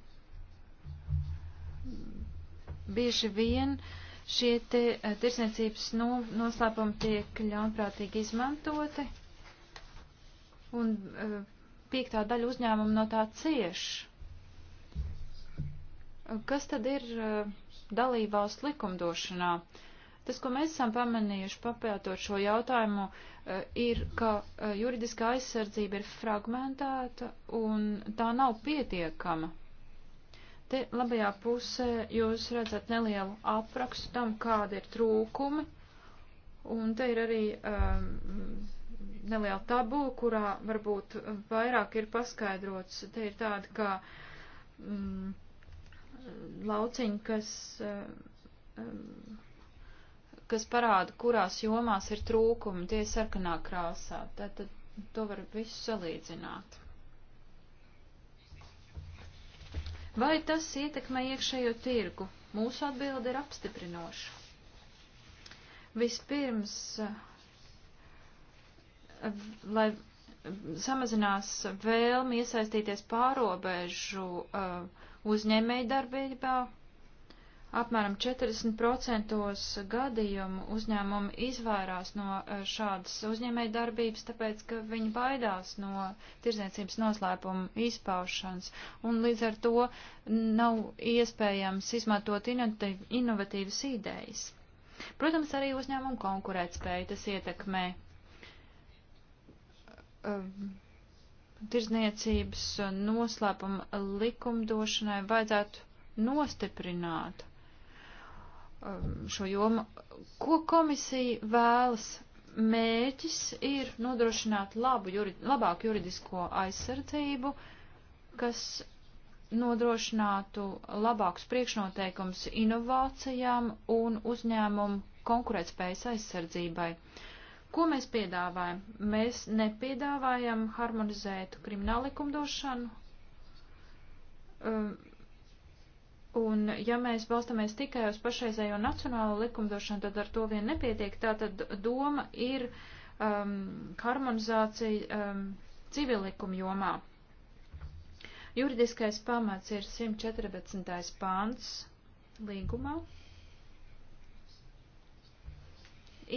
bieži vien uh, šie te eh, tirsniecības no, nu, noslēpumi tiek ļaunprātīgi izmantoti, un uh, piektā daļa uzņēmuma no tā cieš. Eh, kas tad ir uh, dalībvalsts likumdošanā? Tas, ko mēs esam pamanījuši papētot šo jautājumu, uh, ir, ka juridiskā aizsardzība ir fragmentēta un tā nav pietiekama. Te labajā pusē jūs redzat nelielu aprakstu tam, kāda ir trūkumi, un te ir arī um, neliela tabula, kurā varbūt vairāk ir paskaidrots. Te ir tāda kā um, lauciņa, kas. Um, kas parāda, kurās jomās ir trūkumi, tie sarkanā krāsā. Tātad to var visu salīdzināt. Vai tas ietekmē iekšējo tirgu? Mūsu atbilde ir apstiprinoša. Vispirms, eh, lai samazinās vēlmi iesaistīties pārobežu eh, uzņēmēju darbībā, Apmēram 40% gadījumu uzņēmumi izvairās no eh, šādas uzņēmēja darbības, tāpēc, ka viņi baidās no tirzniecības noslēpuma izpaušanas, un līdz ar to nav iespējams izmantot inovatīvas idejas. Protams, arī uzņēmumu konkurētspēju tas ietekmē um, eh, tirzniecības noslēpuma likumdošanai vajadzētu nostiprināt. Um, šo jomu. Ko komisija vēlas? Mēķis ir nodrošināt labu, jurid, labāku juridisko aizsardzību, kas nodrošinātu labākus priekšnoteikums inovācijām un uzņēmumu konkurētspējas aizsardzībai. Ko mēs piedāvājam? Mēs nepiedāvājam harmonizētu krimināllikumdošanu, um, Un ja mēs balstamies tikai uz pašreizējo nacionālo likumdošanu, tad ar to vien nepietiek. Tātad doma ir um, harmonizācija um, civilikuma jomā. Juridiskais pamats ir 114. pāns līgumā.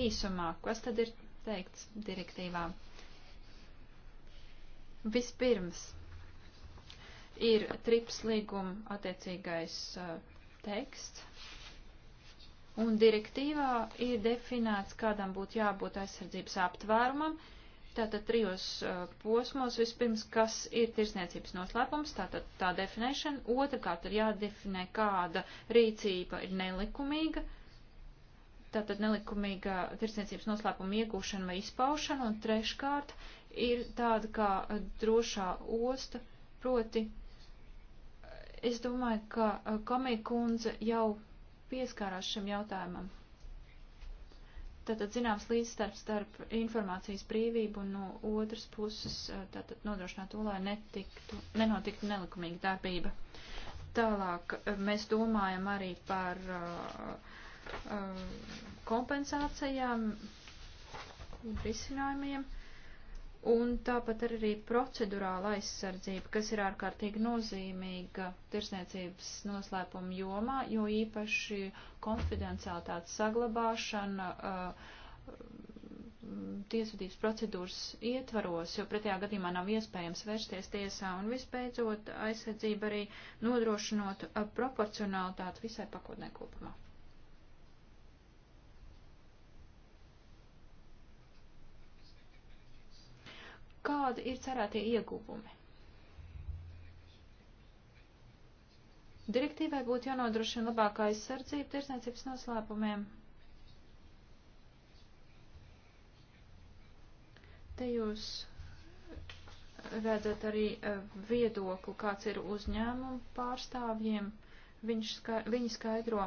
Īsumā, kas tad ir teikts direktīvā? Vispirms ir trips līguma attiecīgais uh, teksts. Un direktīvā ir definēts, kādam būtu jābūt aizsardzības aptvērumam. Tātad trijos uh, posmos vispirms, kas ir tirsniecības noslēpums, tātad tā definēšana. Otrakārt ir jādefinē, kāda rīcība ir nelikumīga. Tātad nelikumīga tirsniecības noslēpuma iegūšana vai izpaušana. Un treškārt ir tāda kā drošā osta, proti Es domāju, ka eh, komija kundze jau pieskārās šim jautājumam. Tātad zināms līdzstarps starp informācijas brīvību un no otras puses eh, tātad nodrošināt to, lai netiktu, nenotiktu nelikumīga darbība. Tālāk eh, mēs domājam arī par uh, uh, kompensācijām un risinājumiem. Uh, un tāpat arī procedurāla aizsardzība, kas ir ārkārtīgi nozīmīga tirsniecības noslēpuma jomā, jo īpaši konfidenciālitātes saglabāšana uh, tiesvedības procedūras ietvaros, jo pretējā gadījumā nav iespējams vērsties tiesā un visbeidzot aizsardzība arī nodrošinot uh, proporcionalitāti visai pakotnē kopumā. kādi ir cerētie ieguvumi? Direktīvai būtu jānodrošina labākā aizsardzība tirsniecības noslēpumiem. Te jūs redzat arī eh, viedokli, kāds ir uzņēmumu pārstāvjiem. Viņš ska, viņi skaidro,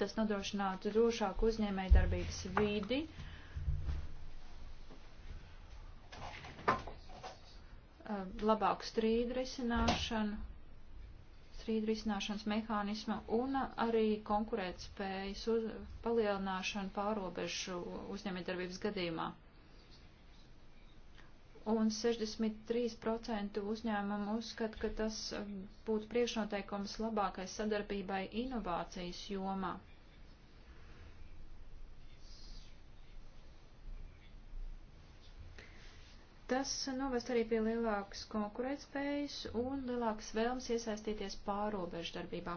tas nodrošinātu drošāku uzņēmējdarbības vidi. Uh, Uh, labāku strīdu risināšanu, strīdu risināšanas mehānismu un arī konkurētspējas uz, palielināšanu pārobežu uzņēmējdarbības gadījumā. Un 63% uzņēmumu uzskata, ka tas būtu priekšnoteikums labākai sadarbībai inovācijas jomā. Tas novest arī pie lielākas konkurētspējas un lielākas vēlmes iesaistīties pārobežu darbībā.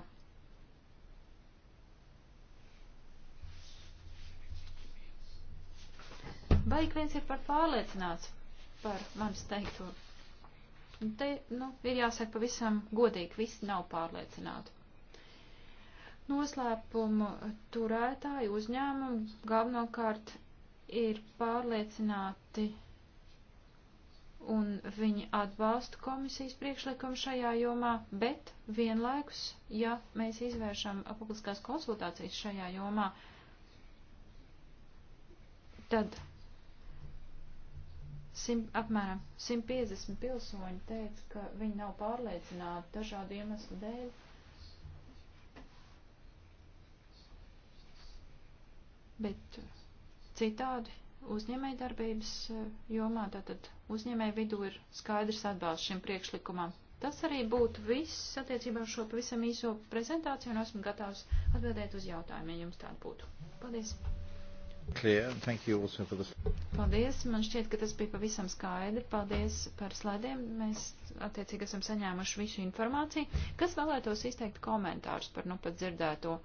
Vai ik viens ir par pārliecināts par manis teikto? Te, nu, ir jāsaka pavisam godīgi, visi nav pārliecināti. Noslēpumu turētāji uzņēmumi galvenokārt ir pārliecināti un viņi atbalsta komisijas priekšlikumu šajā jomā, bet vienlaikus, ja mēs izvēršam publiskās konsultācijas šajā jomā, tad sim, apmēram 150 pilsoņi teica, ka viņi nav pārliecināti dažādu iemeslu dēļ. Bet citādi uzņēmēja darbības eh, jomā, tātad uzņēmēja vidū ir skaidrs atbalsts šim priekšlikumam. Tas arī būtu viss attiecībā ar šo pavisam īso prezentāciju, un esmu gatavs atbildēt uz jautājumiem, ja jums tāda būtu. Paldies! Clear. Thank you also for this. Paldies, man šķiet, ka tas bija pavisam skaidri. Paldies par slaidiem. Mēs attiecīgi esam saņēmuši visu informāciju. Kas vēlētos izteikt komentārus par nu pat dzirdēto?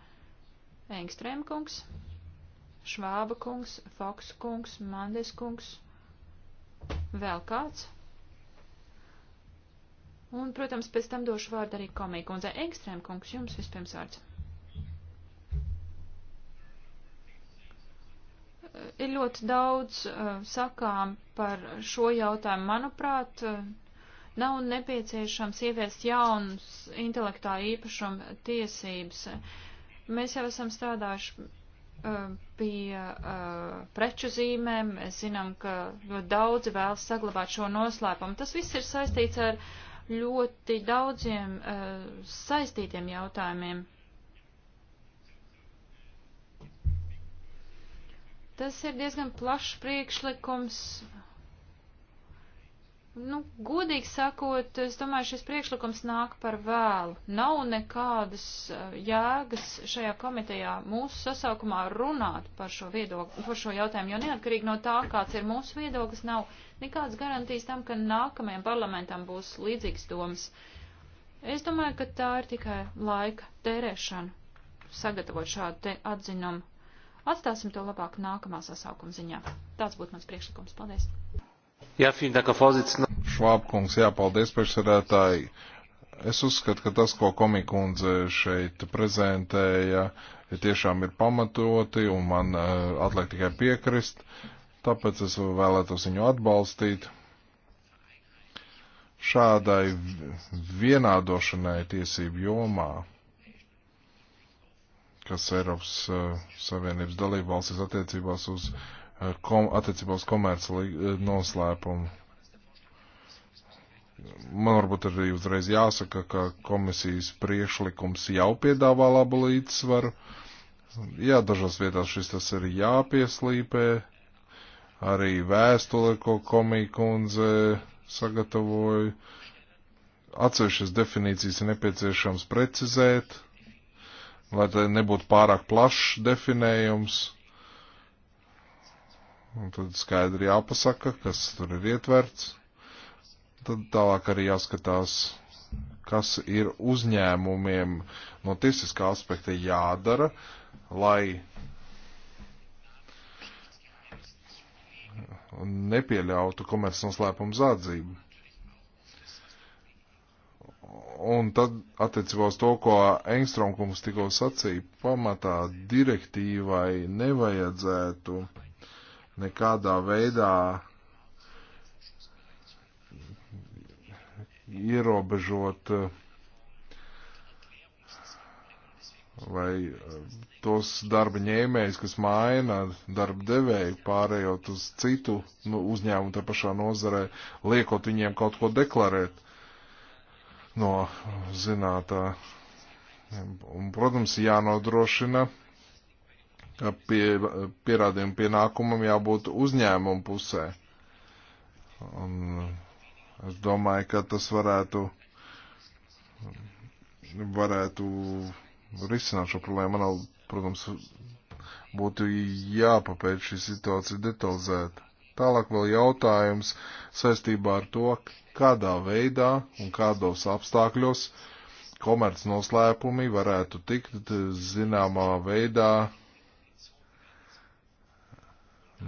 Engstrēmkungs. kungs. Švāba kungs, Foks kungs, Mandes kungs, vēl kāds. Un, protams, pēc tam došu vārdu arī komiju kundze. Ekstrēm kungs, jums vispirms vārds. Ir ļoti daudz uh, sakām par šo jautājumu. Manuprāt, uh, nav nepieciešams ieviest jaunas intelektā īpašuma tiesības. Mēs jau esam strādājuši bija uh, preču zīmēm. Mēs zinām, ka ļoti daudzi vēlas saglabāt šo noslēpumu. Tas viss ir saistīts ar ļoti daudziem uh, saistītiem jautājumiem. Tas ir diezgan plašs priekšlikums. Nu, godīgi sakot, es domāju, šis priekšlikums nāk par vēlu. Nav nekādas eh, jēgas šajā komitejā mūsu sasaukumā runāt par šo, viedokli, par šo jautājumu, jo neatkarīgi no tā, kāds ir mūsu viedoklis, nav nekādas garantijas tam, ka nākamajam parlamentam būs līdzīgs domas. Es domāju, ka tā ir tikai laika tērēšana, sagatavot šādu te atzinumu. Atstāsim to labāk nākamā sasaukuma ziņā. Tāds būtu mans priekšlikums. Paldies! Jā, Fīdaka Fozicina. Švābkungs, jā, paldies priekšsēdētāji. Es uzskatu, ka tas, ko komikundze šeit prezentēja, ja tiešām ir pamatoti un man uh, atliek tikai piekrist, tāpēc es vēlētos viņu atbalstīt. Šādai vienādošanai tiesību jomā kas Eiropas uh, Savienības dalībvalstis attiecībās uz kom, attiecībā uz komerci eh, noslēpumu. Man varbūt arī uzreiz jāsaka, ka komisijas priekšlikums jau piedāvā labu līdzsvaru. Jā, dažās vietās šis tas ir jāpieslīpē. Arī vēstule, ko komija kundze sagatavoja. Atsevišķas definīcijas ir nepieciešams precizēt, lai te nebūtu pārāk plašs definējums Un tad skaidri jāpasaka, kas tur ir ietverts. Tad tālāk arī jāskatās, kas ir uzņēmumiem no tiesiskā aspekta jādara, lai nepieļautu komercnoslēpumu zādzību. Un tad attiecībā uz to, ko Engstromkungs tikko sacīja, pamatā direktīvai nevajadzētu uh, nekādā veidā ierobežot eh, vai eh, tos darba ņēmējus, kas maina darba devēju, pārējot uz citu nu, uzņēmumu te pašā nozarē, liekot viņiem kaut ko deklarēt no zinātā. Un, protams, jānodrošina ka pie, pierādījumu pienākumam jābūt uzņēmumu pusē. Un es domāju, ka tas varētu, varētu risināt šo problēmu. Man, protams, būtu jāpapēc šī situācija detalizēt. Tālāk vēl jautājums saistībā ar to, kādā veidā un kādos apstākļos komerc noslēpumi varētu tikt eh, zināmā veidā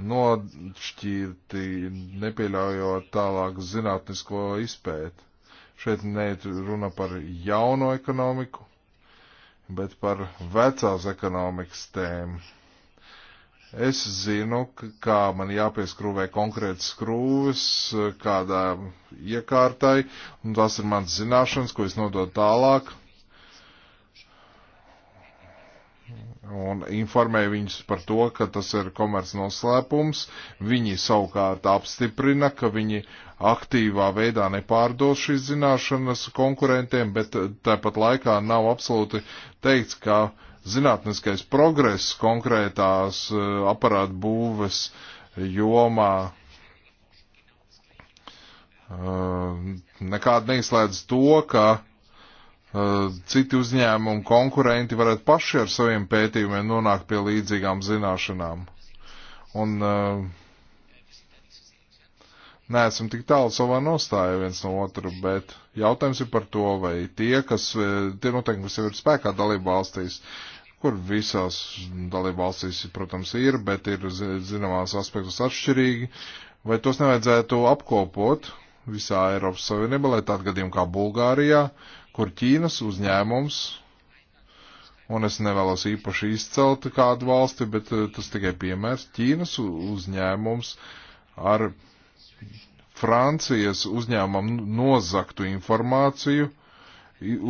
nošķirti, nepieļaujot tālāk zinātnisko izpēti. Šeit neiet runa par jauno ekonomiku, bet par vecās ekonomikas tēmu. Es zinu, kā man jāpieskrūvē konkrēts skrūvis, kādā iekārtai, un tas ir mans zināšanas, ko es nododu tālāk un informēja viņus par to, ka tas ir komerc noslēpums. Viņi savukārt apstiprina, ka viņi aktīvā veidā nepārdos šīs zināšanas konkurentiem, bet tāpat laikā nav absolūti teikts, ka zinātniskais progress konkrētās e, aparātu būves jomā e, nekādi neizslēdz to, ka Eh, citi uzņēmumi, konkurenti varētu paši ar saviem pētījumiem nonākt pie līdzīgām zināšanām. Un eh, neesam tik tālu savā nostājā viens no otru, bet jautājums ir par to, vai tie, kas, eh, tie noteikumi, kas jau ir spēkā dalību valstīs, kur visās dalību valstīs, protams, ir, bet ir zināmās aspektus atšķirīgi, vai tos nevajadzētu apkopot visā Eiropas Savienībā, lai tādā gadījumā kā Bulgārijā, uh, kur Ķīnas uzņēmums, un es nevēlos īpaši izcelt kādu valsti, bet eh, tas tikai piemērs, Ķīnas uzņēmums ar Francijas uzņēmumu nozaktu informāciju,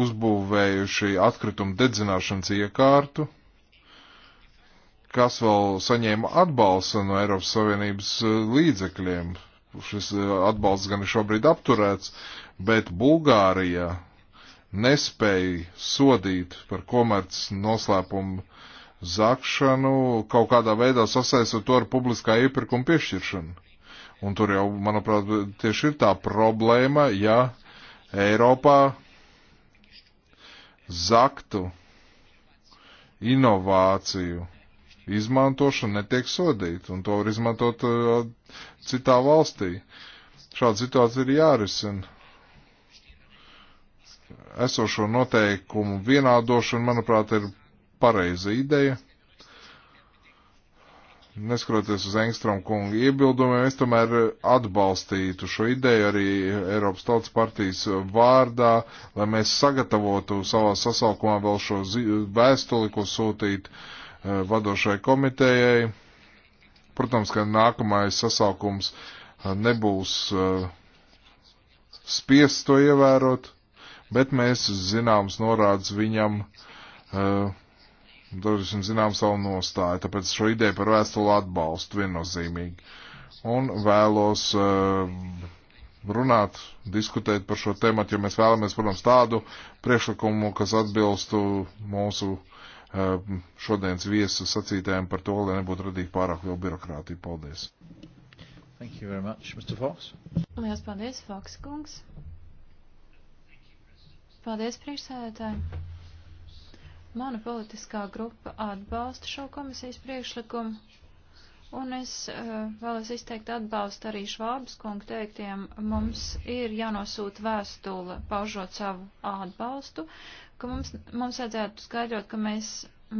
uzbūvējuši atkritumu dedzināšanas iekārtu, kas vēl saņēma atbalstu no Eiropas Savienības eh, līdzekļiem. Šis eh, atbalsts gan ir šobrīd apturēts, bet Bulgārijā nespēja sodīt par komerc noslēpumu zakšanu, kaut kādā veidā sasaistot to ar publiskā iepirkuma piešķiršanu. Un tur jau, manuprāt, tieši ir tā problēma, ja Eiropā zaktu inovāciju izmantošana netiek sodīta, un to var izmantot uh, citā valstī. Šāda situācija ir jārisina esošo noteikumu vienādošana, manuprāt, ir pareiza ideja. Neskatoties uz Engstrom kungu iebildumiem, es tomēr atbalstītu šo ideju arī Eiropas Tautas partijas vārdā, lai mēs sagatavotu savā sasaukumā vēl šo vēstuli, ko sūtīt eh, vadošai komitejai. Protams, ka nākamais sasaukums eh, nebūs eh, spiests to ievērot, bet mēs zināms norādes viņam, eh, dažiem zinām savu nostāju, tāpēc šo ideju par vēstuli atbalstu viennozīmīgi. Un vēlos eh, runāt, diskutēt par šo tematu, jo mēs vēlamies, protams, tādu priekšlikumu, kas atbilstu mūsu eh, šodienas viesu sacītājiem par to, lai nebūtu radīta pārāk liela birokrātija. Paldies! Thank you very much, Mr. Fox. Lielas paldies, Fox kungs. Paldies, priekšsēdētāji. Mana politiskā grupa atbalsta šo komisijas priekšlikumu, un es uh, vēlos izteikt atbalstu arī Švābas kungu teiktiem. Mums ir jānosūta vēstule paužot savu atbalstu, ka mums, mums vajadzētu skaidrot, ka mēs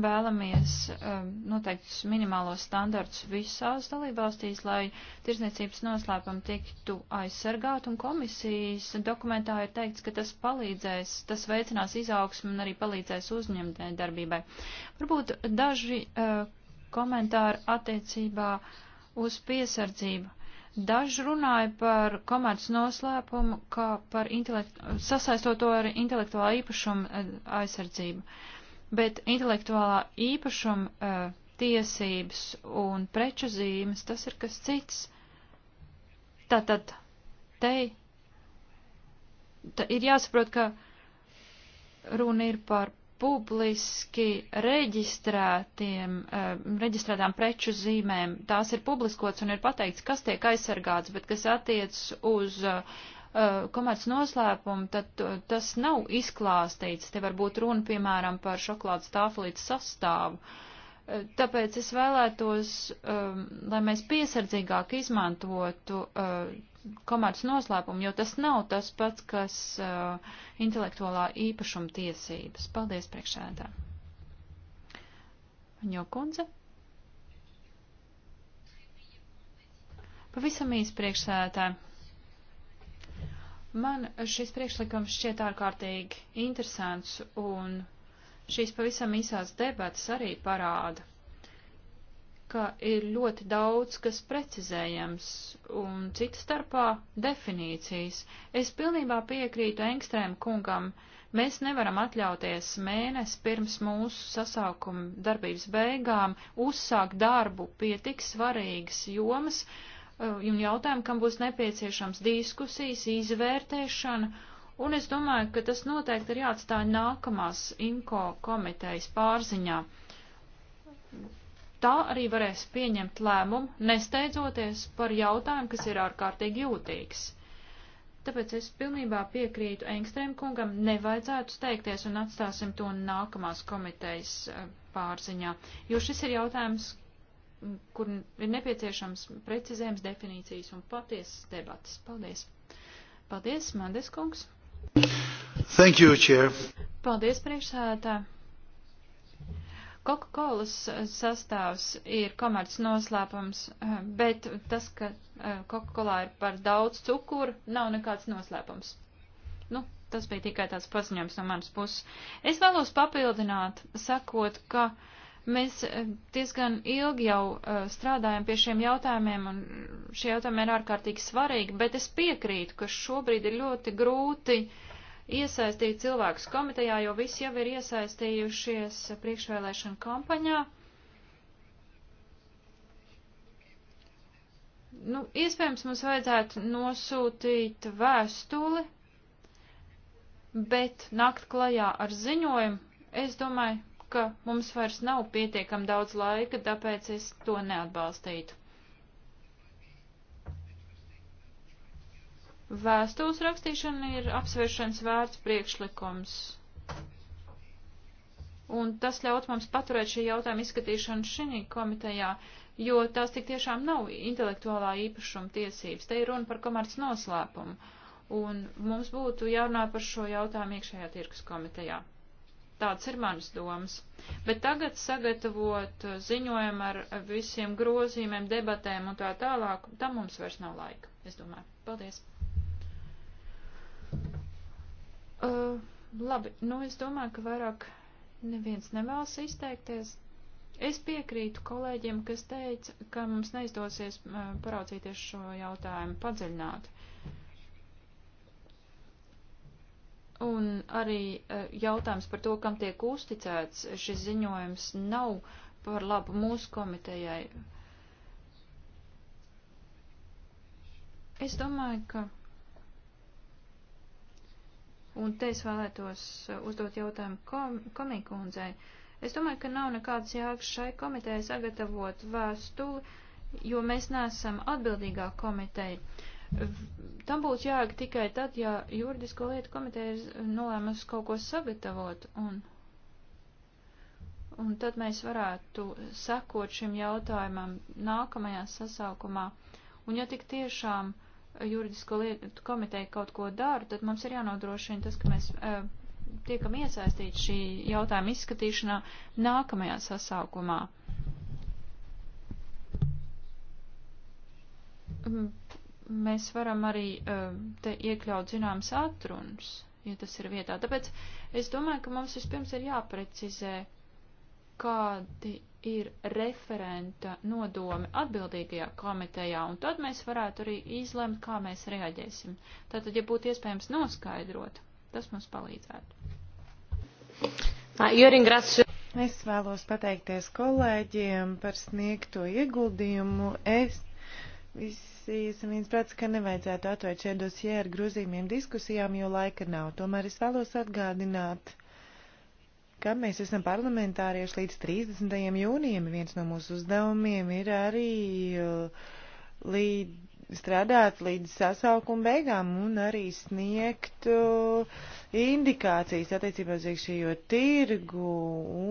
vēlamies um, noteiktus minimālos standartus visās dalībvalstīs, lai tirsniecības noslēpumi tiktu aizsargāti, un komisijas dokumentā ir teikts, ka tas palīdzēs, tas veicinās izaugsmu un arī palīdzēs uzņemtē darbībai. Varbūt daži uh, komentāri attiecībā uz piesardzību. Daži runāja par komerc noslēpumu, kā par sasaistot to ar intelektuālā īpašuma uh, aizsardzību. Uh, bet intelektuālā īpašuma uh, tiesības un preču zīmes, tas ir kas cits. Tātad te tā ir jāsaprot, ka runa ir par publiski reģistrētiem, uh, reģistrētām preču zīmēm. Tās ir publiskots un ir pateikts, kas tiek aizsargāts, bet kas attiec uz uh, Eh, komerc noslēpumu, tad tas nav izklāstīts. Te var būt runa, piemēram, par šokolādes tāfelītes sastāvu. Eh, tāpēc es vēlētos, eh, lai mēs piesardzīgāk izmantotu komerc noslēpumu, jo tas nav tas pats, kas intelektuālā īpašuma tiesības. Paldies, priekšēdā. Ņokundze. Pavisam īsi priekšsēdētāji. Man šis priekšlikums šķiet ārkārtīgi interesants, un šīs pavisam īsās debatas arī parāda, ka ir ļoti daudz, kas precizējams, un cita starpā definīcijas. Es pilnībā piekrītu Engstrēm kungam, mēs nevaram atļauties mēnesi pirms mūsu sasaukuma darbības beigām uzsākt darbu pie tik svarīgas jomas, uh, Eh, un jautājumu, kam būs nepieciešams diskusijas, izvērtēšana, un es domāju, ka tas noteikti ir jāatstāj nākamās IMCO komitejas pārziņā. Tā arī varēs pieņemt lēmumu, nesteidzoties par jautājumu, kas ir ārkārtīgi jūtīgs. Tāpēc es pilnībā piekrītu Engstrēm kungam, nevajadzētu steigties un atstāsim to nākamās komitejas eh, pārziņā, jo šis ir jautājums, kur ir nepieciešams precizējums definīcijas un patiesas debatas. Paldies! Paldies, Mandes kungs! Thank you, Chair! Paldies, priekšsēdētāji! Coca-Colas eh, sastāvs ir komerc noslēpums, eh, bet tas, ka eh, Coca-Colā ir par daudz cukuru, nav nekāds noslēpums. Nu, tas bija tikai tāds paziņojums no manas puses. Es vēlos papildināt, sakot, ka uh, Mēs eh, diezgan ilgi jau eh, strādājam pie šiem jautājumiem, un šie jautājumi ir ārkārtīgi svarīgi, bet es piekrītu, ka šobrīd ir ļoti grūti iesaistīt cilvēkus komitejā, jo visi jau ir iesaistījušies priekšvēlēšana kampaņā. Nu, iespējams, mums vajadzētu nosūtīt vēstuli, bet nakt klajā ar ziņojumu, es domāju, ka mums vairs nav pietiekam daudz laika, tāpēc es to neatbalstītu. Vēstules rakstīšana ir apsvēršanas vērts priekšlikums. Un tas ļaut mums paturēt šī jautājuma izskatīšanu šī komitejā, jo tās tik tiešām nav intelektuālā īpašuma tiesības. Te ir runa par komerc noslēpumu. Un mums būtu jārunā par šo jautājumu iekšējā tirkus komitejā. Tāds ir mans domas. Bet tagad sagatavot ziņojumu ar visiem grozījumiem, debatēm un tā tālāk, tam mums vairs nav laika, es domāju. Paldies. Uh, labi, nu es domāju, ka vairāk neviens nevēlas izteikties. Es piekrītu kolēģiem, kas teica, ka mums neizdosies paraucīties šo jautājumu padziļināt. Uh, Un arī e, jautājums par to, kam tiek uzticēts šis ziņojums, nav par labu mūsu komitejai. Es domāju, ka. Un te es vēlētos uzdot jautājumu kom komikundzei. Es domāju, ka nav nekāds jēgas šai komitejai sagatavot vēstuli, jo mēs neesam atbildīgā komiteja. Tam būtu jāga tikai tad, ja juridisko lietu komiteja ir nolēmusi kaut ko sagatavot, un, un tad mēs varētu sekot šim jautājumam nākamajā sasaukumā. Un ja tik tiešām juridisko lietu komiteja kaut ko dara, tad mums ir jānodrošina tas, ka mēs e, tiekam iesaistīti šī jautājuma izskatīšanā nākamajā sasaukumā. Mm, mēs varam arī eh, te iekļaut zināmas atrunas, ja tas ir vietā. Tāpēc es domāju, ka mums vispirms ir jāprecizē, kādi ir referenta nodomi atbildīgajā komitejā, un tad mēs varētu arī izlemt, kā mēs reaģēsim. Tātad, ja būtu iespējams noskaidrot, tas mums palīdzētu. Ah, es vēlos pateikties kolēģiem par sniegto ieguldījumu. Es visi esam viensprāts, ka nevajadzētu atvērt šie dosie ar grozījumiem diskusijām, jo laika nav. Tomēr es vēlos atgādināt, ka mēs esam parlamentārieši līdz 30. jūnijam. Viens no mūsu uzdevumiem ir arī uh, līdz strādāt līdz sasaukuma beigām un arī sniegt uh, indikācijas attiecībā uz iekšējo tirgu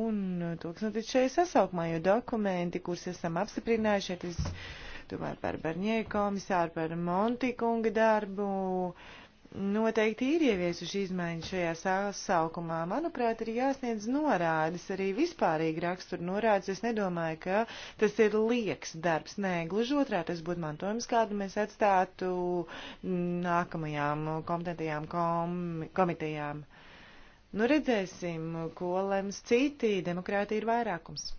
un uh, to, kas notic šajā sasaukumā, jo dokumenti, kurus esam apstiprinājuši, šeit es Domāju par Barņēju komisāru, par Montikunga darbu. Noteikti ir ieviesuši izmaiņas šajā sasaukumā. Manuprāt, ir jāsniedz norādes, arī vispārīgi rakstura norādes. Es nedomāju, ka tas ir lieks darbs. Nē, gluži otrā, tas būtu mantojums, kādu mēs atstātu nākamajām kompetentajām kom komitejām. Nu redzēsim, ko lems citi. Demokrātija ir vairākums.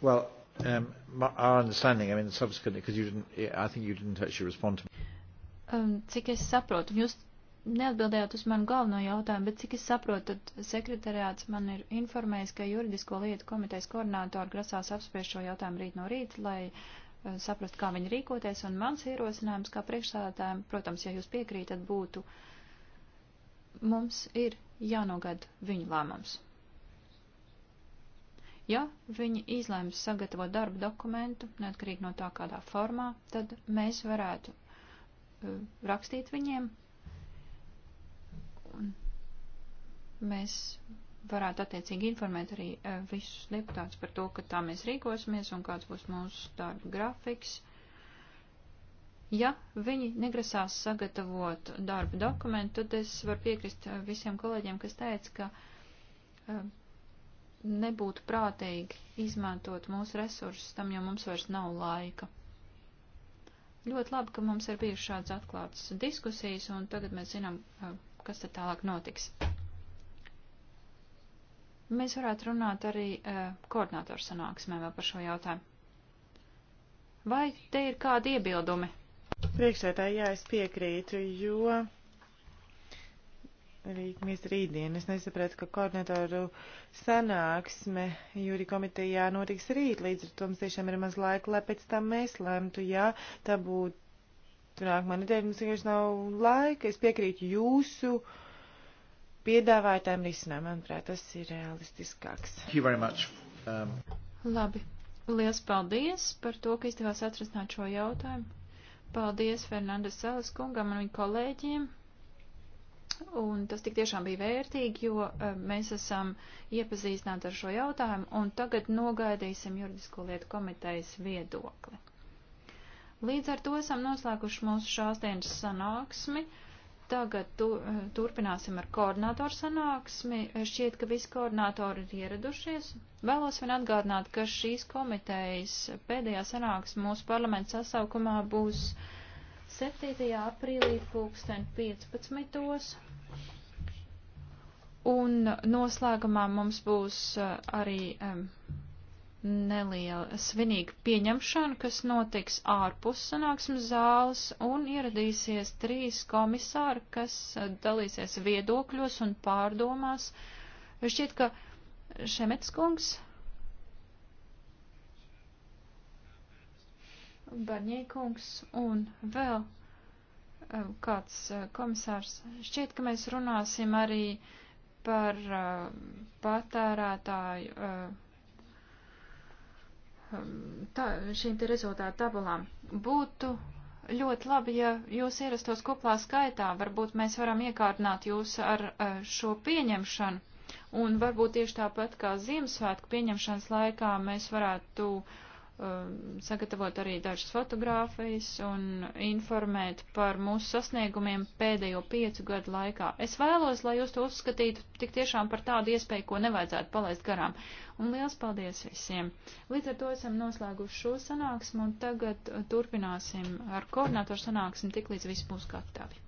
Well, um, our understanding, I mean, subsequently, because you didn't, I think you didn't actually respond to. Um, cik es saprotu, jūs neatbildējāt uz manu galveno jautājumu, bet cik es saprotu, tad sekretariāts man ir informējis, ka juridisko lietu komitejas koordinātori grasās apspriest šo jautājumu rīt no rīta, lai uh, saprastu, kā viņi rīkoties, un mans ierosinājums kā priekšsādātājiem, protams, ja jūs piekrītat, būtu, mums ir jānogad viņu lēmums. Ja viņi izlēms sagatavot darbu dokumentu, neatkarīgi no tā, kādā formā, tad mēs varētu uh, rakstīt viņiem. Un mēs varētu attiecīgi informēt arī uh, visus deputātus par to, ka tā mēs rīkosimies un kāds būs mūsu darba grafiks. Ja viņi negrasās sagatavot darba dokumentu, tad es varu piekrist uh, visiem kolēģiem, kas teica, ka uh, nebūtu prātīgi izmantot mūsu resursus tam, jo mums vairs nav laika. Ļoti labi, ka mums ir bijušas šādas atklātas diskusijas, un tagad mēs zinām, kas tad tālāk notiks. Mēs varētu runāt arī koordinātoru sanāksmē vēl par šo jautājumu. Vai te ir kādi iebildumi? Priekšētāji, jā, es piekrītu, jo rīkamies rītdien. Es nesapratu, ka koordinatoru sanāksme jūri komitejā notiks rīt, līdz ar to mums tiešām ir maz laika, lai pēc tam mēs lemtu, ja tā būtu nākamā nedēļa, mums vienkārši nav laika. Es piekrītu jūsu piedāvātājiem risinājumam, manuprāt, tas ir realistiskāks. Um... Labi. Lielas paldies par to, ka izdevās atrasināt šo jautājumu. Paldies Fernandes Salas kungam un viņa kolēģiem un tas tik tiešām bija vērtīgi, jo eh, mēs esam iepazīstināti ar šo jautājumu, un tagad nogaidīsim juridisko lietu komitejas viedokli. Līdz ar to esam noslēguši mūsu šāsdienas sanāksmi. Tagad tu, eh, turpināsim ar koordinātoru sanāksmi. Eh, šķiet, ka visi koordinātori ir ieradušies. Vēlos vien atgādināt, ka šīs komitejas pēdējā sanāksme mūsu parlamenta sasaukumā būs 7. aprīlī 2015. Un noslēgumā mums būs eh, arī um, neliela svinīga pieņemšana, kas notiks ārpus sanāksmes zāles, un ieradīsies trīs komisāri, kas eh, dalīsies viedokļos un pārdomās. Šķiet, ka Šemets kungs, Barņē kungs un vēl um, kāds komisārs. Šķiet, ka mēs runāsim arī uh, par uh, patērētāju uh, tā, šīm te rezultātu tabulām. Būtu ļoti labi, ja jūs ierastos koplā skaitā, varbūt mēs varam iekārdināt jūs ar uh, šo pieņemšanu, un varbūt tieši tāpat kā Ziemassvētku pieņemšanas laikā mēs varētu uh, Um, sagatavot arī dažas fotogrāfijas un informēt par mūsu sasniegumiem pēdējo piecu gadu laikā. Es vēlos, lai jūs to uzskatītu tik tiešām par tādu iespēju, ko nevajadzētu palaist garām. Un liels paldies visiem! Līdz ar to esam noslēguši šo sanāksmu un tagad turpināsim ar koordinātoru sanāksmu tik līdz viss būs gatavi.